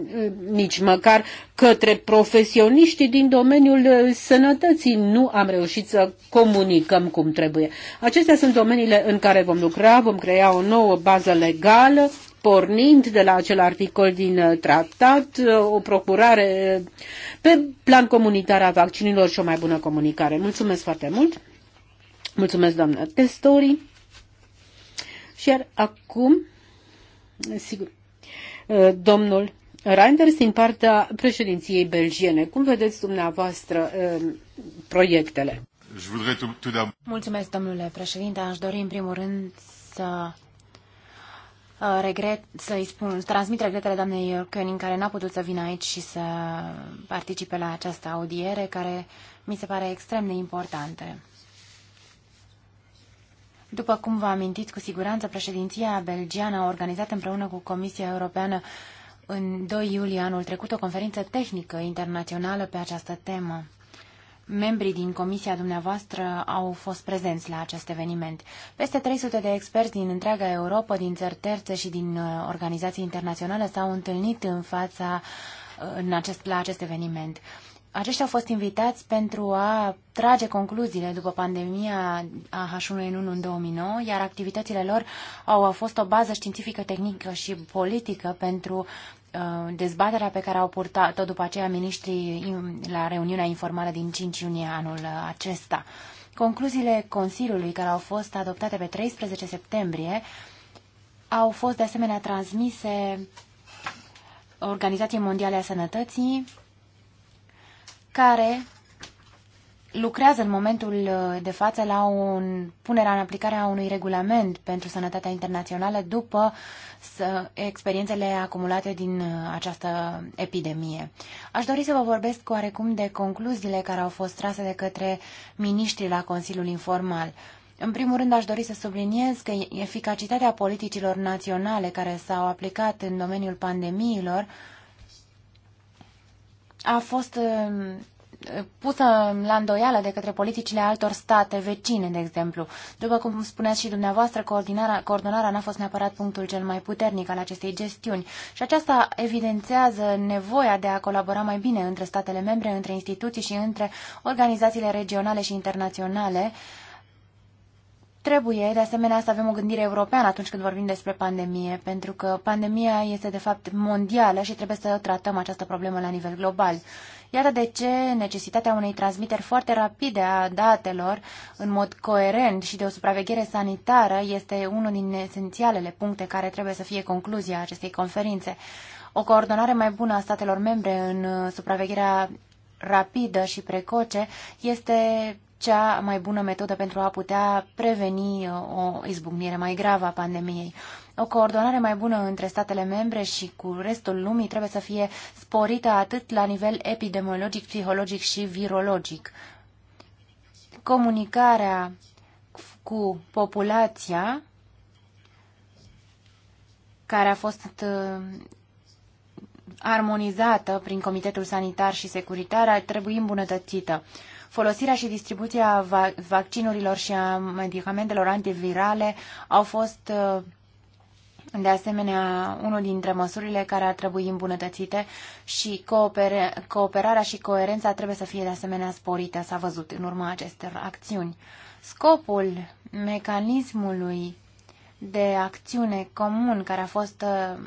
nici măcar către profesioniștii din domeniul sănătății nu am reușit să comunicăm cum trebuie. Acestea sunt în domeniile în care vom lucra, vom crea o nouă bază legală, pornind de la acel articol din uh, tratat, uh, o procurare uh, pe plan comunitar a vaccinilor și o mai bună comunicare. Mulțumesc foarte mult! Mulțumesc, doamnă Testori! Și iar acum, sigur, domnul Reinders din partea președinției belgiene. Cum vedeți dumneavoastră proiectele? Mulțumesc, domnule președinte. Aș dori, în primul rând, să uh, regret, să-i spun, să transmit regretele doamnei König, care n-a putut să vină aici și să participe la această audiere, care mi se pare extrem de importantă. După cum vă amintiți, cu siguranță, președinția belgiană a organizat împreună cu Comisia Europeană în 2 iulie anul trecut o conferință tehnică internațională pe această temă membrii din comisia dumneavoastră au fost prezenți la acest eveniment. Peste 300 de experți din întreaga Europa, din țări terțe și din uh, organizații internaționale s-au întâlnit în fața uh, în acest, la acest eveniment. Aceștia au fost invitați pentru a trage concluziile după pandemia a H1N1 în 2009, iar activitățile lor au, fost o bază științifică, tehnică și politică pentru Uh, dezbaterea pe care au purtat-o după aceea ministrii la reuniunea informală din 5 iunie anul acesta. Concluziile Consiliului, care au fost adoptate pe 13 septembrie, au fost de asemenea transmise Organizației Mondiale a Sănătății, care lucrează în momentul uh, de față la un, punerea în aplicare a unui regulament pentru sănătatea internațională după experiențele acumulate din uh, această epidemie. Aș dori să vă vorbesc oarecum de concluziile care au fost trase de către miniștrii la Consiliul Informal. În primul rând, aș dori să subliniez că eficacitatea politicilor naționale care s-au aplicat în domeniul pandemiilor a fost uh, pusă la îndoială de către politicile altor state vecine, de exemplu. După cum spuneați și dumneavoastră, coordonarea, coordonarea n-a fost neapărat punctul cel mai puternic al acestei gestiuni și aceasta evidențează nevoia de a colabora mai bine între statele membre, între instituții și între organizațiile regionale și internaționale. Trebuie, de asemenea, să avem o gândire europeană atunci când vorbim despre pandemie, pentru că pandemia este, de fapt, mondială și trebuie să tratăm această problemă la nivel global. Iată de ce necesitatea unei transmiteri foarte rapide a datelor în mod coerent și de o supraveghere sanitară este unul din esențialele puncte care trebuie să fie concluzia acestei conferințe. O coordonare mai bună a statelor membre în supravegherea rapidă și precoce este cea mai bună metodă pentru a putea preveni uh, o izbucnire mai gravă a pandemiei. O coordonare mai bună între statele membre și cu restul lumii trebuie să fie sporită atât la nivel epidemiologic, psihologic și virologic. Comunicarea cu populația care a fost uh, armonizată prin Comitetul Sanitar și Securitar ar trebui îmbunătățită. Folosirea și distribuția vaccinurilor și a medicamentelor antivirale au fost uh, de asemenea, unul dintre măsurile care ar trebui îmbunătățite și cooper- cooperarea și coerența trebuie să fie de asemenea sporită, s-a văzut în urma acestor acțiuni. Scopul mecanismului de acțiune comun care a fost uh,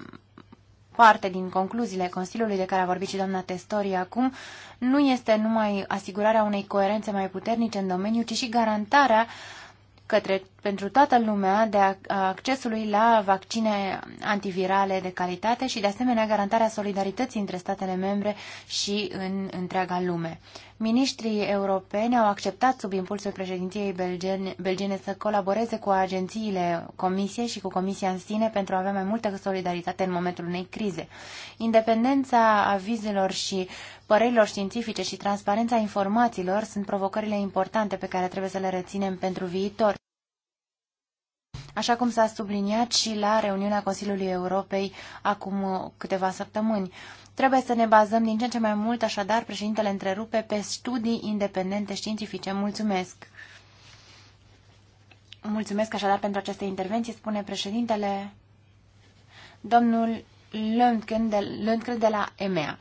parte din concluziile Consiliului de care a vorbit și doamna Testori acum, nu este numai asigurarea unei coerențe mai puternice în domeniu, ci și garantarea uh, către, pentru toată lumea de a, a accesului la vaccine antivirale de calitate și, de asemenea, garantarea solidarității între statele membre și în întreaga lume. Ministrii europeni au acceptat sub impulsul președinției belgene să colaboreze cu agențiile Comisiei și cu Comisia în sine pentru a avea mai multă solidaritate în momentul unei crize. Independența avizelor și părerilor științifice și transparența informațiilor sunt provocările importante pe care trebuie să le reținem pentru viitor. Așa cum s-a subliniat și la reuniunea Consiliului Europei acum câteva săptămâni. Trebuie să ne bazăm din ce în ce mai mult, așadar, președintele întrerupe, pe studii independente științifice. Mulțumesc! Mulțumesc așadar pentru această intervenție, spune președintele domnul Lundgren de, Lundgren de la EMEA.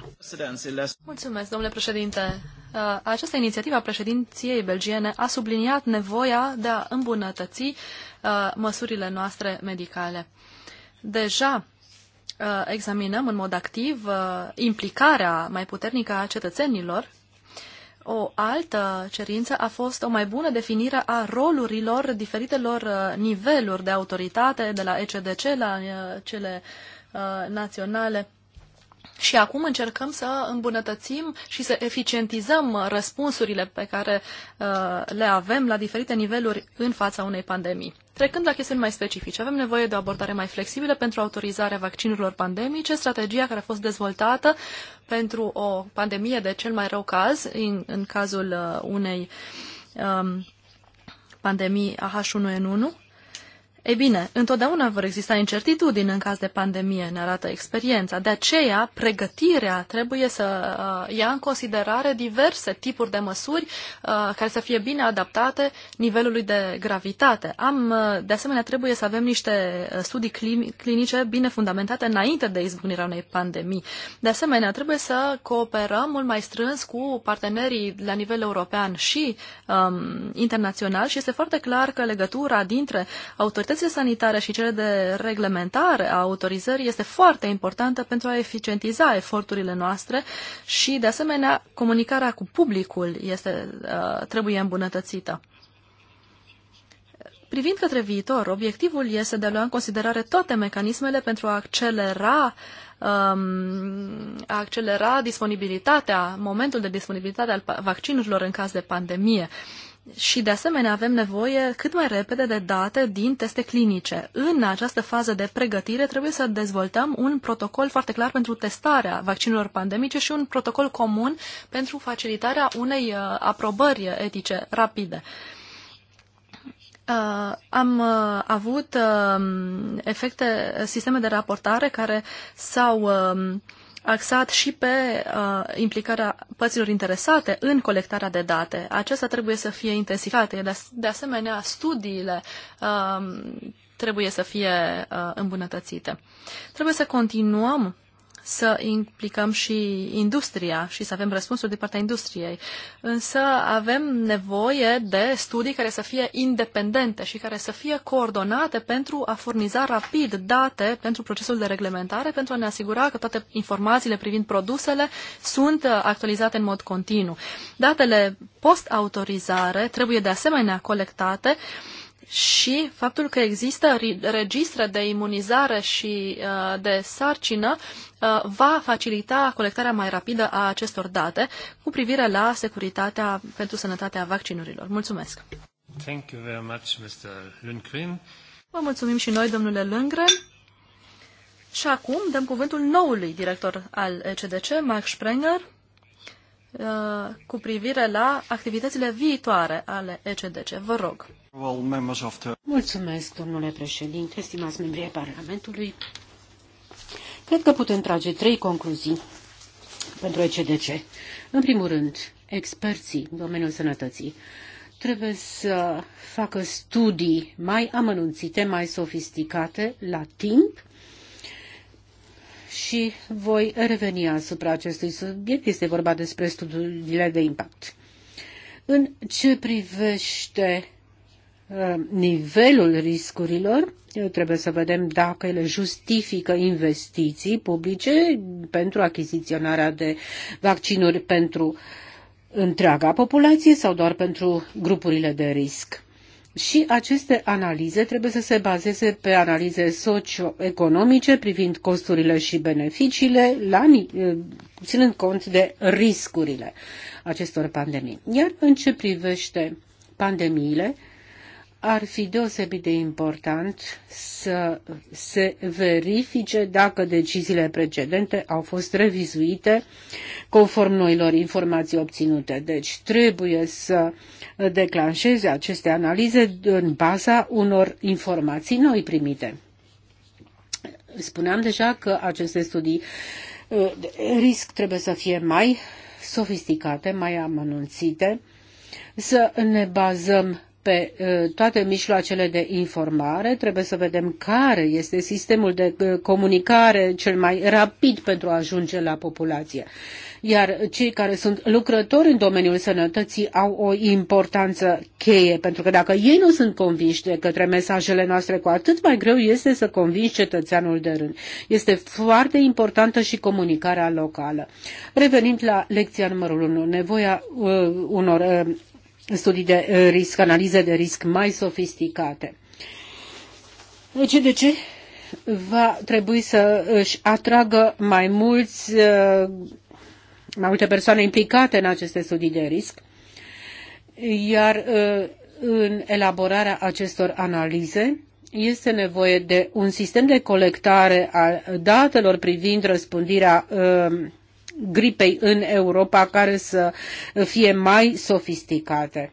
Mulțumesc, domnule președinte. Uh, această inițiativă a președinției belgiene a subliniat nevoia de a îmbunătăți uh, măsurile noastre medicale. Deja Uh, examinăm în mod activ uh, implicarea mai puternică a cetățenilor. O altă cerință a fost o mai bună definire a rolurilor diferitelor uh, niveluri de autoritate, de la ECDC la cele naționale și acum încercăm să îmbunătățim și să eficientizăm răspunsurile pe care uh, le avem la diferite niveluri în fața unei pandemii. Trecând la chestiuni mai specifice, avem nevoie de o abordare mai flexibilă pentru autorizarea vaccinurilor pandemice, strategia care a fost dezvoltată pentru o pandemie de cel mai rău caz, în, în cazul uh, unei um, pandemii a H1N1, ei bine, întotdeauna vor exista incertitudini în caz de pandemie, ne arată experiența. De aceea, pregătirea trebuie să uh, ia în considerare diverse tipuri de măsuri uh, care să fie bine adaptate nivelului de gravitate. Am, uh, de asemenea, trebuie să avem niște studii clinice bine fundamentate înainte de izbucnirea unei pandemii. De asemenea, trebuie să cooperăm mult mai strâns cu partenerii la nivel european și um, internațional și este foarte clar că legătura dintre autoritățile autoritățile sanitare și cele de reglementare a autorizării este foarte importantă pentru a eficientiza eforturile noastre și, de asemenea, comunicarea cu publicul este, uh, trebuie îmbunătățită. Privind către viitor, obiectivul este de a lua în considerare toate mecanismele pentru a accelera, um, a accelera disponibilitatea, momentul de disponibilitate al vaccinurilor în caz de pandemie. Uh, și, de asemenea, avem nevoie cât mai repede de date din teste clinice. În această fază de pregătire trebuie să dezvoltăm un protocol foarte clar pentru testarea vaccinurilor pandemice și un protocol comun pentru facilitarea unei uh, aprobări etice rapide. Uh, am uh, avut uh, efecte, sisteme de raportare care s-au uh, axat și pe uh, implicarea părților interesate în colectarea de date. Acesta trebuie să fie intensificat. De, as- de asemenea, studiile uh, trebuie să fie uh, îmbunătățite. Trebuie să continuăm să implicăm și industria și să avem răspunsuri din partea industriei. Însă avem nevoie de studii care să fie independente și care să fie coordonate pentru a furniza rapid date pentru procesul de reglementare, pentru a ne asigura că toate informațiile privind produsele sunt uh, actualizate în mod continuu. Datele post-autorizare trebuie de asemenea colectate uh, și faptul că există registre de imunizare și uh, de sarcină uh, va facilita colectarea mai rapidă a acestor date cu privire la securitatea pentru sănătatea vaccinurilor. Mulțumesc! Thank you very much, Mr. Lundgren. Vă mulțumim și noi, domnule Lundgren. Și acum dăm cuvântul noului director al ECDC, Max Sprenger, uh, cu privire la activitățile viitoare ale ECDC. Vă rog. Mulțumesc, domnule președinte, stimați membrii Parlamentului. Cred că putem trage trei concluzii pentru ECDC. În primul rând, experții în domeniul sănătății trebuie să facă studii mai amănunțite, mai sofisticate, la timp, și voi reveni asupra acestui subiect. Este vorba despre studiile de impact. În ce privește Uh, nivelul riscurilor, uh, trebuie să vedem dacă ele justifică investiții publice pentru achiziționarea de vaccinuri pentru întreaga populație sau doar pentru grupurile de risc. Și aceste analize trebuie să se bazeze pe analize socioeconomice privind costurile și beneficiile, la, uh, ținând cont de riscurile acestor pandemii. Iar în ce privește pandemiile, ar fi deosebit de important să se verifice dacă deciziile precedente au fost revizuite conform noilor informații obținute. Deci trebuie să declanșeze aceste analize în baza unor informații noi primite. Spuneam deja că aceste studii uh, risc trebuie să fie mai sofisticate, mai amănunțite, să ne bazăm pe toate mijloacele de informare, trebuie să vedem care este sistemul de comunicare cel mai rapid pentru a ajunge la populație. Iar cei care sunt lucrători în domeniul sănătății au o importanță cheie, pentru că dacă ei nu sunt convinși de către mesajele noastre, cu atât mai greu este să convingi cetățeanul de rând. Este foarte importantă și comunicarea locală. Revenind la lecția numărul 1, nevoia uh, unor uh, studii de eh, risc, analize de risc mai sofisticate. Deci, de ce va trebui să își atragă mai mulți, eh, mai multe persoane implicate în aceste studii de risc, iar eh, în elaborarea acestor analize este nevoie de un sistem de colectare a datelor privind răspândirea gripei în Europa care să fie mai sofisticate.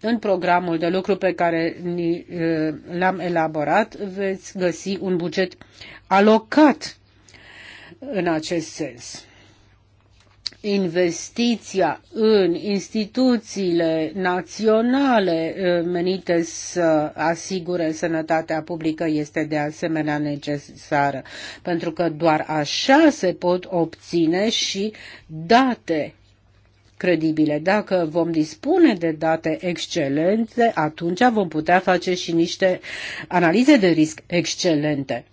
În programul de lucru pe care eh, l-am elaborat veți găsi un buget alocat în acest sens investiția în instituțiile naționale eh, menite să asigure sănătatea publică este de asemenea necesară, pentru că doar așa se pot obține și date credibile. Dacă vom dispune de date excelente, atunci vom putea face și niște analize de risc excelente.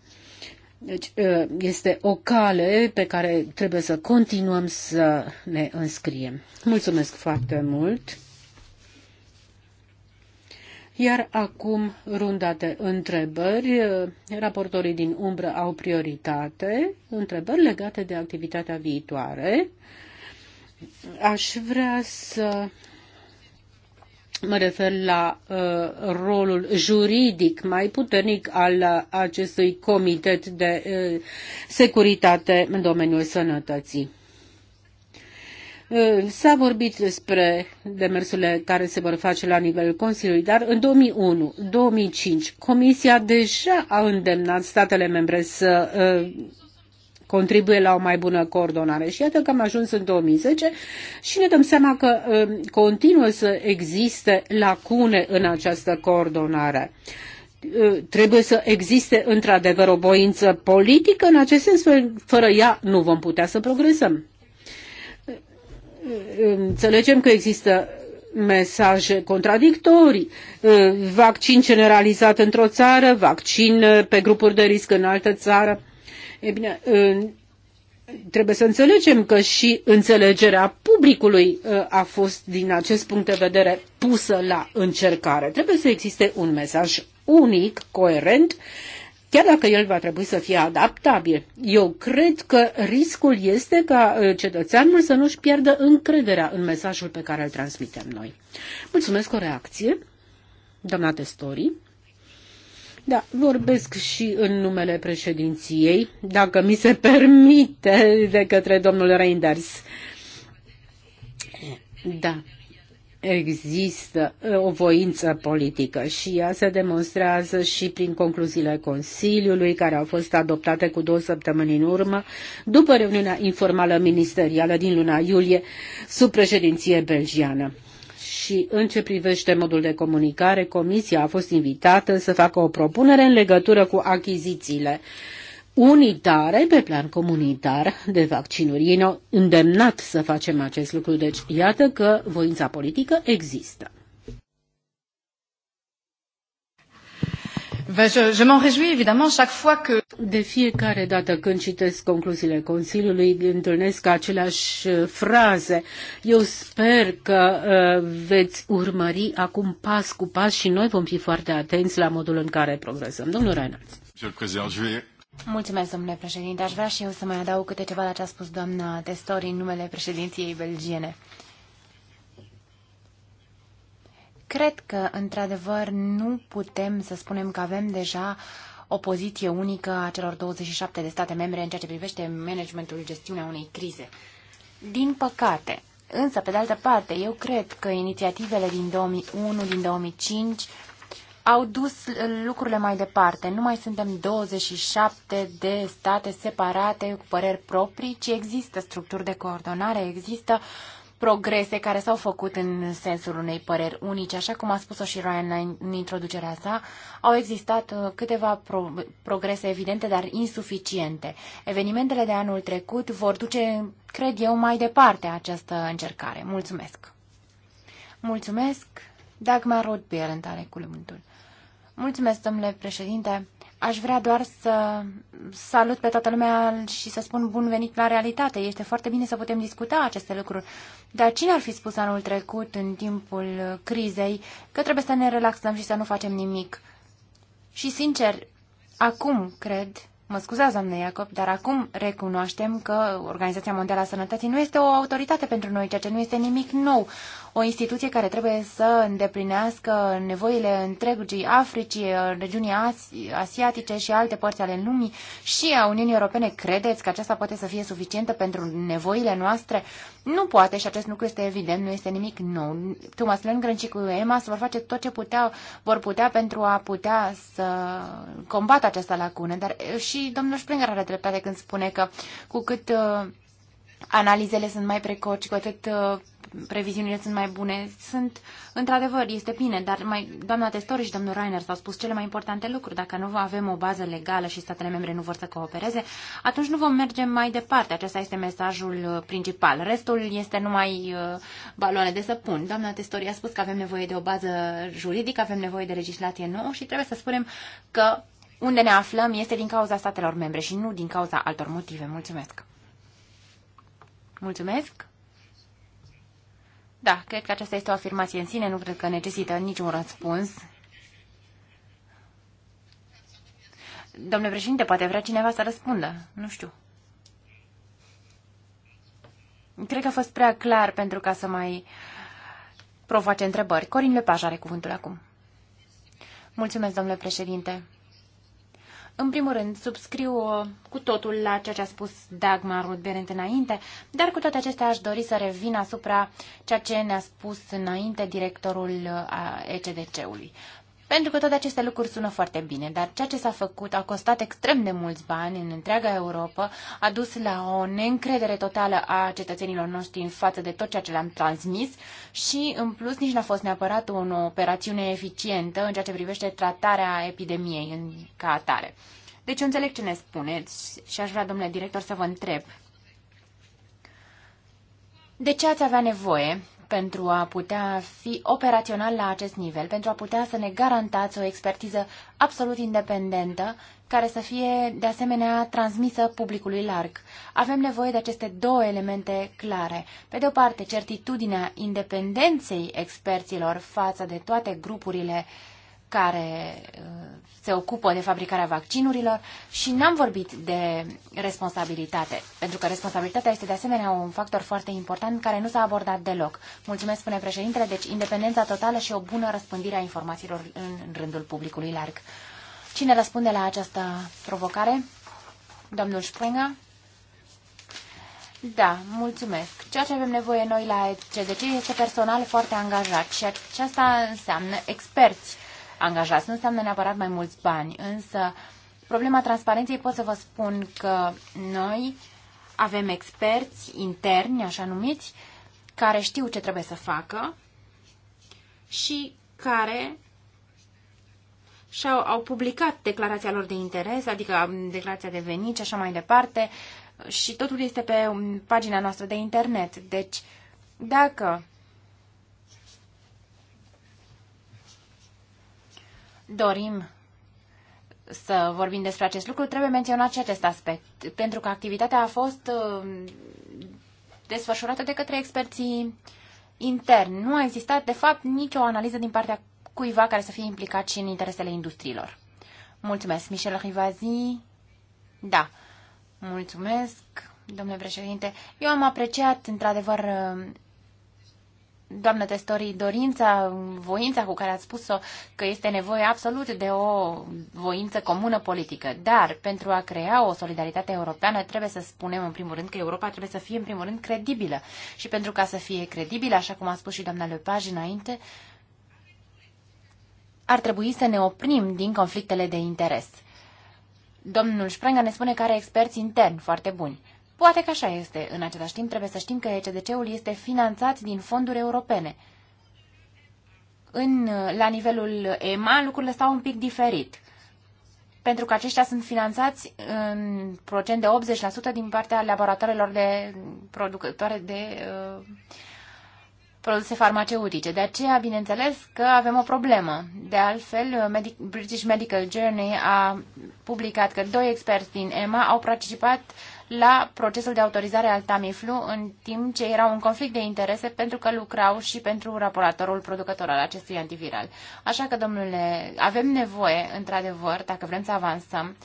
Deci ă, este o cale pe care trebuie să continuăm să ne înscriem. Mulțumesc foarte mult! Iar acum runda de întrebări. Raportorii din umbră au prioritate. Întrebări legate de activitatea viitoare. Aș vrea să Mă refer la uh, rolul juridic mai puternic al uh, acestui comitet de uh, securitate în domeniul sănătății. Uh, s-a vorbit despre demersurile care se vor face la nivelul Consiliului, dar în 2001-2005 Comisia deja a îndemnat statele membre să uh, contribuie la o mai bună coordonare. Și iată că am ajuns în 2010 și ne dăm seama că um, continuă să existe lacune în această coordonare uh, trebuie să existe într-adevăr o voință politică în acest sens, fără ea nu vom putea să progresăm. Uh, uh, înțelegem că există mesaje contradictorii, vaccin generalizat într-o țară, vaccin pe grupuri de risc în altă țară. E bine, trebuie să înțelegem că și înțelegerea publicului uh, a fost, din acest punct de vedere, pusă la încercare. Trebuie să existe un mesaj unic, coerent, chiar dacă el va trebui să fie adaptabil. Eu cred că riscul este ca uh, cetățeanul să nu-și pierdă încrederea în mesajul pe care îl transmitem noi. Mulțumesc o reacție, doamna Testori. Da, vorbesc și în numele președinției, dacă mi se permite, de către domnul Reinders. Da, există o voință politică și ea se demonstrează și prin concluziile Consiliului care au fost adoptate cu două săptămâni în urmă după reuniunea informală ministerială din luna iulie sub președinție belgiană și în ce privește modul de comunicare, Comisia a fost invitată să facă o propunere în legătură cu achizițiile unitare pe plan comunitar de vaccinuri. Ei ne-au îndemnat să facem acest lucru, deci iată că voința politică există. De fiecare dată când citesc concluziile Consiliului, întâlnesc aceleași uh, fraze. Eu sper că uh, veți urmări acum pas cu pas și noi vom fi foarte atenți la modul în care progresăm. Domnul Reynolds. Mulțumesc, domnule președinte. Aș vrea și eu să mai adaug câte ceva la ce a spus doamna Testori în numele președinției belgiene. Cred că, într-adevăr, nu putem să spunem că avem deja o poziție unică a celor 27 de state membre în ceea ce privește managementul gestiunea unei crize. Din păcate, însă, pe de altă parte, eu cred că inițiativele din 2001, din 2005, au dus lucrurile mai departe. Nu mai suntem 27 de state separate cu păreri proprii, ci există structuri de coordonare, există progrese care s-au făcut în sensul unei păreri unice. Așa cum a spus-o și Ryan în introducerea sa, au existat uh, câteva pro- progrese evidente, dar insuficiente. Evenimentele de anul trecut vor duce, cred eu, mai departe această încercare. Mulțumesc! Mulțumesc! Dagmar Rodbierent cu cuvântul. Mulțumesc, domnule președinte! Aș vrea doar să salut pe toată lumea și să spun bun venit la realitate. Este foarte bine să putem discuta aceste lucruri. Dar cine ar fi spus anul trecut, în timpul crizei, că trebuie să ne relaxăm și să nu facem nimic? Și sincer, acum cred, mă scuzați, doamne Iacob, dar acum recunoaștem că Organizația Mondială a Sănătății nu este o autoritate pentru noi, ceea ce nu este nimic nou o instituție care trebuie să îndeplinească nevoile întregii Africii, regiunii asiatice și alte părți ale lumii și a Uniunii Europene. Credeți că aceasta poate să fie suficientă pentru nevoile noastre? Nu poate și acest lucru este evident, nu este nimic nou. Thomas Lundgren și cu EMA vor face tot ce putea, vor putea pentru a putea să combată această lacună. Dar și domnul Springer are dreptate când spune că cu cât uh, analizele sunt mai precoci, cu atât uh, previziunile sunt mai bune. Sunt, într-adevăr, este bine, dar mai, doamna Testor și domnul Reiner, s-au spus cele mai importante lucruri. Dacă nu avem o bază legală și statele membre nu vor să coopereze, atunci nu vom merge mai departe. Acesta este mesajul uh, principal. Restul este numai uh, baloane de săpun. Doamna Testor a spus că avem nevoie de o bază juridică, avem nevoie de legislație nouă și trebuie să spunem că unde ne aflăm este din cauza statelor membre și nu din cauza altor motive. Mulțumesc! Mulțumesc. Da, cred că aceasta este o afirmație în sine, nu cred că necesită niciun răspuns. Domnule președinte, poate vrea cineva să răspundă. Nu știu. Cred că a fost prea clar pentru ca să mai provoace întrebări. Corin Lepaj are cuvântul acum. Mulțumesc, domnule președinte. În primul rând, subscriu uh, cu totul la ceea ce a spus Dagmar Rudberent înainte, dar cu toate acestea aș dori să revin asupra ceea ce ne-a spus înainte directorul uh, ECDC-ului. Pentru că toate aceste lucruri sună foarte bine, dar ceea ce s-a făcut a costat extrem de mulți bani în întreaga Europa, a dus la o neîncredere totală a cetățenilor noștri în față de tot ceea ce le-am transmis și, în plus, nici n-a fost neapărat o operațiune eficientă în ceea ce privește tratarea epidemiei în, ca atare. Deci eu înțeleg ce ne spuneți și aș vrea, domnule director, să vă întreb. De ce ați avea nevoie pentru a putea fi operațional la acest nivel, pentru a putea să ne garantați o expertiză absolut independentă, care să fie de asemenea transmisă publicului larg. Avem nevoie de aceste două elemente clare. Pe de o parte, certitudinea independenței experților față de toate grupurile uh, care uh, se ocupă de fabricarea vaccinurilor și n-am vorbit de responsabilitate, pentru că responsabilitatea este de asemenea un factor foarte important care nu s-a abordat deloc. Mulțumesc, spune președintele, deci independența totală și o bună răspândire a informațiilor în rândul publicului larg. Cine răspunde la această provocare? Domnul Sprenga? Da, mulțumesc. Ceea ce avem nevoie noi la CDC este personal foarte angajat și aceasta înseamnă experți angajați. Nu înseamnă neapărat mai mulți bani, însă problema transparenței pot să vă spun că noi avem experți interni, așa numiți, care știu ce trebuie să facă și care și-au au publicat declarația lor de interes, adică declarația de venit și așa mai departe și totul este pe pagina noastră de internet. Deci, dacă dorim să vorbim despre acest lucru, trebuie menționat și acest aspect, pentru că activitatea a fost uh, desfășurată de către experții interni. Nu a existat, de fapt, nicio analiză din partea cuiva care să fie implicat și în interesele industriilor. Mulțumesc, Michel Rivazi. Da, mulțumesc, domnule președinte. Eu am apreciat, într-adevăr, doamnă Testori, dorința, voința cu care ați spus-o că este nevoie absolut de o voință comună politică. Dar pentru a crea o solidaritate europeană trebuie să spunem în primul rând că Europa trebuie să fie în primul rând credibilă. Și pentru ca să fie credibilă, așa cum a spus și doamna Lepage înainte, ar trebui să ne oprim din conflictele de interes. Domnul Sprenga ne spune că are experți interni foarte buni. Poate că așa este. În același timp, trebuie să știm că ECDC-ul este finanțat din fonduri europene. În, la nivelul EMA, lucrurile stau un pic diferit pentru că aceștia sunt finanțați în procent de 80% din partea laboratoarelor de producătoare de uh, produse farmaceutice. De aceea, bineînțeles că avem o problemă. De altfel, Medic- British Medical Journey a publicat că doi experți din EMA au participat uh, la procesul de autorizare al Tamiflu, în timp ce erau un conflict de interese pentru că lucrau și pentru raportorul producător al acestui antiviral. Așa că, domnule, avem nevoie, într-adevăr, dacă vrem să avansăm,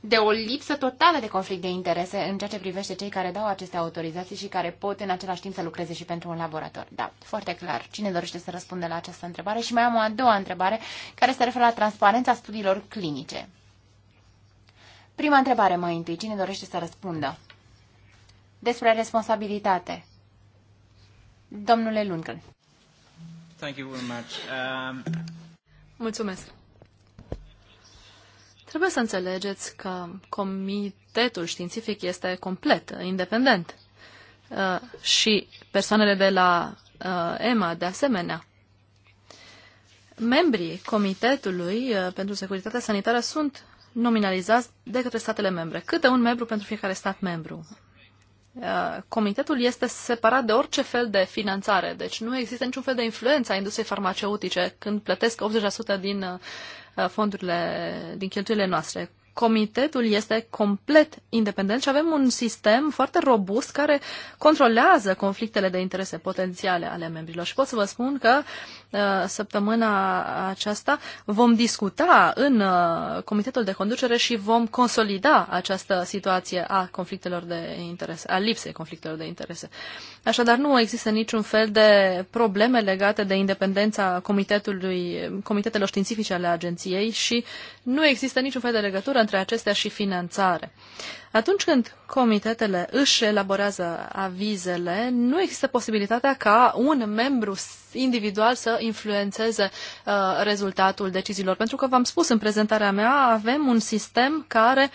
de o lipsă totală de conflict de interese în ceea ce privește cei care dau aceste autorizații și care pot în același timp să lucreze și pentru un laborator. Da, foarte clar. Cine dorește să răspundă la această întrebare? Și mai am o a doua întrebare care se referă la transparența studiilor clinice. Prima întrebare mai întâi. Cine dorește să răspundă? Despre responsabilitate. Domnule Lundgren. Thank you very much. Um... Mulțumesc. Trebuie să înțelegeți că comitetul științific este complet, independent. Uh, și persoanele de la uh, EMA, de asemenea. Membrii Comitetului uh, pentru Securitatea Sanitară sunt nominalizați de către statele membre. Câte un membru pentru fiecare stat membru. Uh, comitetul este separat de orice fel de finanțare, deci nu există niciun fel de influență a industriei farmaceutice când plătesc 80% din uh, uh, fondurile, din cheltuielile noastre. Comitetul este complet independent și avem un sistem foarte robust care controlează conflictele de interese potențiale ale membrilor. Și pot să vă spun că Uh, săptămâna aceasta vom discuta în uh, Comitetul de Conducere și vom consolida această situație a conflictelor de interese, a lipsei conflictelor de interese. Așadar, nu există niciun fel de probleme legate de independența comitetului, comitetelor științifice ale agenției și nu există niciun fel de legătură între acestea și finanțare. Atunci când comitetele își elaborează avizele, nu există posibilitatea ca un membru individual să influențeze uh, rezultatul deciziilor. Pentru că v-am spus în prezentarea mea, avem un sistem care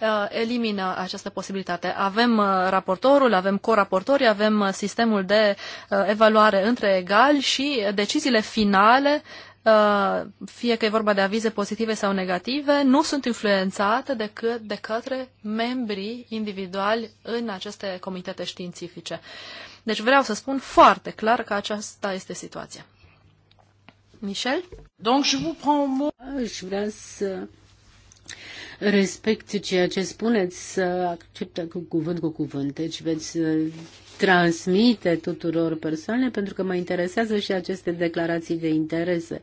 uh, elimină această posibilitate. Avem uh, raportorul, avem coraportorii, avem uh, sistemul de uh, evaluare între egali și deciziile finale uh, Uh, fie că e vorba de avize pozitive sau negative, nu sunt influențate decât de către membrii individuali în aceste comitete științifice. Deci vreau să spun foarte clar că aceasta este situația. Michel? Donc je vous prends mot. Aș vrea să respect ceea ce spuneți, să acceptă cu cuvânt cu cuvânt. Deci veți transmite tuturor persoane, pentru că mă interesează și aceste declarații de interese.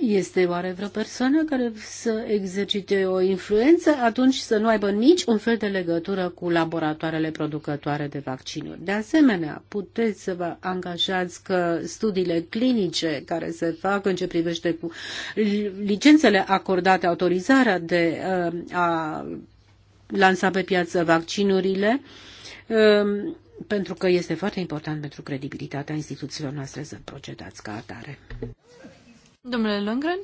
Este oare vreo persoană care să exercite o influență atunci să nu aibă nici un fel de legătură cu laboratoarele producătoare de vaccinuri? De asemenea, puteți să vă angajați că studiile clinice care se fac în ce privește cu licențele acordate, autorizarea de uh, a lansa pe piață vaccinurile, uh, Ehm, pentru că este foarte important pentru credibilitatea instituțiilor noastre să procedați ca atare. Domnule Lundgren?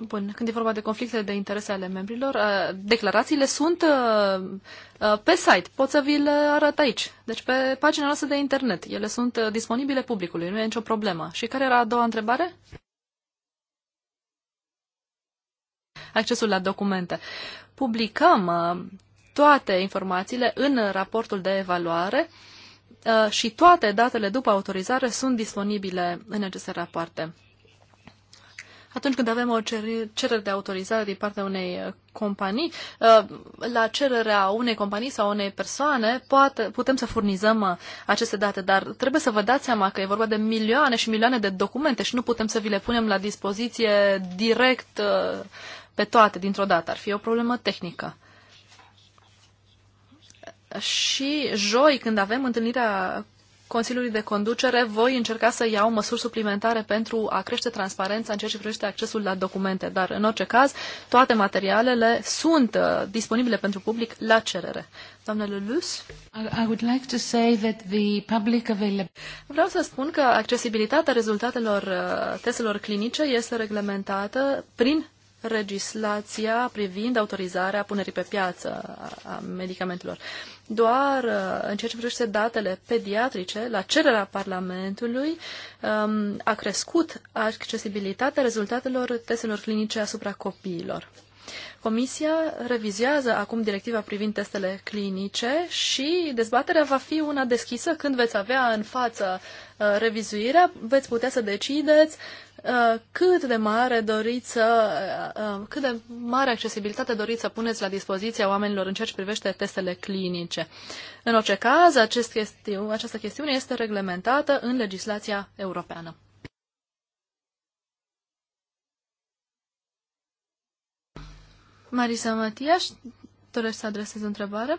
Bun, când e vorba de conflicte de interese ale membrilor, declarațiile sunt pe site, pot să vi le arăt aici, deci pe pagina noastră de internet. Ele sunt disponibile publicului, nu e nicio problemă. Și care era a doua întrebare? Accesul la documente. Publicăm toate informațiile în raportul de evaluare uh, și toate datele după autorizare sunt disponibile în aceste rapoarte. Atunci când avem o cerere de autorizare din partea unei companii, uh, la cererea unei companii sau unei persoane poate, putem să furnizăm uh, aceste date, dar trebuie să vă dați seama că e vorba de milioane și milioane de documente și nu putem să vi le punem la dispoziție direct pe toate dintr-o dată. Ar fi o problemă tehnică și joi, când avem întâlnirea Consiliului de Conducere, voi încerca să iau măsuri suplimentare pentru a crește transparența în ceea ce privește accesul la documente, dar în orice caz, toate materialele sunt uh, disponibile pentru public la cerere. Doamnele Lulus? I would like to say that the public available... Vreau să spun că accesibilitatea rezultatelor uh, testelor clinice este reglementată prin legislația privind autorizarea punerii pe piață a medicamentelor. Doar uh, în ceea ce privește datele pediatrice, la cererea Parlamentului um, a crescut accesibilitatea rezultatelor testelor clinice asupra copiilor. Comisia revizează acum directiva privind testele clinice și dezbaterea va fi una deschisă când veți avea în față uh, revizuirea, veți putea să decideți Uh, cât de mare doriți să, uh, uh, cât de mare accesibilitate doriți să puneți la dispoziția oamenilor în ceea ce privește testele clinice. În orice caz, acest chestiu, această chestiune este reglementată în legislația europeană. Marisa Matias, dorești să adresezi o întrebare?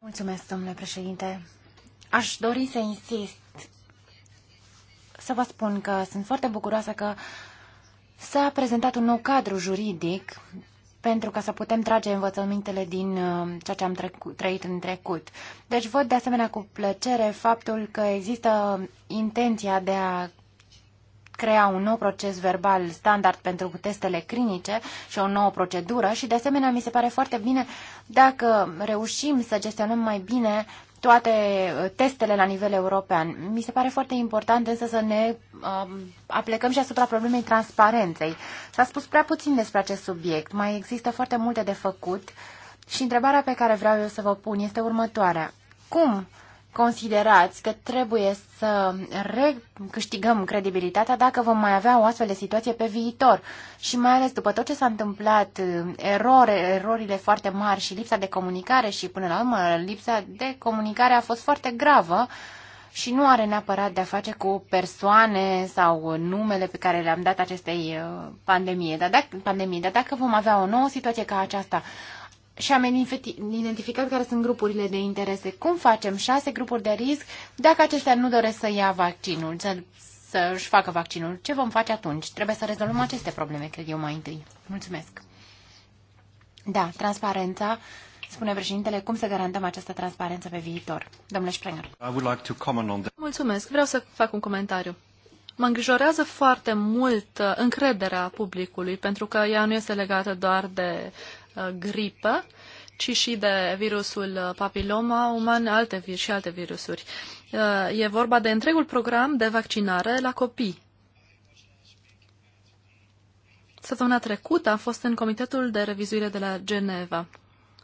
Mulțumesc, domnule președinte. Aș dori să insist să vă spun că sunt foarte bucuroasă că s-a prezentat un nou cadru juridic pentru ca să putem trage învățămintele din uh, ceea ce am trecut, trăit în trecut. Deci văd de asemenea cu plăcere faptul că există intenția de a crea un nou proces verbal standard pentru testele clinice și o nouă procedură și de asemenea mi se pare foarte bine dacă reușim să gestionăm mai bine toate uh, testele la nivel european. Mi se pare foarte important însă să ne uh, aplecăm și asupra problemei transparenței. S-a spus prea puțin despre acest subiect. Mai există foarte multe de făcut și întrebarea pe care vreau eu să vă pun este următoarea. Cum considerați că trebuie să recâștigăm credibilitatea dacă vom mai avea o astfel de situație pe viitor și mai ales după tot ce s-a întâmplat, erore, erorile foarte mari și lipsa de comunicare și până la urmă lipsa de comunicare a fost foarte gravă și nu are neapărat de a face cu persoane sau numele pe care le-am dat acestei uh, pandemie. Dar dacă, pandemie, dar dacă vom avea o nouă situație ca aceasta, și am identificat care sunt grupurile de interese. Cum facem șase grupuri de risc dacă acestea nu doresc să ia vaccinul, să, să-și facă vaccinul? Ce vom face atunci? Trebuie să rezolvăm aceste probleme, cred eu, mai întâi. Mulțumesc. Da, transparența. Spune președintele, cum să garantăm această transparență pe viitor? Domnule Sprenger. Like Mulțumesc. Vreau să fac un comentariu. Mă îngrijorează foarte mult uh, încrederea publicului, pentru că ea nu este legată doar de Uh, gripă, ci și de virusul papiloma uman alte, și alte virusuri. Uh, e vorba de întregul program de vaccinare la copii. Săptămâna trecută am fost în Comitetul de Revizuire de la Geneva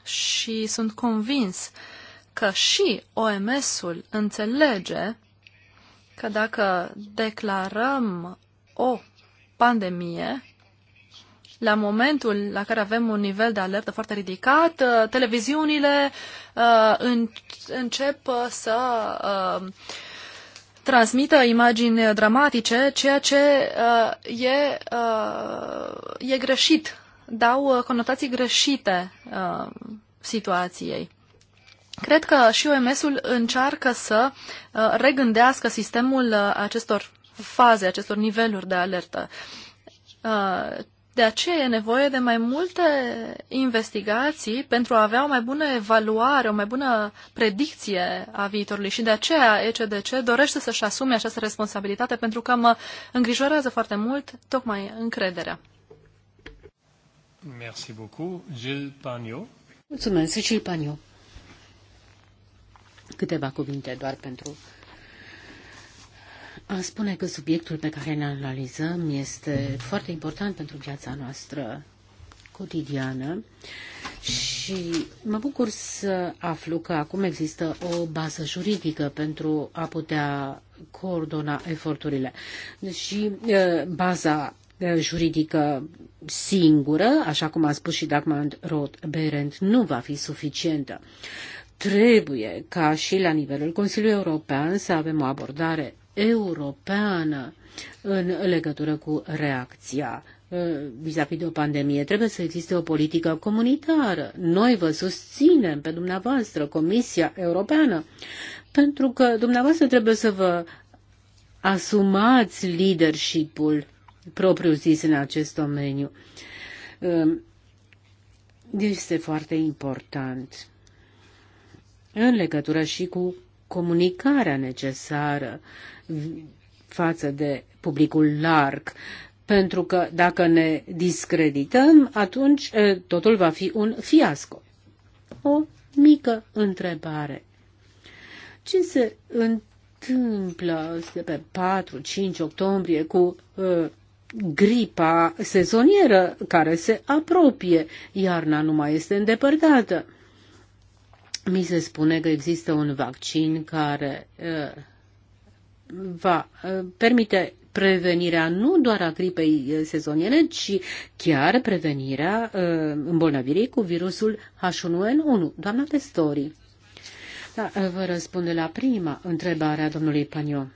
și sunt convins că și OMS-ul înțelege că dacă declarăm o pandemie, la momentul la care avem un nivel de alertă foarte ridicat, uh, televiziunile uh, încep uh, să transmită imagini dramatice, ceea ce e, e greșit, dau conotații greșite situației. Cred că și OMS-ul încearcă să regândească sistemul acestor faze, acestor niveluri de alertă. De aceea e nevoie de mai multe investigații pentru a avea o mai bună evaluare, o mai bună predicție a viitorului și de aceea ECDC dorește să-și asume această responsabilitate pentru că mă îngrijorează foarte mult tocmai încrederea. Merci beaucoup. Gilles Pagnot. Mulțumesc, Gilles Pagnot. Câteva cuvinte doar pentru a spune că subiectul pe care ne analizăm este foarte important pentru viața noastră cotidiană și mă bucur să aflu că acum există o bază juridică pentru a putea coordona eforturile. Și e, baza juridică singură, așa cum a spus și Dagmar Roth Berend, nu va fi suficientă. Trebuie ca și la nivelul Consiliului European să avem o abordare europeană în legătură cu reacția uh, vis-a-vis de o pandemie. Trebuie să existe o politică comunitară. Noi vă susținem pe dumneavoastră, Comisia Europeană, pentru că dumneavoastră trebuie să vă asumați leadership-ul propriu zis în acest domeniu. Uh, este foarte important în legătură și cu comunicarea necesară față de publicul larg, pentru că dacă ne discredităm, atunci totul va fi un fiasco. O mică întrebare. Ce se întâmplă pe 4-5 octombrie cu uh, gripa sezonieră care se apropie? Iarna nu mai este îndepărtată mi se spune că există un vaccin care uh, va uh, permite prevenirea nu doar a gripei uh, sezoniere, ci chiar prevenirea îmbolnăvirii cu virusul H1N1. Doamna Testori. Da, vă răspunde la prima întrebare a domnului Panion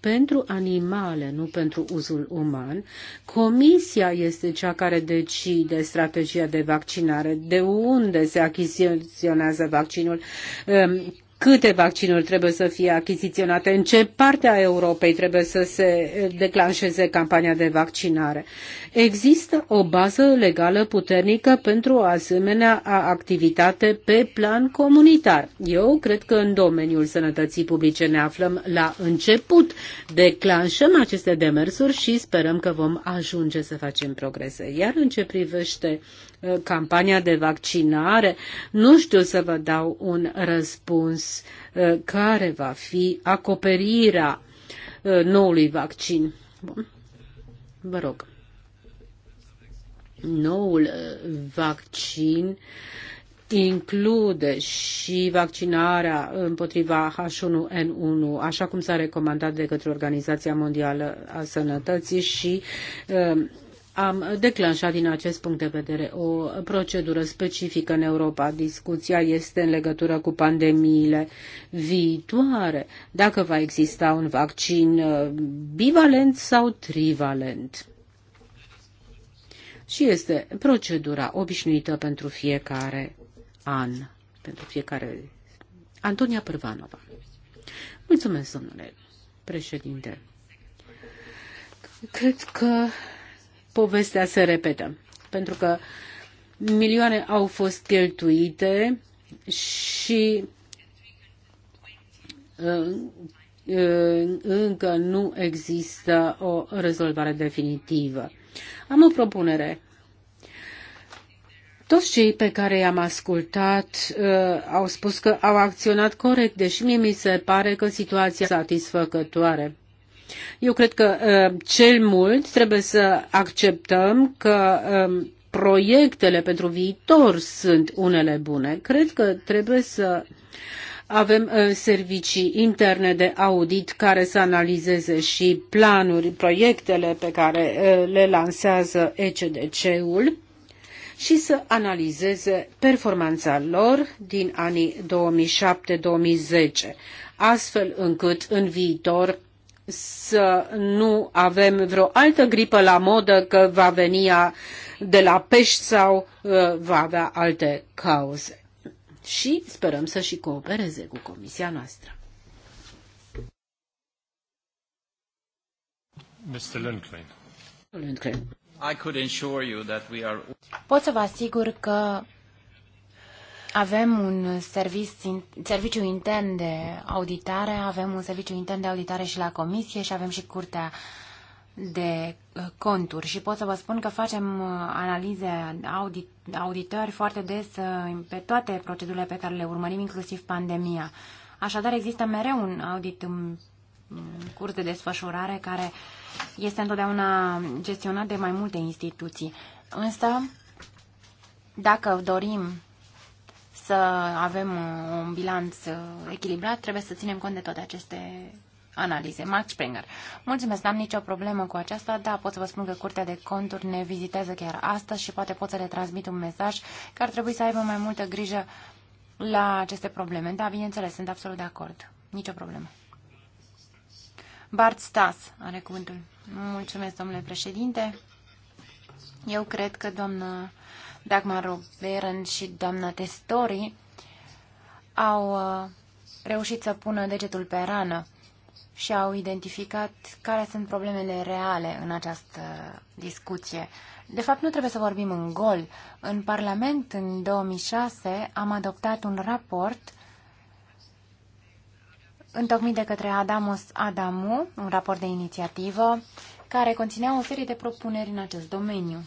pentru animale, nu pentru uzul uman, comisia este cea care decide strategia de vaccinare, de unde se achiziționează vaccinul, ehm, câte vaccinuri trebuie să fie achiziționate, în ce parte a Europei trebuie să se declanșeze campania de vaccinare. Există o bază legală puternică pentru o asemenea activitate pe plan comunitar. Eu cred că în domeniul sănătății publice ne aflăm la început. Declanșăm aceste demersuri și sperăm că vom ajunge să facem progrese. Iar în ce privește uh, Uh, campania de vaccinare. Nu știu să vă dau un răspuns uh, care va fi acoperirea uh, noului vaccin. Bun. Vă rog. Noul vaccin include și vaccinarea împotriva H1N1, așa cum s-a recomandat de către Organizația Mondială a Sănătății și am declanșat din acest punct de vedere o procedură specifică în Europa. Discuția este în legătură cu pandemiile viitoare, dacă va exista un vaccin uh, bivalent sau trivalent. Și este procedura obișnuită pentru fiecare an, pentru fiecare. Antonia Pârvanova. Mulțumesc, domnule președinte. Cred că povestea se repetă. Pentru că milioane au fost cheltuite și uh, uh, încă nu există o rezolvare definitivă. Am o propunere. Toți cei pe care i-am ascultat uh, au spus că au acționat corect, deși mie mi se pare că situația satisfăcătoare. Eu cred că uh, cel mult trebuie să acceptăm că um, proiectele pentru viitor sunt unele bune. Cred că trebuie să avem uh, servicii interne de audit care să analizeze și planuri, proiectele pe care uh, le lansează ECDC-ul și să analizeze performanța lor din anii 2007-2010, astfel încât în viitor să nu avem vreo altă gripă la modă că va veni ea de la pești sau uh, va avea alte cauze. Și sperăm să și coopereze cu comisia noastră. Mr. Lundgren. Lundgren. I could ensure you that we are... Pot să vă asigur că avem un serviciu, intern de auditare, avem un serviciu intern de auditare și la comisie și avem și curtea de uh, conturi și pot să vă spun că facem uh, analize audit, auditări foarte des uh, pe toate procedurile pe care le urmărim, inclusiv pandemia. Așadar, există mereu un audit în curs de desfășurare care este întotdeauna gestionat de mai multe instituții. Însă, dacă dorim să avem un bilanț uh, echilibrat, trebuie să ținem cont de toate aceste analize. Max Springer. Mulțumesc, n-am nicio problemă cu aceasta. Da, pot să vă spun că Curtea de Conturi ne vizitează chiar astăzi și poate pot să le transmit un mesaj că ar trebui să aibă mai multă grijă la aceste probleme. Da, bineînțeles, sunt absolut de acord. Nicio problemă. Bart Stas are cuvântul. Mulțumesc, domnule președinte. Eu cred că doamna Dagmar Beren și doamna Testori au uh, reușit să pună degetul pe rană și au identificat care sunt problemele reale în această discuție. De fapt, nu trebuie să vorbim în gol. În Parlament, în 2006, am adoptat un raport întocmit de către Adamus Adamu, un raport de inițiativă, care conținea o serie de propuneri în acest domeniu.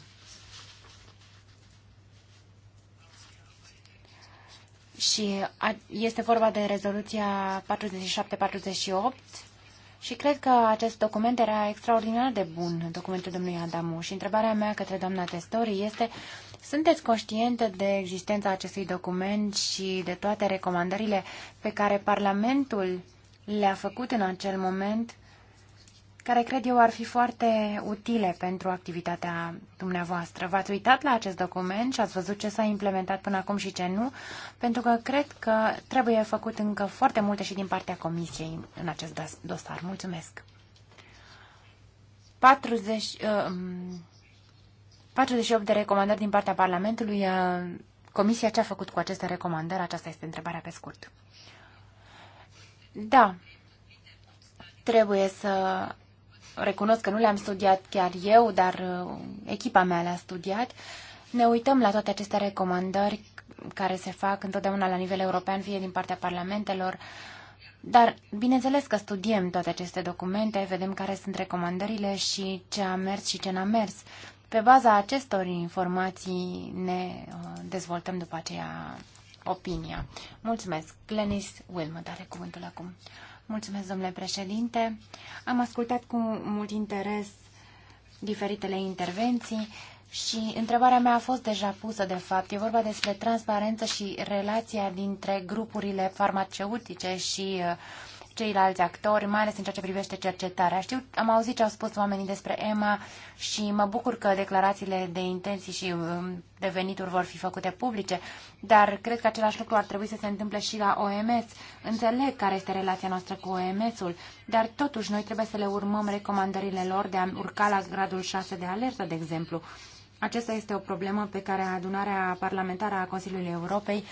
și este vorba de rezoluția 47-48 și cred că acest document era extraordinar de bun, documentul domnului Adamu. Și întrebarea mea către doamna Testori este, sunteți conștientă de existența acestui document și de toate recomandările pe care Parlamentul le-a făcut în acel moment care cred eu ar fi foarte utile pentru activitatea dumneavoastră. V-ați uitat la acest document și ați văzut ce s-a implementat până acum și ce nu, pentru că cred că trebuie făcut încă foarte multe și din partea Comisiei în acest dosar. Mulțumesc! 40, uh, 48 de recomandări din partea Parlamentului. Uh, Comisia ce a făcut cu aceste recomandări? Aceasta este întrebarea pe scurt. Da, trebuie să recunosc că nu le-am studiat chiar eu, dar uh, echipa mea le-a studiat, ne uităm la toate aceste recomandări care se fac întotdeauna la nivel european, fie din partea parlamentelor, dar bineînțeles că studiem toate aceste documente, vedem care sunt recomandările și ce a mers și ce n-a mers. Pe baza acestor informații ne uh, dezvoltăm după aceea opinia. Mulțumesc. Glenis Wilmot are cuvântul acum. Mulțumesc, domnule președinte. Am ascultat cu mult interes diferitele intervenții și întrebarea mea a fost deja pusă, de fapt. E vorba despre transparență și relația dintre grupurile farmaceutice și uh, ceilalți actori, mai ales în ceea ce privește cercetarea. Știu, am auzit ce au spus oamenii despre Emma și mă bucur că declarațiile de intenții și um, de venituri vor fi făcute publice, dar cred că același lucru ar trebui să se întâmple și la OMS. Înțeleg care este relația noastră cu OMS-ul, dar totuși noi trebuie să le urmăm recomandările lor de a urca la gradul 6 de alertă, de exemplu. Aceasta este o problemă pe care adunarea parlamentară a Consiliului Europei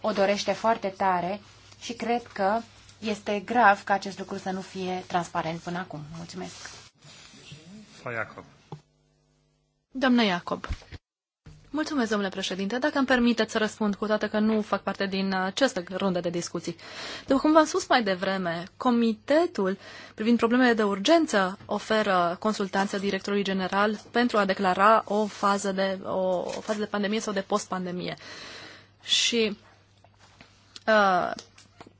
o dorește foarte tare și cred că este grav ca acest lucru să nu fie transparent până acum. Mulțumesc. Iacob. Doamna Iacob. Mulțumesc, domnule președinte. Dacă îmi permiteți să răspund, cu toate că nu fac parte din această rundă de discuții. După cum v-am spus mai devreme, Comitetul privind problemele de urgență oferă consultanță directorului general pentru a declara o fază de, o, o fază de pandemie sau de post-pandemie. Și uh,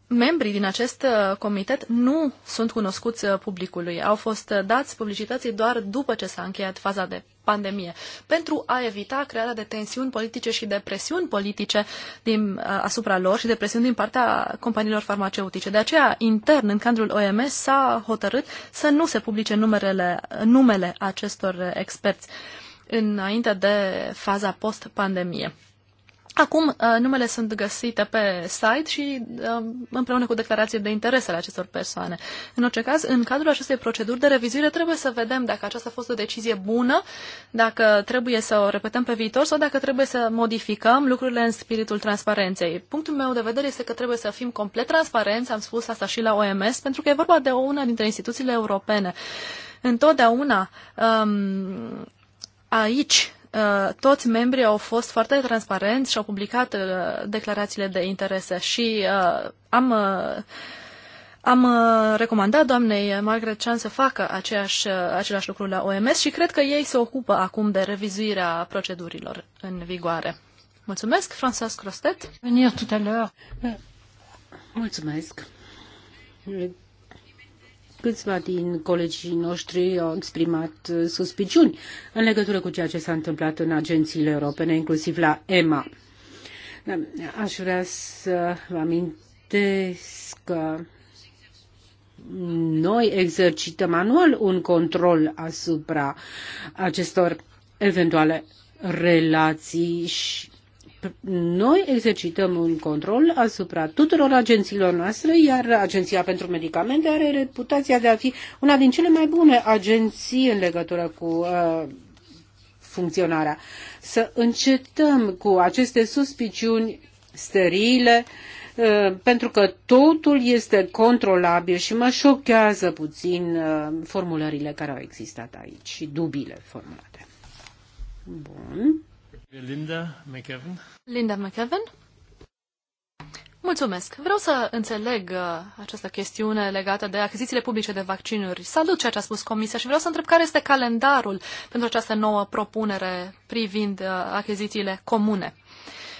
membrii din acest uh, comitet nu sunt cunoscuți uh, publicului. Au fost uh, dați publicității doar după ce s-a încheiat faza de pandemie, pentru a evita crearea de tensiuni politice și de presiuni politice din, asupra lor și de presiuni din partea companiilor farmaceutice. De aceea, intern, în cadrul OMS, s-a hotărât să nu se publice numerele, numele acestor experți înainte de faza post-pandemie. Acum uh, numele sunt găsite pe site și uh, împreună cu declarații de interes ale acestor persoane. În orice caz, în cadrul acestei proceduri de revizuire trebuie să vedem dacă aceasta a fost o decizie bună, dacă trebuie să o repetăm pe viitor sau dacă trebuie să modificăm lucrurile în spiritul transparenței. Punctul meu de vedere este că trebuie să fim complet transparenți, am spus asta și la OMS, pentru că e vorba de una dintre instituțiile europene. Întotdeauna um, aici Uh, toți membrii au fost foarte transparenți și au publicat uh, declarațiile de interese și uh, am am recomandat doamnei Margaret Chan să facă aceeași, același lucru la OMS și cred că ei se ocupă acum de revizuirea procedurilor în vigoare. Mulțumesc, François Crostet. Venir tout à l'heure. Mulțumesc câțiva din colegii noștri au exprimat uh, suspiciuni în legătură cu ceea ce s-a întâmplat în agențiile europene, inclusiv la EMA. Da, aș vrea să vă amintesc că noi exercităm anual un control asupra acestor eventuale relații și noi exercităm un control asupra tuturor agențiilor noastre, iar Agenția pentru Medicamente are reputația de a fi una din cele mai bune agenții în legătură cu uh, funcționarea. Să încetăm cu aceste suspiciuni sterile, uh, pentru că totul este controlabil și mă șochează puțin uh, formulările care au existat aici și dubile formulate. Bun. Linda McEvan. Linda McEvan. Mulțumesc. Vreau să înțeleg uh, această chestiune legată de achizițiile publice de vaccinuri. Salut ceea ce a spus Comisia și vreau să întreb care este calendarul pentru această nouă propunere privind uh, achizițiile comune.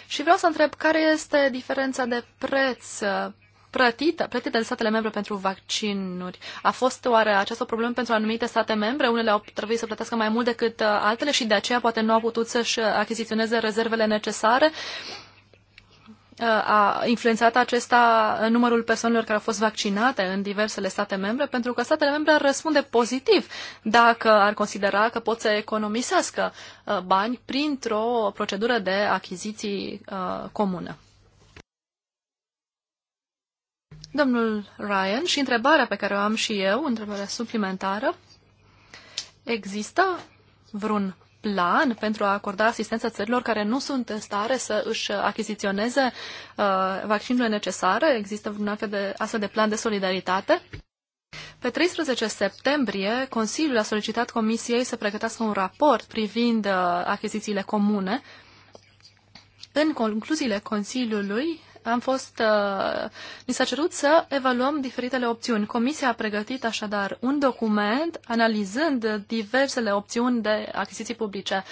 Și vreau să întreb care este diferența de preț uh, plătită, plătită de statele membre pentru vaccinuri. A fost oare această problemă pentru anumite state membre? Unele au trebuit să plătească mai mult decât uh, altele și de aceea poate nu au putut să-și uh, achiziționeze rezervele necesare. Uh, a influențat acesta numărul persoanelor care au fost vaccinate în diversele state membre, pentru că statele membre răspunde pozitiv dacă ar considera că pot să economisească bani printr-o procedură de achiziții comună. Domnul Ryan, și întrebarea pe care o am și eu, întrebarea suplimentară, există vreun plan pentru a acorda asistență țărilor care nu sunt în stare să își achiziționeze uh, vaccinurile necesare? Există vreun astfel de, astfel de plan de solidaritate? Pe 13 septembrie, Consiliul a solicitat Comisiei să pregătească un raport privind uh, achizițiile comune. În concluziile Consiliului am fost, uh, mi s-a cerut să evaluăm diferitele opțiuni. Comisia a pregătit așadar un document analizând diversele opțiuni de achiziții publice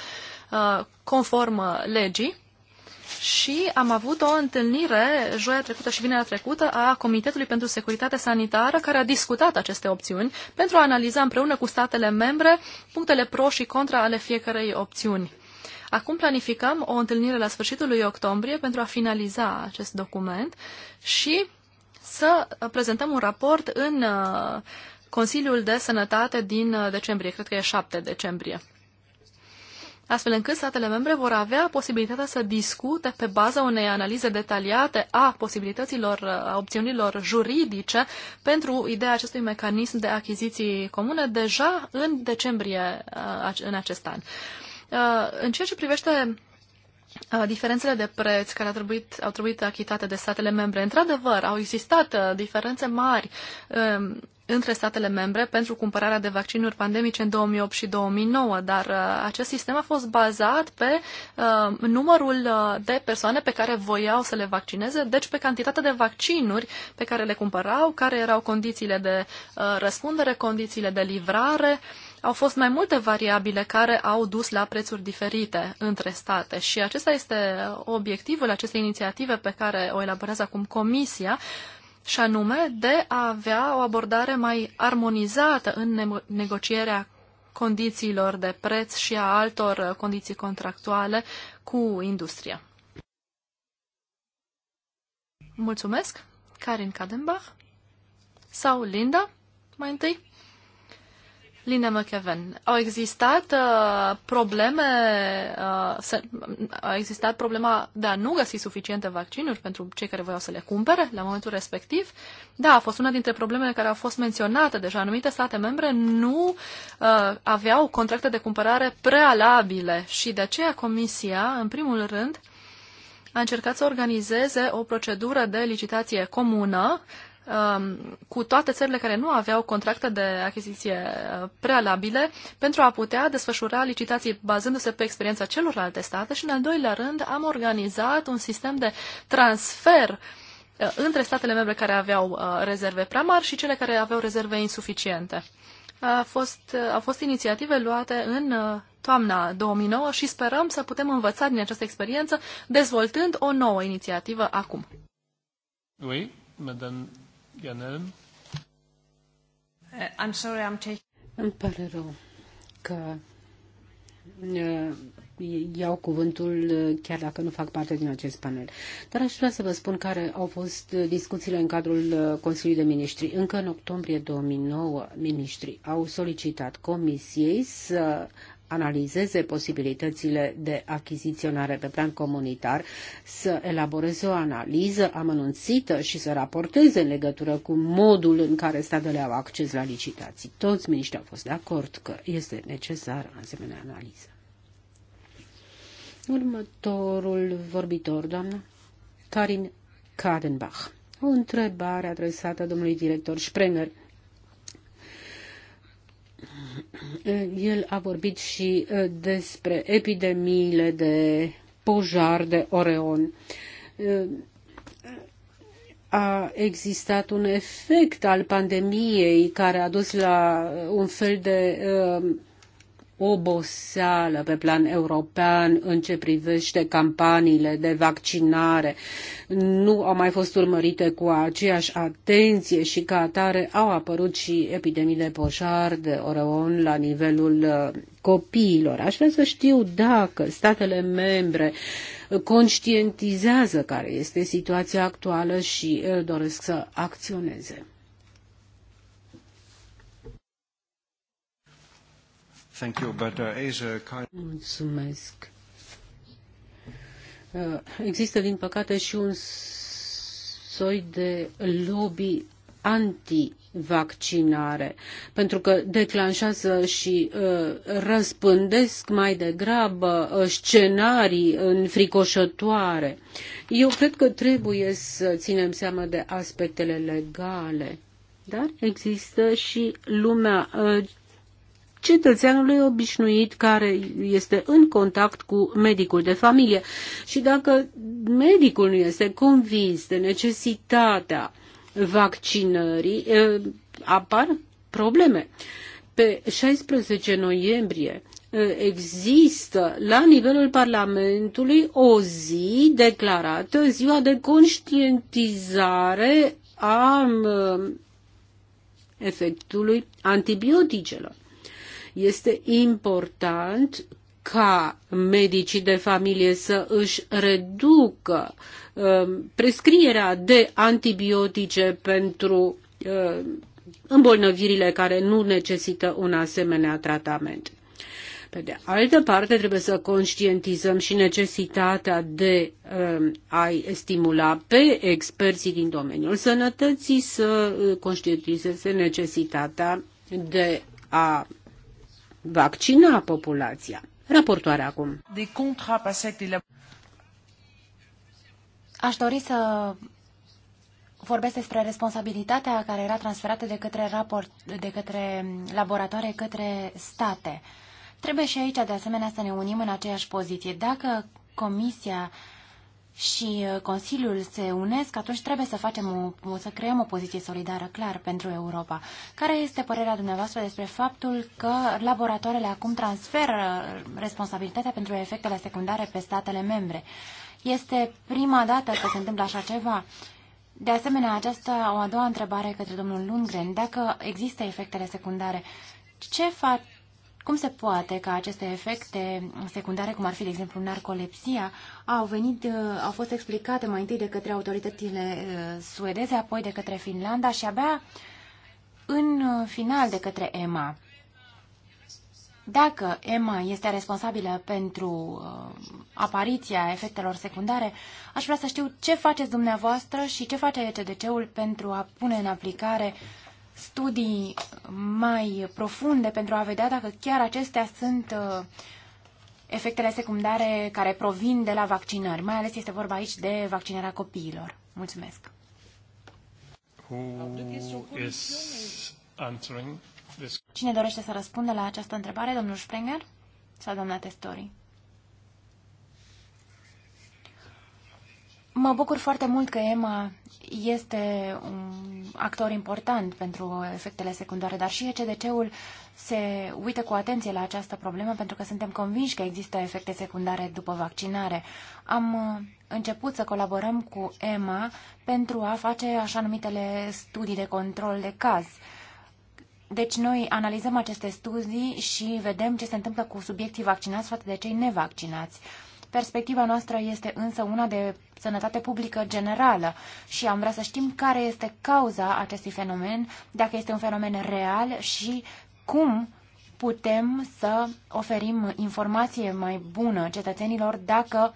uh, conform legii și am avut o întâlnire joia trecută și vinerea trecută a Comitetului pentru Securitate Sanitară care a discutat aceste opțiuni pentru a analiza împreună cu statele membre punctele pro și contra ale fiecărei opțiuni. Acum planificăm o întâlnire la sfârșitul lui octombrie pentru a finaliza acest document și să prezentăm un raport în uh, Consiliul de Sănătate din uh, decembrie, cred că e 7 decembrie astfel încât statele membre vor avea posibilitatea să discute pe baza unei analize detaliate a posibilităților, uh, a opțiunilor juridice pentru ideea acestui mecanism de achiziții comune deja în decembrie în acest an. Uh, în ceea ce privește uh, diferențele de preț care au trebuit, au trebuit achitate de statele membre, într-adevăr, au existat uh, diferențe mari um, între statele membre pentru cumpărarea de vaccinuri pandemice în 2008 și 2009, dar acest sistem a fost bazat pe uh, numărul de persoane pe care voiau să le vaccineze, deci pe cantitatea de vaccinuri pe care le cumpărau, care erau condițiile de uh, răspundere, condițiile de livrare. Uh, au fost mai multe variabile care au dus la prețuri diferite între state și acesta este obiectivul acestei inițiative pe care o elaborează acum Comisia, și anume de a avea o abordare mai armonizată în negocierea condițiilor de preț și a altor condiții contractuale cu industria. Mulțumesc! Karin Kadenbach sau Linda mai întâi? Lina McEwen. Au existat uh, probleme, uh, a existat problema de a nu găsi suficiente vaccinuri pentru cei care voiau să le cumpere la momentul respectiv. Da, a fost una dintre problemele care au fost menționate deja. Anumite state membre nu uh, aveau contracte de cumpărare prealabile și de aceea Comisia, în primul rând, a încercat să organizeze o procedură de licitație comună Um, cu toate țările care nu aveau contracte de achiziție uh, prealabile pentru a putea desfășura licitații bazându-se pe experiența celorlalte state și, în al doilea rând, am organizat un sistem de transfer uh, între statele membre care aveau uh, rezerve prea mari și cele care aveau rezerve insuficiente. A fost, au fost inițiative luate în toamna 2009 și sperăm să putem învăța din această experiență dezvoltând o nouă inițiativă acum. Oui, madame Uh, I'm sorry, I'm taking... Îmi pare rău că uh, iau cuvântul uh, chiar dacă nu fac parte din acest panel. Dar aș vrea să vă spun care au fost discuțiile în cadrul Consiliului de Ministri. Încă în octombrie 2009, ministrii au solicitat comisiei să analizeze posibilitățile de achiziționare pe plan comunitar, să elaboreze o analiză amănunțită și să raporteze în legătură cu modul în care statele au acces la licitații. Toți miniștrii au fost de acord că este necesară asemenea analiză. Următorul vorbitor, doamna Karin Kadenbach. O întrebare adresată domnului director Sprenger. El a vorbit și despre epidemiile de pojar de oreon. A existat un efect al pandemiei care a dus la un fel de oboseală pe plan european în ce privește campaniile de vaccinare. Nu au mai fost urmărite cu aceeași atenție și ca atare au apărut și epidemii de poșar, de oreon la nivelul uh, copiilor. Aș vrea să știu dacă statele membre conștientizează care este situația actuală și uh, doresc să acționeze. Thank you, but uh, Asia kind... Mulțumesc. Uh, există, din păcate, și un soi de lobby antivaccinare, pentru că declanșează și uh, răspândesc mai degrabă uh, scenarii înfricoșătoare. Eu cred că trebuie să ținem seama de aspectele legale, dar există și lumea uh, cetățeanului obișnuit care este în contact cu medicul de familie. Și dacă medicul nu este convins de necesitatea vaccinării, apar probleme. Pe 16 noiembrie există la nivelul Parlamentului o zi declarată, ziua de conștientizare a efectului antibioticelor. Este important ca medicii de familie să își reducă um, prescrierea de antibiotice pentru um, îmbolnăvirile care nu necesită un asemenea tratament. Pe de altă parte, trebuie să conștientizăm și necesitatea de uh, a-i stimula pe experții din domeniul sănătății să uh, conștientizeze necesitatea de a vaccina populația. Raportoare acum. De contra Aș dori să vorbesc despre responsabilitatea care era transferată de către, raport, de către laboratoare către state. Trebuie și aici, de asemenea, să ne unim în aceeași poziție. Dacă Comisia uh, și uh, Consiliul se unesc, atunci trebuie să facem o, să creăm o poziție solidară, clar, pentru Europa. Care este părerea dumneavoastră despre faptul că laboratoarele acum transferă responsabilitatea pentru efectele secundare pe statele membre? Este prima dată că se întâmplă așa ceva. De asemenea, aceasta o a doua întrebare către domnul Lundgren. Dacă există efectele secundare, ce, fac cum se poate ca aceste efecte secundare, cum ar fi, de exemplu, narcolepsia, au, venit, uh, au fost explicate mai întâi de către autoritățile uh, suedeze, apoi de către Finlanda și abia în uh, final de către EMA? Dacă EMA este responsabilă pentru uh, apariția efectelor secundare, aș vrea să știu ce faceți dumneavoastră și ce face ECDC-ul pentru a pune în aplicare uh, studii mai profunde pentru a vedea dacă chiar acestea sunt uh, efectele secundare care provin de la vaccinări. Mai ales este vorba aici de vaccinarea copiilor. Mulțumesc. Cine dorește să răspundă la această întrebare, domnul Sprenger sau doamna Testori? Mă bucur foarte mult că Emma este un actor important pentru efectele secundare, dar și ECDC-ul se uită cu atenție la această problemă pentru că suntem convinși că există efecte secundare după vaccinare. Am uh, început să colaborăm cu EMA pentru a face așa numitele studii de control de caz. Deci noi analizăm aceste studii și vedem ce se întâmplă cu subiectii vaccinați față de cei nevaccinați. Perspectiva noastră este însă una de sănătate publică generală și am vrea să știm care este cauza acestui fenomen, dacă este un fenomen real și cum putem să oferim informație mai bună cetățenilor dacă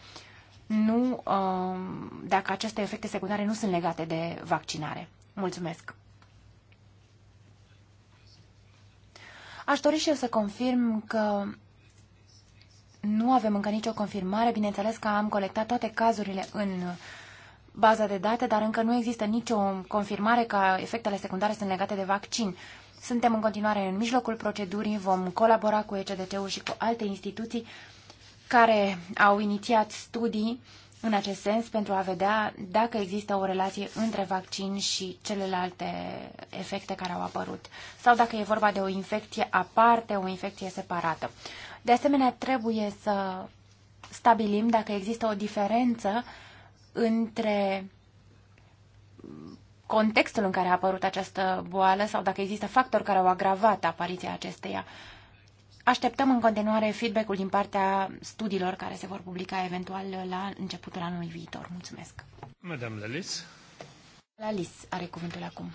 nu, um, dacă aceste efecte secundare nu sunt legate de vaccinare. Mulțumesc! Aș dori și eu să confirm că nu avem încă nicio confirmare, bineînțeles că am colectat toate cazurile în baza de date, dar încă nu există nicio confirmare că efectele secundare sunt legate de vaccin. Suntem în continuare în mijlocul procedurii, vom colabora cu ECDC-ul și cu alte instituții care au inițiat studii în acest sens pentru a vedea dacă există o relație între vaccin și celelalte efecte care au apărut sau dacă e vorba de o infecție aparte, o infecție separată. De asemenea, trebuie să stabilim dacă există o diferență între contextul în care a apărut această boală sau dacă există factori care au agravat apariția acesteia. Așteptăm în continuare feedback-ul din partea studiilor care se vor publica eventual la începutul anului viitor. Mulțumesc. Madame Lalis. Lalis are cuvântul acum.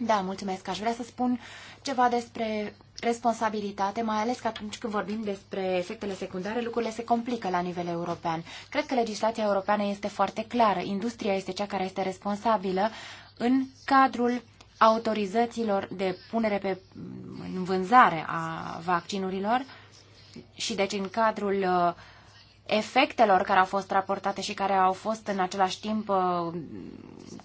Da, mulțumesc. Aș vrea să spun ceva despre responsabilitate, mai ales că atunci când vorbim despre efectele secundare, lucrurile se complică la nivel european. Cred că legislația europeană este foarte clară. Industria este cea care este responsabilă în cadrul autorizațiilor de punere pe în vânzare a vaccinurilor și deci în cadrul uh, efectelor care au fost raportate și care au fost în același timp uh,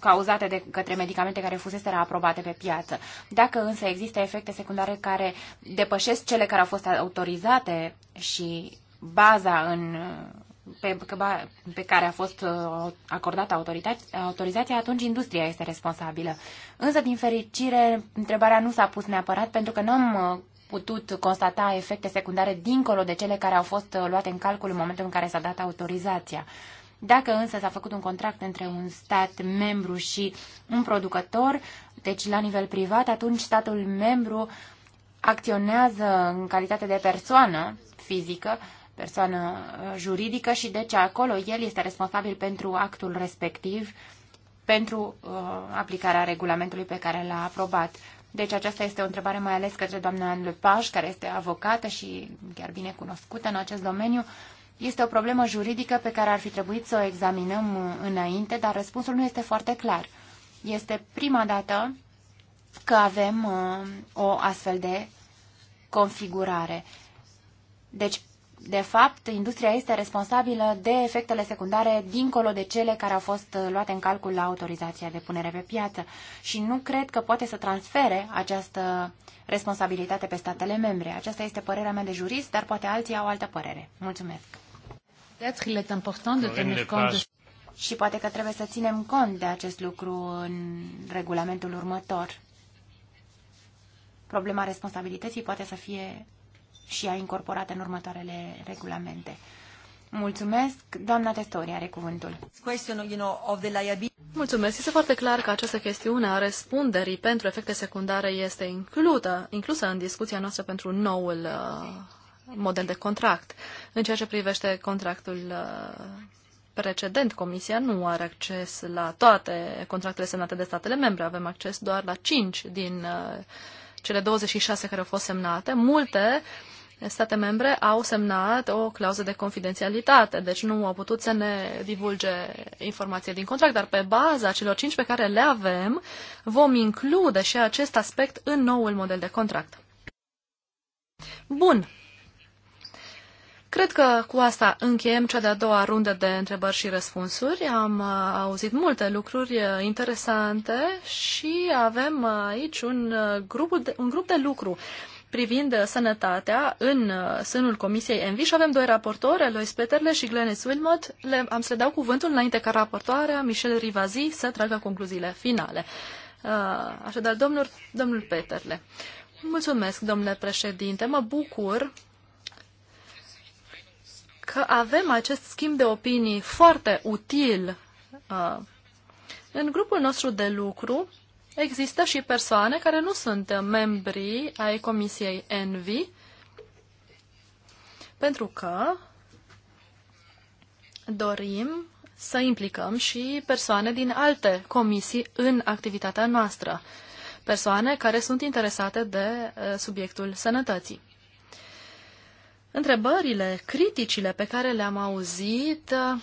cauzate de către medicamente care fusese aprobate pe piață. Dacă însă există efecte secundare care depășesc cele care au fost autorizate și baza în uh, pe, pe care a fost uh, acordată autorizația, atunci industria este responsabilă. Însă, din fericire, întrebarea nu s-a pus neapărat pentru că nu am putut constata efecte secundare dincolo de cele care au fost uh, luate în calcul în momentul în care s-a dat autorizația. Dacă însă s-a făcut un contract între un stat membru și un producător, deci la nivel privat, atunci statul membru acționează în calitate de persoană fizică, persoană uh, juridică și deci acolo el este responsabil pentru actul respectiv, pentru uh, aplicarea regulamentului pe care l-a aprobat. Deci aceasta este o întrebare mai ales către doamna Anne Lepage, care este avocată și chiar bine cunoscută în acest domeniu. Este o problemă juridică pe care ar fi trebuit să o examinăm înainte, dar răspunsul nu este foarte clar. Este prima dată că avem uh, o astfel de configurare. Deci, de fapt, industria este responsabilă de efectele secundare dincolo de cele care au fost uh, luate în calcul la autorizația de punere pe piață și nu cred că poate să transfere această responsabilitate pe statele membre. Aceasta este părerea mea de jurist, dar poate alții au altă părere. Mulțumesc. Și poate că trebuie să ținem cont de acest lucru în regulamentul următor. Problema responsabilității poate să fie și a incorporat în următoarele regulamente. Mulțumesc. Doamna Testori are cuvântul. Mulțumesc. Este foarte clar că această chestiune a răspunderii pentru efecte secundare este inclută, inclusă în discuția noastră pentru noul uh, model de contract. În ceea ce privește contractul uh, precedent, Comisia nu are acces la toate contractele semnate de statele membre. Avem acces doar la 5 din uh, cele 26 care au fost semnate. Multe uh, state membre au semnat o clauză de confidențialitate, deci nu au putut să ne divulge informații din contract, dar pe baza celor cinci pe care le avem, vom include și acest aspect în noul model de contract. Bun. Cred că cu asta încheiem cea de-a doua rundă de întrebări și răspunsuri. Am uh, auzit multe lucruri uh, interesante și avem uh, aici un grup de, un grup de lucru privind uh, sănătatea în uh, sânul Comisiei Envi și avem doi raportori, Lois Peterle și Glenis Wilmot. Le, am să le dau cuvântul înainte ca raportoarea Michel Rivazi să tragă concluziile finale. Uh, așadar, domnul, domnul Peterle. Mulțumesc, domnule președinte. Mă bucur că avem acest schimb de opinii foarte util în grupul nostru de lucru există și persoane care nu sunt membri ai Comisiei Envi, pentru că dorim să implicăm și persoane din alte comisii în activitatea noastră, persoane care sunt interesate de eh, subiectul sănătății. Întrebările, criticile pe care le-am auzit eh,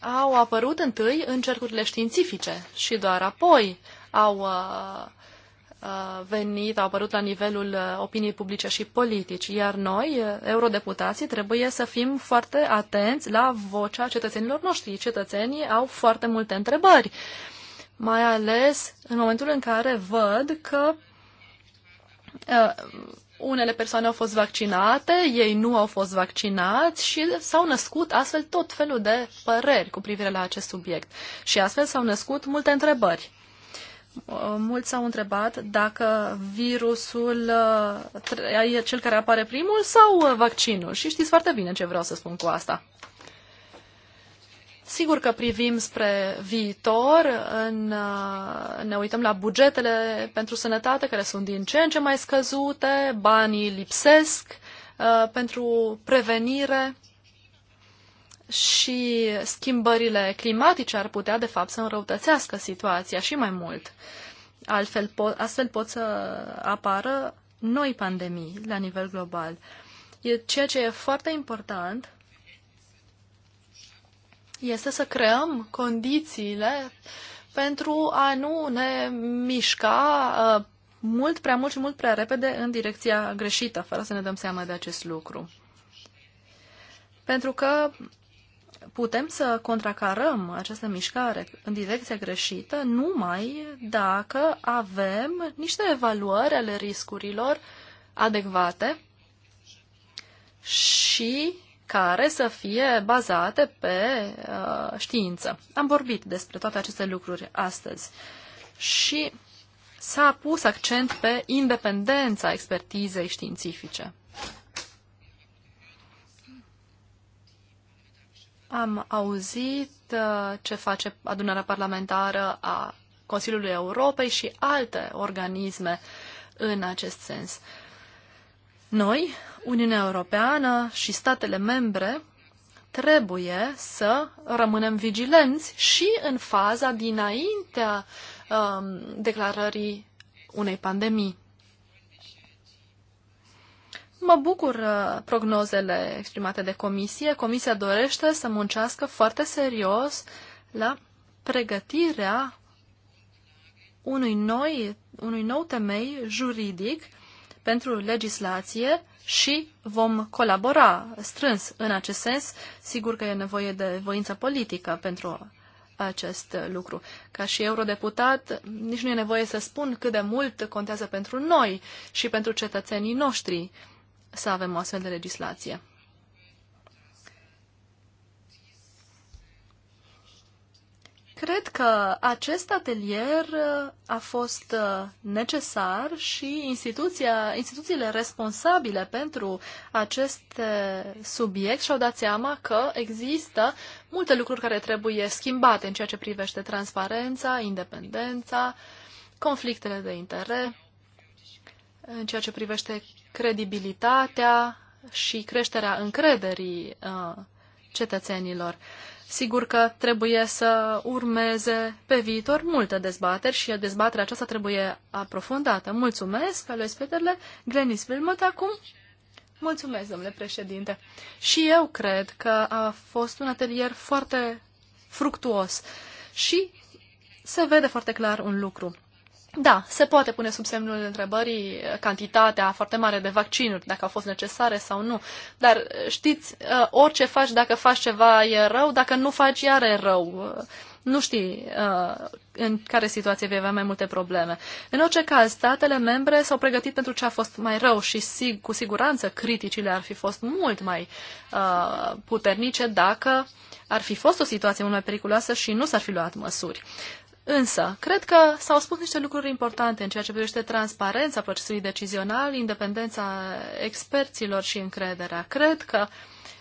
au apărut întâi în cercurile științifice și doar apoi au uh, uh, venit, au apărut la nivelul uh, opiniei publice și politici, iar noi, eurodeputații, trebuie să fim foarte atenți la vocea cetățenilor noștri. Cetățenii au foarte multe întrebări, mai ales în momentul în care văd că unele persoane au fost vaccinate, ei nu au fost vaccinați și s-au născut astfel tot felul de păreri cu privire la acest subiect. Și astfel s-au născut multe întrebări. Uh, mulți s-au întrebat dacă virusul uh, e cel care apare primul sau uh, vaccinul. Și știți foarte bine ce vreau să spun cu asta. Sigur că privim spre viitor, în, ne uităm la bugetele pentru sănătate care sunt din ce în ce mai scăzute, banii lipsesc pentru prevenire și schimbările climatice ar putea, de fapt, să înrăutățească situația și mai mult. Altfel, po- astfel pot să apară noi pandemii la nivel global. E ceea ce e foarte important este să creăm condițiile pentru a nu ne mișca uh, mult prea mult și mult prea repede în direcția greșită, fără să ne dăm seama de acest lucru. Pentru că putem să contracarăm această mișcare în direcția greșită numai dacă avem niște evaluări ale riscurilor adecvate și care să fie bazate pe uh, știință. Am vorbit despre toate aceste lucruri astăzi și s-a pus accent pe independența expertizei științifice. Am auzit uh, ce face adunarea parlamentară a Consiliului Europei și alte organisme în acest sens. Noi, Uniunea Europeană și statele membre, trebuie să rămânem vigilenți și în faza dinaintea um, declarării unei pandemii. Mă bucur uh, prognozele exprimate de comisie. Comisia dorește să muncească foarte serios la pregătirea unui, noi, unui nou temei juridic pentru legislație și vom colabora strâns în acest sens. Sigur că e nevoie de voință politică pentru acest lucru. Ca și eurodeputat, nici nu e nevoie să spun cât de mult contează pentru noi și pentru cetățenii noștri să avem o astfel de legislație. Cred că acest atelier uh, a fost uh, necesar și instituția, instituțiile responsabile pentru acest subiect și-au dat seama că există multe lucruri care trebuie schimbate în ceea ce privește transparența, independența, conflictele de interes, în ceea ce privește credibilitatea și creșterea încrederii uh, cetățenilor. Sigur că trebuie să urmeze pe viitor multe dezbateri și dezbaterea aceasta trebuie aprofundată. Mulțumesc, Alois Peterle, Glenis Wilmot acum. Mulțumesc, domnule președinte. Și eu cred că a fost un atelier foarte fructuos și se vede foarte clar un lucru. Da, se poate pune sub semnul întrebării cantitatea foarte mare de vaccinuri, dacă au fost necesare sau nu. Dar știți, uh, orice faci, dacă faci ceva e rău, dacă nu faci, iar e rău. Nu știi uh, în care situație vei avea mai multe probleme. În orice caz, statele membre s-au pregătit pentru ce a fost mai rău și sig- cu siguranță criticile ar fi fost mult mai uh, puternice dacă ar fi fost o situație mult mai periculoasă și nu s-ar fi luat măsuri. Însă, cred că s-au spus niște lucruri importante în ceea ce privește transparența procesului decizional, independența experților și încrederea. Cred că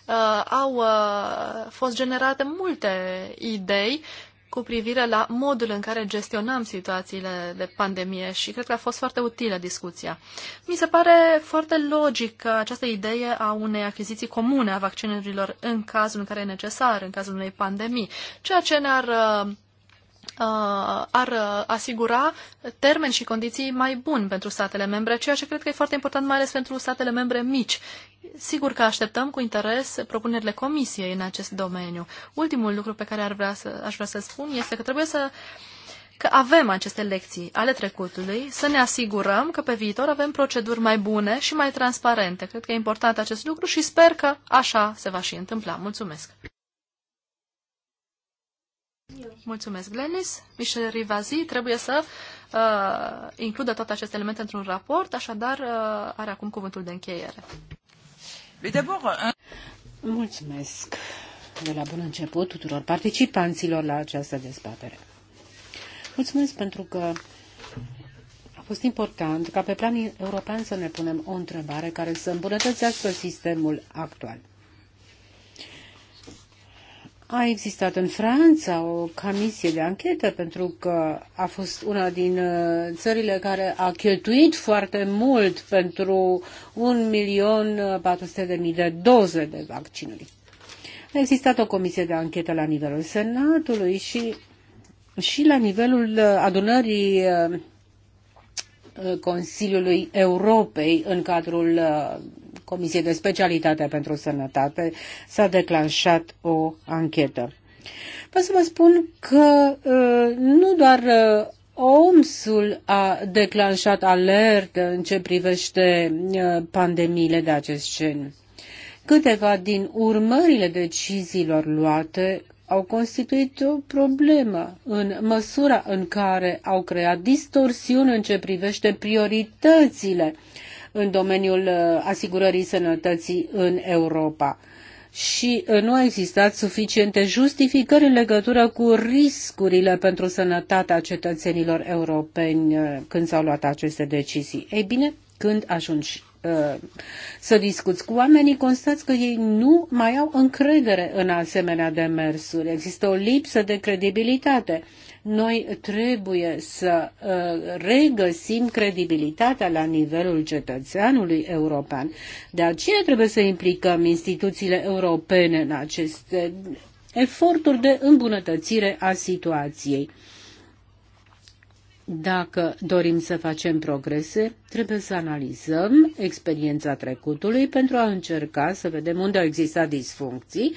uh, au uh, fost generate multe idei cu privire la modul în care gestionăm situațiile de pandemie și cred că a fost foarte utilă discuția. Mi se pare foarte logică această idee a unei achiziții comune a vaccinurilor în cazul în care e necesar, în cazul unei pandemii, ceea ce ne-ar uh, Uh, ar asigura termeni și condiții mai buni pentru statele membre, ceea ce cred că e foarte important, mai ales pentru statele membre mici. Sigur că așteptăm cu interes propunerile comisiei în acest domeniu. Ultimul lucru pe care ar vrea să, aș vrea să spun este că trebuie să că avem aceste lecții ale trecutului, să ne asigurăm că pe viitor avem proceduri mai bune și mai transparente. Cred că e important acest lucru și sper că așa se va și întâmpla. Mulțumesc! Mulțumesc, Glenis. Michel Rivazi trebuie să uh, includă toate aceste elemente într-un raport, așadar uh, are acum cuvântul de încheiere. Mulțumesc de la bun început tuturor participanților la această dezbatere. Mulțumesc pentru că a fost important ca pe plan european să ne punem o întrebare care să îmbunătățească sistemul actual. A existat în Franța o comisie de anchetă pentru că a fost una din uh, țările care a cheltuit foarte mult pentru 1.400.000 uh, de doze de vaccinuri. A existat o comisie de anchetă la nivelul Senatului și, și la nivelul uh, adunării Consiliului Europei în cadrul Comisiei de Specialitate pentru Sănătate s-a declanșat o anchetă. Vă să vă spun că uh, nu doar uh, OMS-ul a declanșat alertă în ce privește uh, pandemiile de acest gen. Câteva din urmările deciziilor luate au constituit o problemă în măsura în care au creat distorsiuni în ce privește prioritățile uh, în domeniul uh, asigurării sănătății în Europa și uh, nu au existat suficiente justificări în legătură cu riscurile pentru sănătatea cetățenilor europeni uh, când s-au luat aceste decizii. Ei bine, când ajungi să discuți cu oamenii, constați că ei nu mai au încredere în asemenea demersuri. Există o lipsă de credibilitate. Uh, noi trebuie să uh, regăsim credibilitatea la nivelul cetățeanului european. De aceea trebuie să implicăm instituțiile europene în aceste eforturi de îmbunătățire a situației. Dacă dorim să facem progrese, trebuie să analizăm experiența trecutului pentru a încerca să vedem unde au existat disfuncții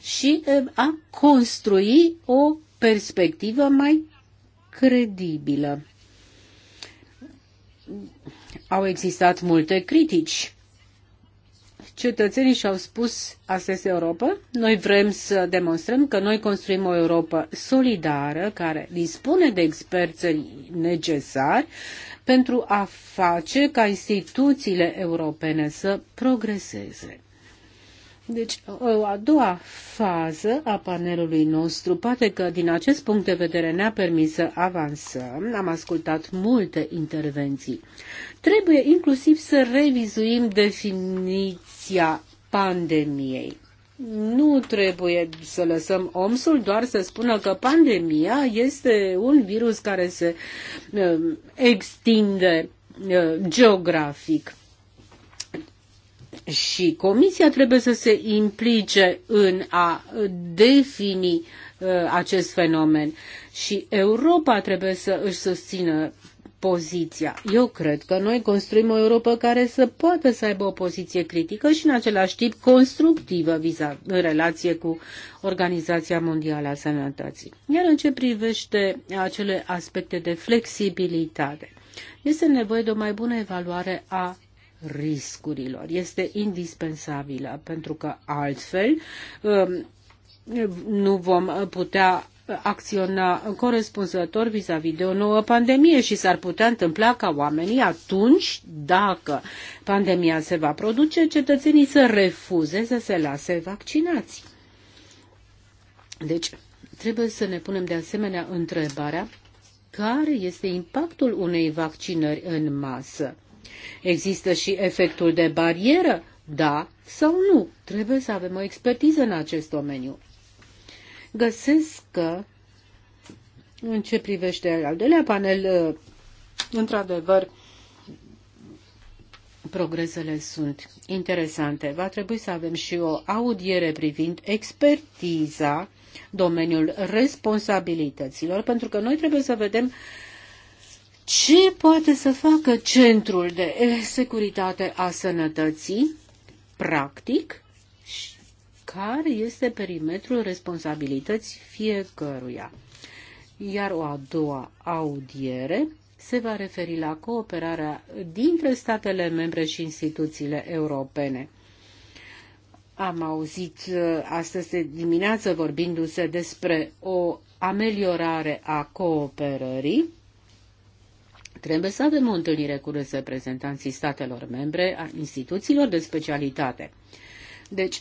și uh, a construi o perspectivă mai credibilă. Au existat multe critici. Cetățenii și-au spus, asta este Europa, noi vrem să demonstrăm că noi construim o Europa solidară, care dispune de experți necesari pentru a face ca instituțiile europene să progreseze. Deci, o a doua fază a panelului nostru, poate că din acest punct de vedere ne-a permis să avansăm, am ascultat multe intervenții. Trebuie inclusiv să revizuim definiția pandemiei. Nu trebuie să lăsăm omsul doar să spună că pandemia este un virus care se uh, extinde uh, geografic și Comisia trebuie să se implice în a defini uh, acest fenomen și Europa trebuie să își susțină poziția. Eu cred că noi construim o Europa care să poată să aibă o poziție critică și în același timp constructivă visa, în relație cu Organizația Mondială a Sănătății. Iar în ce privește acele aspecte de flexibilitate, este nevoie de o mai bună evaluare a riscurilor. Este indispensabilă pentru că altfel um, nu vom putea acționa corespunzător vis-a-vis -vis de o nouă pandemie și s-ar putea întâmpla ca oamenii atunci, dacă pandemia se va produce, cetățenii să refuze să se lase vaccinați. Deci, trebuie să ne punem de asemenea întrebarea care este impactul unei vaccinări în masă. Există și efectul de barieră? Da sau nu? Trebuie să avem o expertiză în acest domeniu. Găsesc că, în ce privește al doilea panel, într-adevăr, progresele sunt interesante. Va trebui să avem și o audiere privind expertiza, domeniul responsabilităților, pentru că noi trebuie să vedem uh, ce poate să facă Centrul de Securitate a Sănătății, practic, și care este perimetrul responsabilității fiecăruia? Iar o a doua audiere se va referi la cooperarea dintre statele membre și instituțiile europene. Am auzit uh, astăzi dimineață vorbindu-se despre o ameliorare a cooperării Trebuie să avem o întâlnire cu reprezentanții statelor membre, a instituțiilor de specialitate. Deci,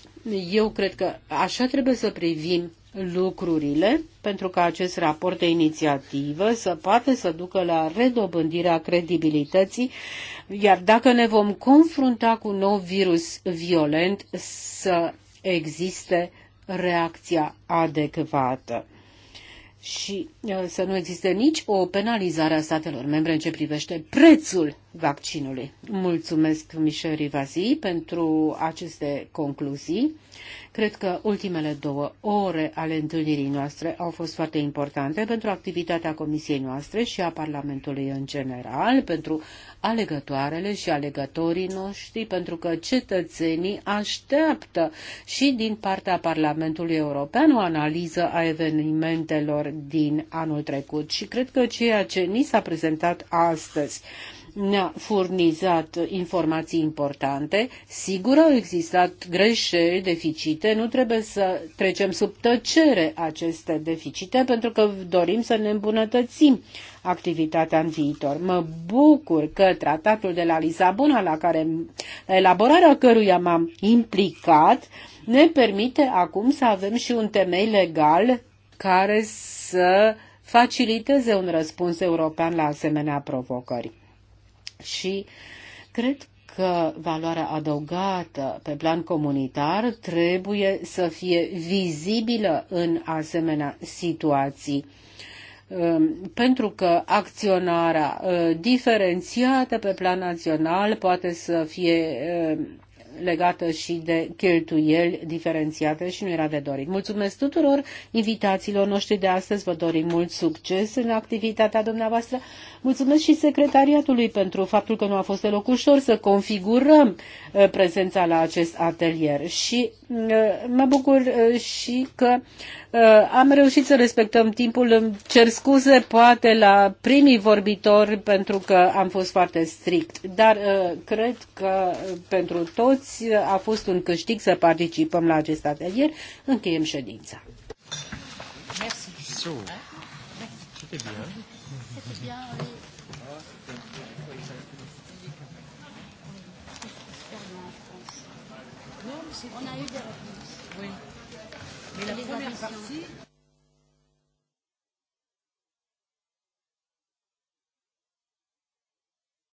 eu cred că așa trebuie să privim lucrurile pentru ca acest raport de inițiativă să poată să ducă la redobândirea credibilității, iar dacă ne vom confrunta cu un nou virus violent, să existe reacția adecvată și uh, să nu existe nici o penalizare a statelor membre în ce privește prețul vaccinului. Mulțumesc, Michel Rivazi, pentru aceste concluzii. Cred că ultimele două ore ale întâlnirii noastre au fost foarte importante pentru activitatea Comisiei noastre și a Parlamentului în general, pentru alegătoarele și alegătorii noștri, pentru că cetățenii așteaptă și din partea Parlamentului European o analiză a evenimentelor din anul trecut și cred că ceea ce ni s-a prezentat astăzi ne-a furnizat informații importante. Sigur au existat greșeli, deficite, nu trebuie să trecem sub tăcere aceste deficite pentru că dorim să ne îmbunătățim activitatea în viitor. Mă bucur că tratatul de la Lisabona, la care la elaborarea căruia m-am implicat, ne permite acum să avem și un temei legal care să faciliteze un răspuns european la asemenea provocări și cred că valoarea adăugată pe plan comunitar trebuie să fie vizibilă în asemenea situații um, pentru că acționarea uh, diferențiată pe plan național poate să fie um, legată și de cheltuieli diferențiate și nu era de dorit. Mulțumesc tuturor invitațiilor noștri de astăzi, vă dorim mult succes în activitatea dumneavoastră. Mulțumesc și secretariatului pentru faptul că nu a fost deloc ușor să configurăm uh, prezența la acest atelier și uh, mă bucur uh, și că Uh, am reușit să respectăm timpul. Îmi cer scuze poate la primii vorbitori pentru că am fost foarte strict, dar uh, cred că uh, pentru toți a fost un câștig să participăm la acest atelier. Încheiem ședința. Merci. on a eu des Mais la première partie,